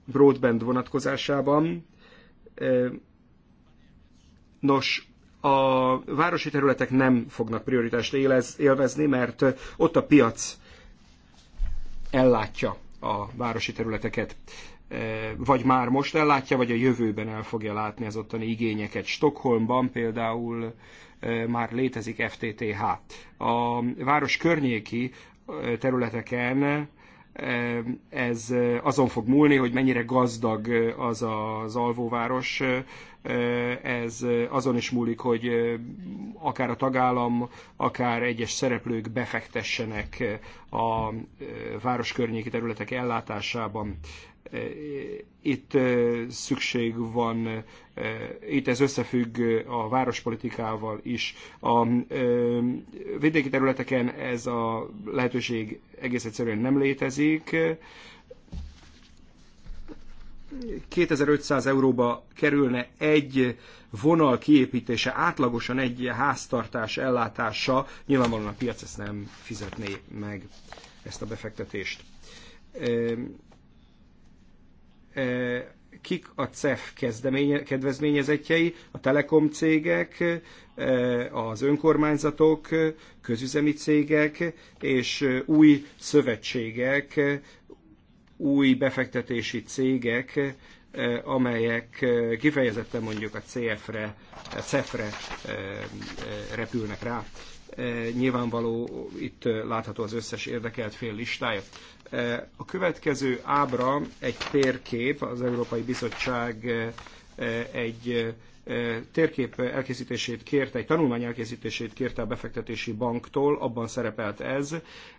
broadband vonatkozásában. Nos, a városi területek nem fognak prioritást élvezni, mert ott a piac ellátja a városi területeket, vagy már most ellátja, vagy a jövőben el fogja látni az ottani igényeket. Stockholmban például már létezik FTTH. A város környéki területeken ez azon fog múlni, hogy mennyire gazdag az az alvóváros, ez azon is múlik, hogy akár a tagállam, akár egyes szereplők befektessenek a város környéki területek ellátásában. Eh, itt eh, szükség van, eh, itt ez összefügg a várospolitikával is. A vidéki területeken ez a lehetőség egész egyszerűen nem létezik. 2500 euróba kerülne egy vonal kiépítése, átlagosan egy háztartás ellátása, nyilvánvalóan a piac ezt nem fizetné meg, ezt a befektetést kik a CEF kedvezményezetjei, a telekom cégek, az önkormányzatok, közüzemi cégek és új szövetségek, új befektetési cégek, amelyek kifejezetten mondjuk a CF-re, e CEF-re eh, eh, repülnek rá. E, nyilvánvaló itt e, látható az összes érdekelt fél listája. E, a következő ábra egy térkép, az Európai Bizottság egy térkép elkészítését kérte, egy tanulmány elkészítését kérte a befektetési banktól, abban szerepelt ez.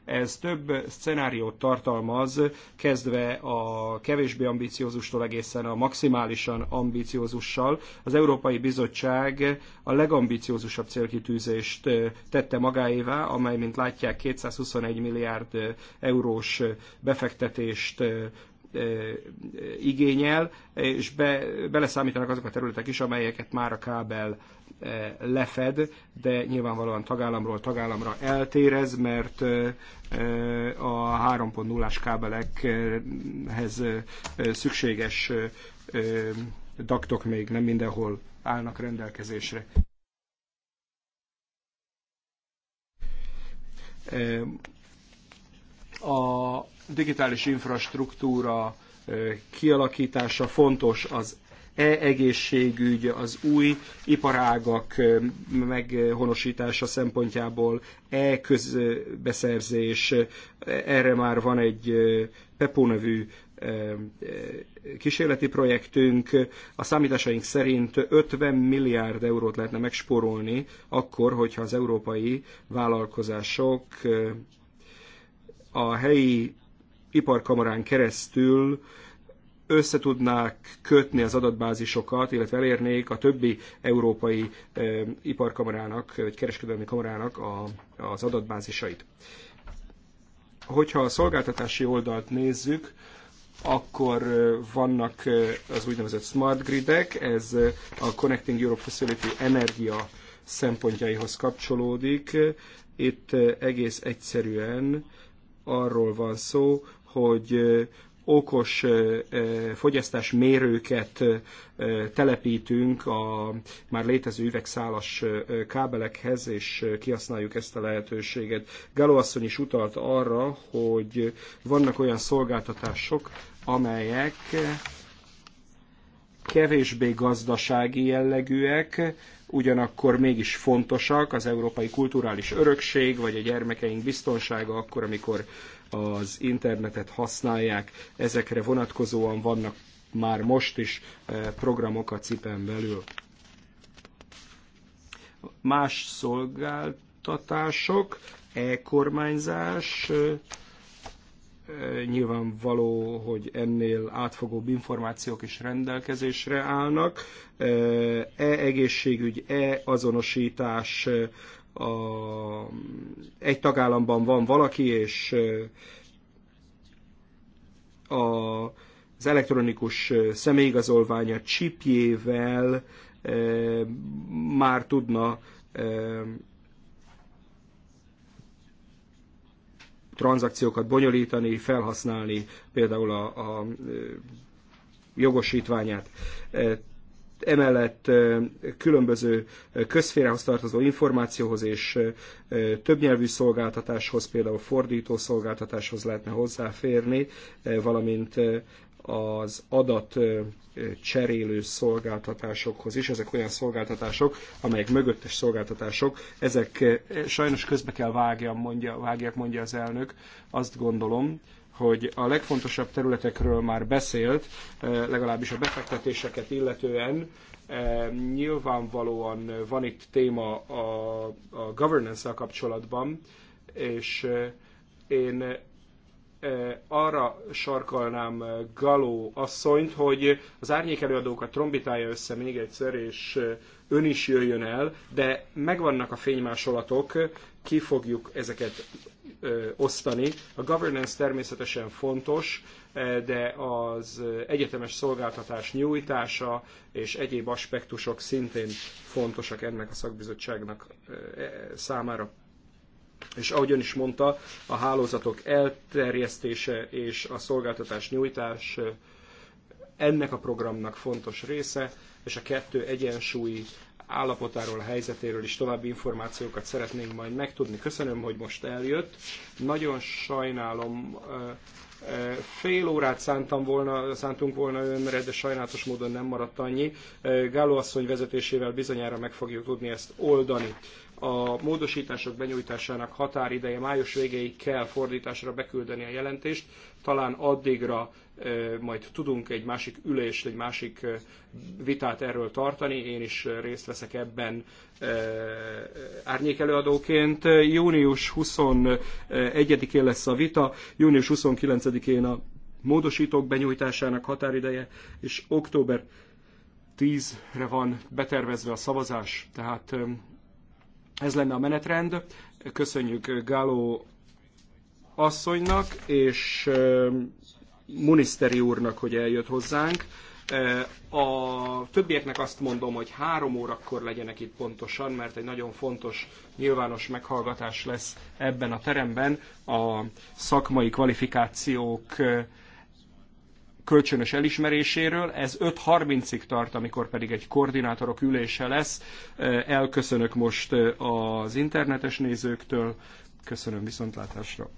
Ez több szenáriót tartalmaz, kezdve a kevésbé ambiciózustól egészen a maximálisan ambiciózussal. Az Európai Bizottság a legambiciózusabb célkitűzést tette magáévá, amely, mint látják, 221 milliárd eurós befektetést igényel, és be, beleszámítanak azok a területek is, amelyeket már a kábel lefed, de nyilvánvalóan tagállamról tagállamra eltérez, mert a 3.0-as kábelekhez szükséges daktok még nem mindenhol állnak rendelkezésre. A digitális infrastruktúra kialakítása fontos az e-egészségügy, az új iparágak meghonosítása szempontjából, e-közbeszerzés, erre már van egy PEPO nevű kísérleti projektünk. A számításaink szerint 50 milliárd eurót lehetne megspórolni akkor, hogyha az európai vállalkozások a helyi iparkamarán keresztül összetudnák kötni az adatbázisokat, illetve elérnék a többi európai eh, iparkamarának, vagy kereskedelmi kamarának a, az adatbázisait. Hogyha a szolgáltatási oldalt nézzük, akkor eh, vannak eh, az úgynevezett smart gridek, ez a Connecting Europe Facility energia szempontjaihoz kapcsolódik. Itt egész egyszerűen arról van szó, hogy okos fogyasztásmérőket telepítünk a már létező üvegszálas kábelekhez, és kihasználjuk ezt a lehetőséget. Galo asszony is utalt arra, hogy vannak olyan szolgáltatások, amelyek kevésbé gazdasági jellegűek, ugyanakkor mégis fontosak az európai kulturális örökség, vagy a gyermekeink biztonsága akkor, amikor az internetet használják, ezekre vonatkozóan vannak már most is eh, programok a CIPEN belül. Más szolgáltatások, e-kormányzás, eh, nyilvánvaló, hogy ennél átfogóbb információk is rendelkezésre állnak. Eh, e-egészségügy, e-azonosítás, a, egy tagállamban van valaki, és a, az elektronikus személyigazolványa csipjével e, már tudna e, tranzakciókat bonyolítani, felhasználni például a, a jogosítványát emellett különböző közférához tartozó információhoz és többnyelvű szolgáltatáshoz, például fordító szolgáltatáshoz lehetne hozzáférni, valamint az adat cserélő szolgáltatásokhoz is. Ezek olyan szolgáltatások, amelyek mögöttes szolgáltatások. Ezek sajnos közbe kell vágjam, mondja, vágjak, mondja az elnök. Azt gondolom, hogy a legfontosabb területekről már beszélt, eh, legalábbis a befektetéseket illetően. Eh, nyilvánvalóan van itt téma a, a governance-szel kapcsolatban, és eh, én arra sarkalnám Galó asszonyt, hogy az árnyék előadókat trombitálja össze még egyszer, és ön is jöjjön el, de megvannak a fénymásolatok, ki fogjuk ezeket osztani. A governance természetesen fontos, de az egyetemes szolgáltatás nyújtása és egyéb aspektusok szintén fontosak ennek a szakbizottságnak e, számára. És ahogy ön is mondta, a hálózatok elterjesztése és a szolgáltatás nyújtás ennek a programnak fontos része, és a kettő egyensúlyi állapotáról, helyzetéről is további információkat szeretnénk majd megtudni. Köszönöm, hogy most eljött. Nagyon sajnálom, fél órát szántam volna, szántunk volna önre, de sajnálatos módon nem maradt annyi. Gáló asszony vezetésével bizonyára meg fogjuk tudni ezt oldani a módosítások benyújtásának határideje május végéig kell fordításra beküldeni a jelentést, talán addigra majd tudunk egy másik ülést, egy másik vitát erről tartani, én is részt veszek ebben árnyékelőadóként. Június 21-én lesz a vita, június 29-én a módosítók benyújtásának határideje, és október 10-re van betervezve a szavazás, tehát ez lenne a menetrend. Köszönjük Gáló asszonynak, és Muniszteri úrnak, hogy eljött hozzánk. A többieknek azt mondom, hogy három órakor legyenek itt pontosan, mert egy nagyon fontos nyilvános meghallgatás lesz ebben a teremben a szakmai kvalifikációk kölcsönös elismeréséről. Ez 5.30-ig tart, amikor pedig egy koordinátorok ülése lesz. Eh, elköszönök most eh, az internetes nézőktől. Köszönöm viszontlátásra.